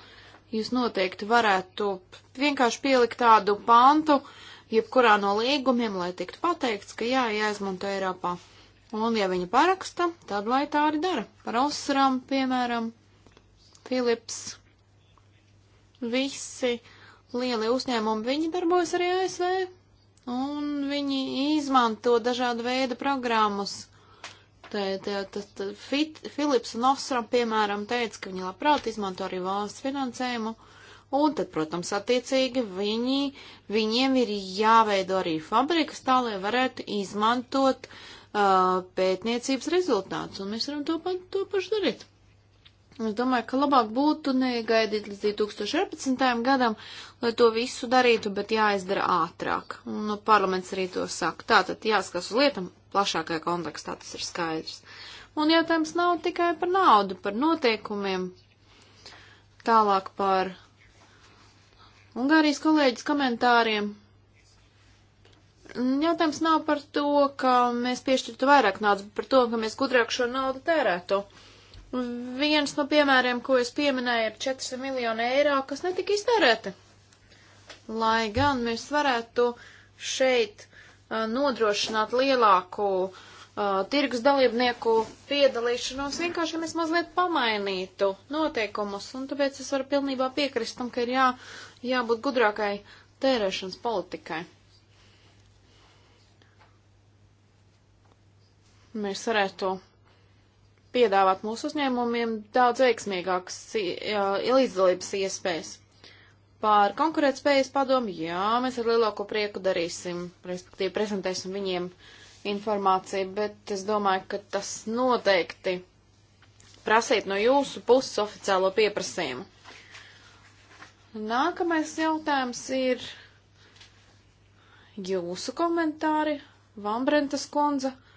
jūs noteikti varētu vienkārši pielikt tādu pantu, jebkurā no līgumiem, lai tiktu pateikts, ka jā, jāizmanto Eiropā. Un ja viņi paraksta, tad lai tā arī dara. Par Osram, piemēram, Philips, visi lielie uzņēmumi, viņi darbojas arī ASV, un viņi izmanto dažādu veidu programmas. Te, te, te, te, Fit, Filips Nostram, piemēram, teica, ka viņi labprāt izmanto arī valsts finansējumu, un tad, protams, attiecīgi viņi, viņiem ir jāveido arī fabrikas tā, lai varētu izmantot uh, pētniecības rezultātus, un mēs varam to, pa, to pašu darīt. Es domāju, ka labāk būtu negaidīt līdz 2014. gadam, lai to visu darītu, bet jāizdara ātrāk. Un nu, parlaments arī to saka. Tātad jāskatās uz lietām plašākajā kontekstā, tas ir skaidrs. Un jautājums nav tikai par naudu, par noteikumiem. Tālāk par Ungārijas kolēģis komentāriem. Jautājums nav par to, ka mēs piešķirtu vairāk naudas, bet par to, ka mēs gudrāk šo naudu tērētu. Uh, Viens no piemēriem, ko es pieminēju, ir 400 miljoni eiro, kas netika iztērēti. Lai gan mēs varētu šeit uh, nodrošināt lielāku uh, tirgus dalībnieku piedalīšanos, vienkārši mēs mazliet pamainītu noteikumus, un tāpēc es varu pilnībā piekrist tam, ka ir jā, jābūt gudrākai tērēšanas politikai. Mēs varētu piedāvāt mūsu uzņēmumiem daudz veiksmīgākas līdzdalības iespējas. Pār konkurētspējas padomu, jā, mēs ar lielāko prieku darīsim, respektīvi prezentēsim viņiem informāciju, bet es domāju, ka tas noteikti prasīt no jūsu puses oficiālo pieprasījumu. Nākamais jautājums ir jūsu komentāri, Vambrentas kundze. Uh,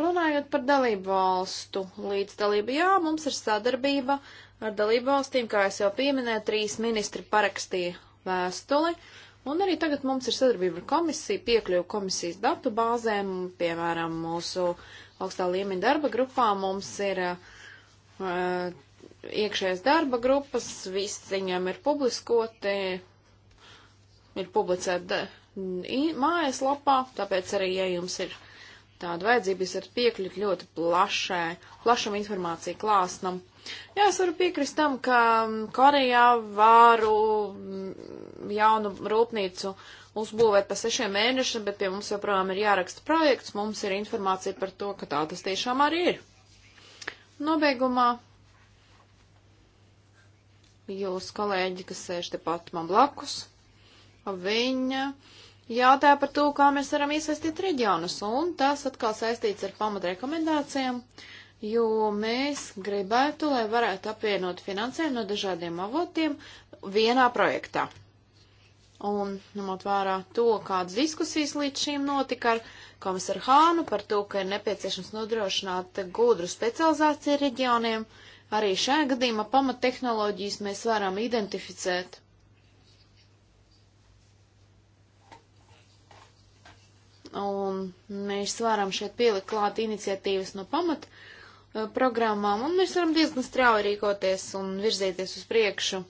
Runājot par dalību valstu līdzdalību, jā, mums ir sadarbība ar dalību valstīm, kā es jau pieminēju, trīs ministri parakstīja vēstuli, un arī tagad mums ir sadarbība ar komisiju, piekļuvu komisijas datu bāzēm, piemēram, mūsu augstā līmeņa darba grupā mums ir uh, eh, iekšējas darba grupas, viss viņam ir publiskoti, ir publicēta mājaslapā, tāpēc arī, ja jums ir tāda vajadzība, jūs varat piekļūt ļoti plašai, plašam informāciju klāstam. Jā, es varu piekrist tam, ka mm, Korejā varu mm, jaunu rūpnīcu uzbūvēt pa sešiem mēnešiem, bet pie mums joprojām ir jāraksta projekts, mums ir informācija par to, ka tā tas tiešām arī ir. Nobeigumā jūs kolēģi, kas sēž tepat man blakus, viņa Jātāja par to, kā mēs varam iesaistīt reģionus, un tas atkal saistīts ar pamatrekomendācijām, jo mēs gribētu, lai varētu apvienot finansējumu no dažādiem avotiem vienā projektā. Un ņemot vērā to, kādas diskusijas līdz šīm notika ar komisaru Hānu par to, ka ir nepieciešams nodrošināt gudru specializāciju reģioniem, arī šajā gadījumā pamattehnoloģijas mēs varam identificēt. un mēs varam šeit pielikt klāt iniciatīvas no pamat eh, programmām, un mēs varam diezgan strauji rīkoties un virzīties uz priekšu.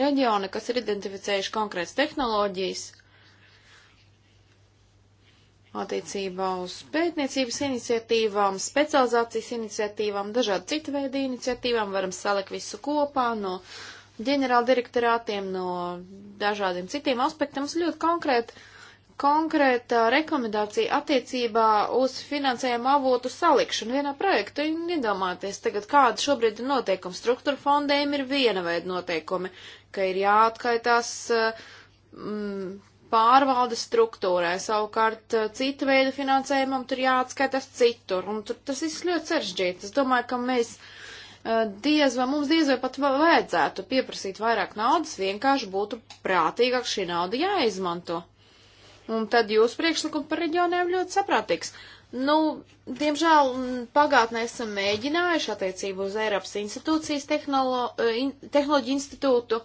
Reģioni, kas ir identificējuši konkrētas tehnoloģijas, attiecībā uz pētniecības iniciatīvām, specializācijas iniciatīvām, dažādu citu veidu iniciatīvām. Varam salikt visu kopā no ģenerāla direktorātiem, no dažādiem citiem aspektiem. Mums ļoti konkrēti konkrēta rekomendācija attiecībā uz finansējumu avotu salikšanu vienā projektā. Nedomāties tagad, kāda šobrīd ir noteikuma. Struktūra fondēm ir viena veida noteikumi, ka ir jāatkaitās mm, pārvaldes struktūrai, savukārt eh, cita veida finansējumam tur jāatskaitās citur, un tur tas viss ļoti sarežģīti. Es domāju, ka mēs eh, diez vai mums diez vai pat vajadzētu pieprasīt vairāk naudas, vienkārši būtu prātīgāk šī nauda jāizmanto. Un tad jūsu priekšlikums par reģioniem ļoti saprātīgs. Nu, diemžēl mm, pagātnē esam mēģinājuši attiecību uz Eiropas institūcijas tehnolo, e, in, tehnoloģiju institūtu.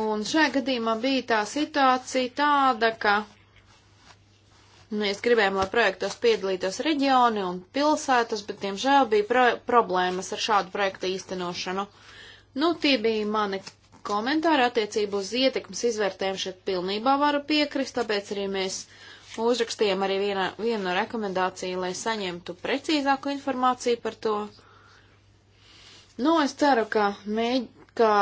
Un šajā gadījumā bija tā situācija tāda, ka Mēs gribējām, lai projektos piedalītos reģioni un pilsētas, bet, diemžēl, bija pro problēmas ar šādu projektu īstenošanu. Nu, tie bija mani komentāri attiecību uz ietekmes izvērtējumu šeit pilnībā varu piekrist, tāpēc arī mēs uzrakstījām arī vienā, vienu no rekomendāciju, lai saņemtu precīzāku informāciju par to. Nu, es ceru, ka, mēģ, ka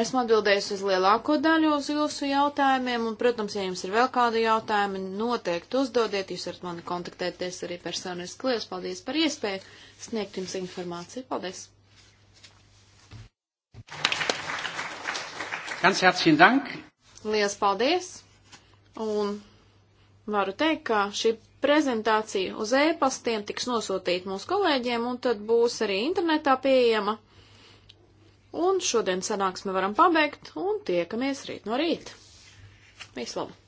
esmu atbildējis uz lielāko daļu uz jūsu jautājumiem, un, protams, ja jums ir vēl kādi jautājumi, noteikti uzdodiet, jūs varat mani kontaktēties arī personiski. Lielas paldies par iespēju sniegt jums informāciju. Paldies! Thank you. Ganz herzlichen Dank. Lielas paldies. Un varu teikt, ka šī prezentācija uz e-pastiem tiks nosūtīta mūsu kolēģiem un tad būs arī internetā pieejama. Un šodien sanāksmi varam pabeigt un tiekamies rīt no rīta. Visu labu!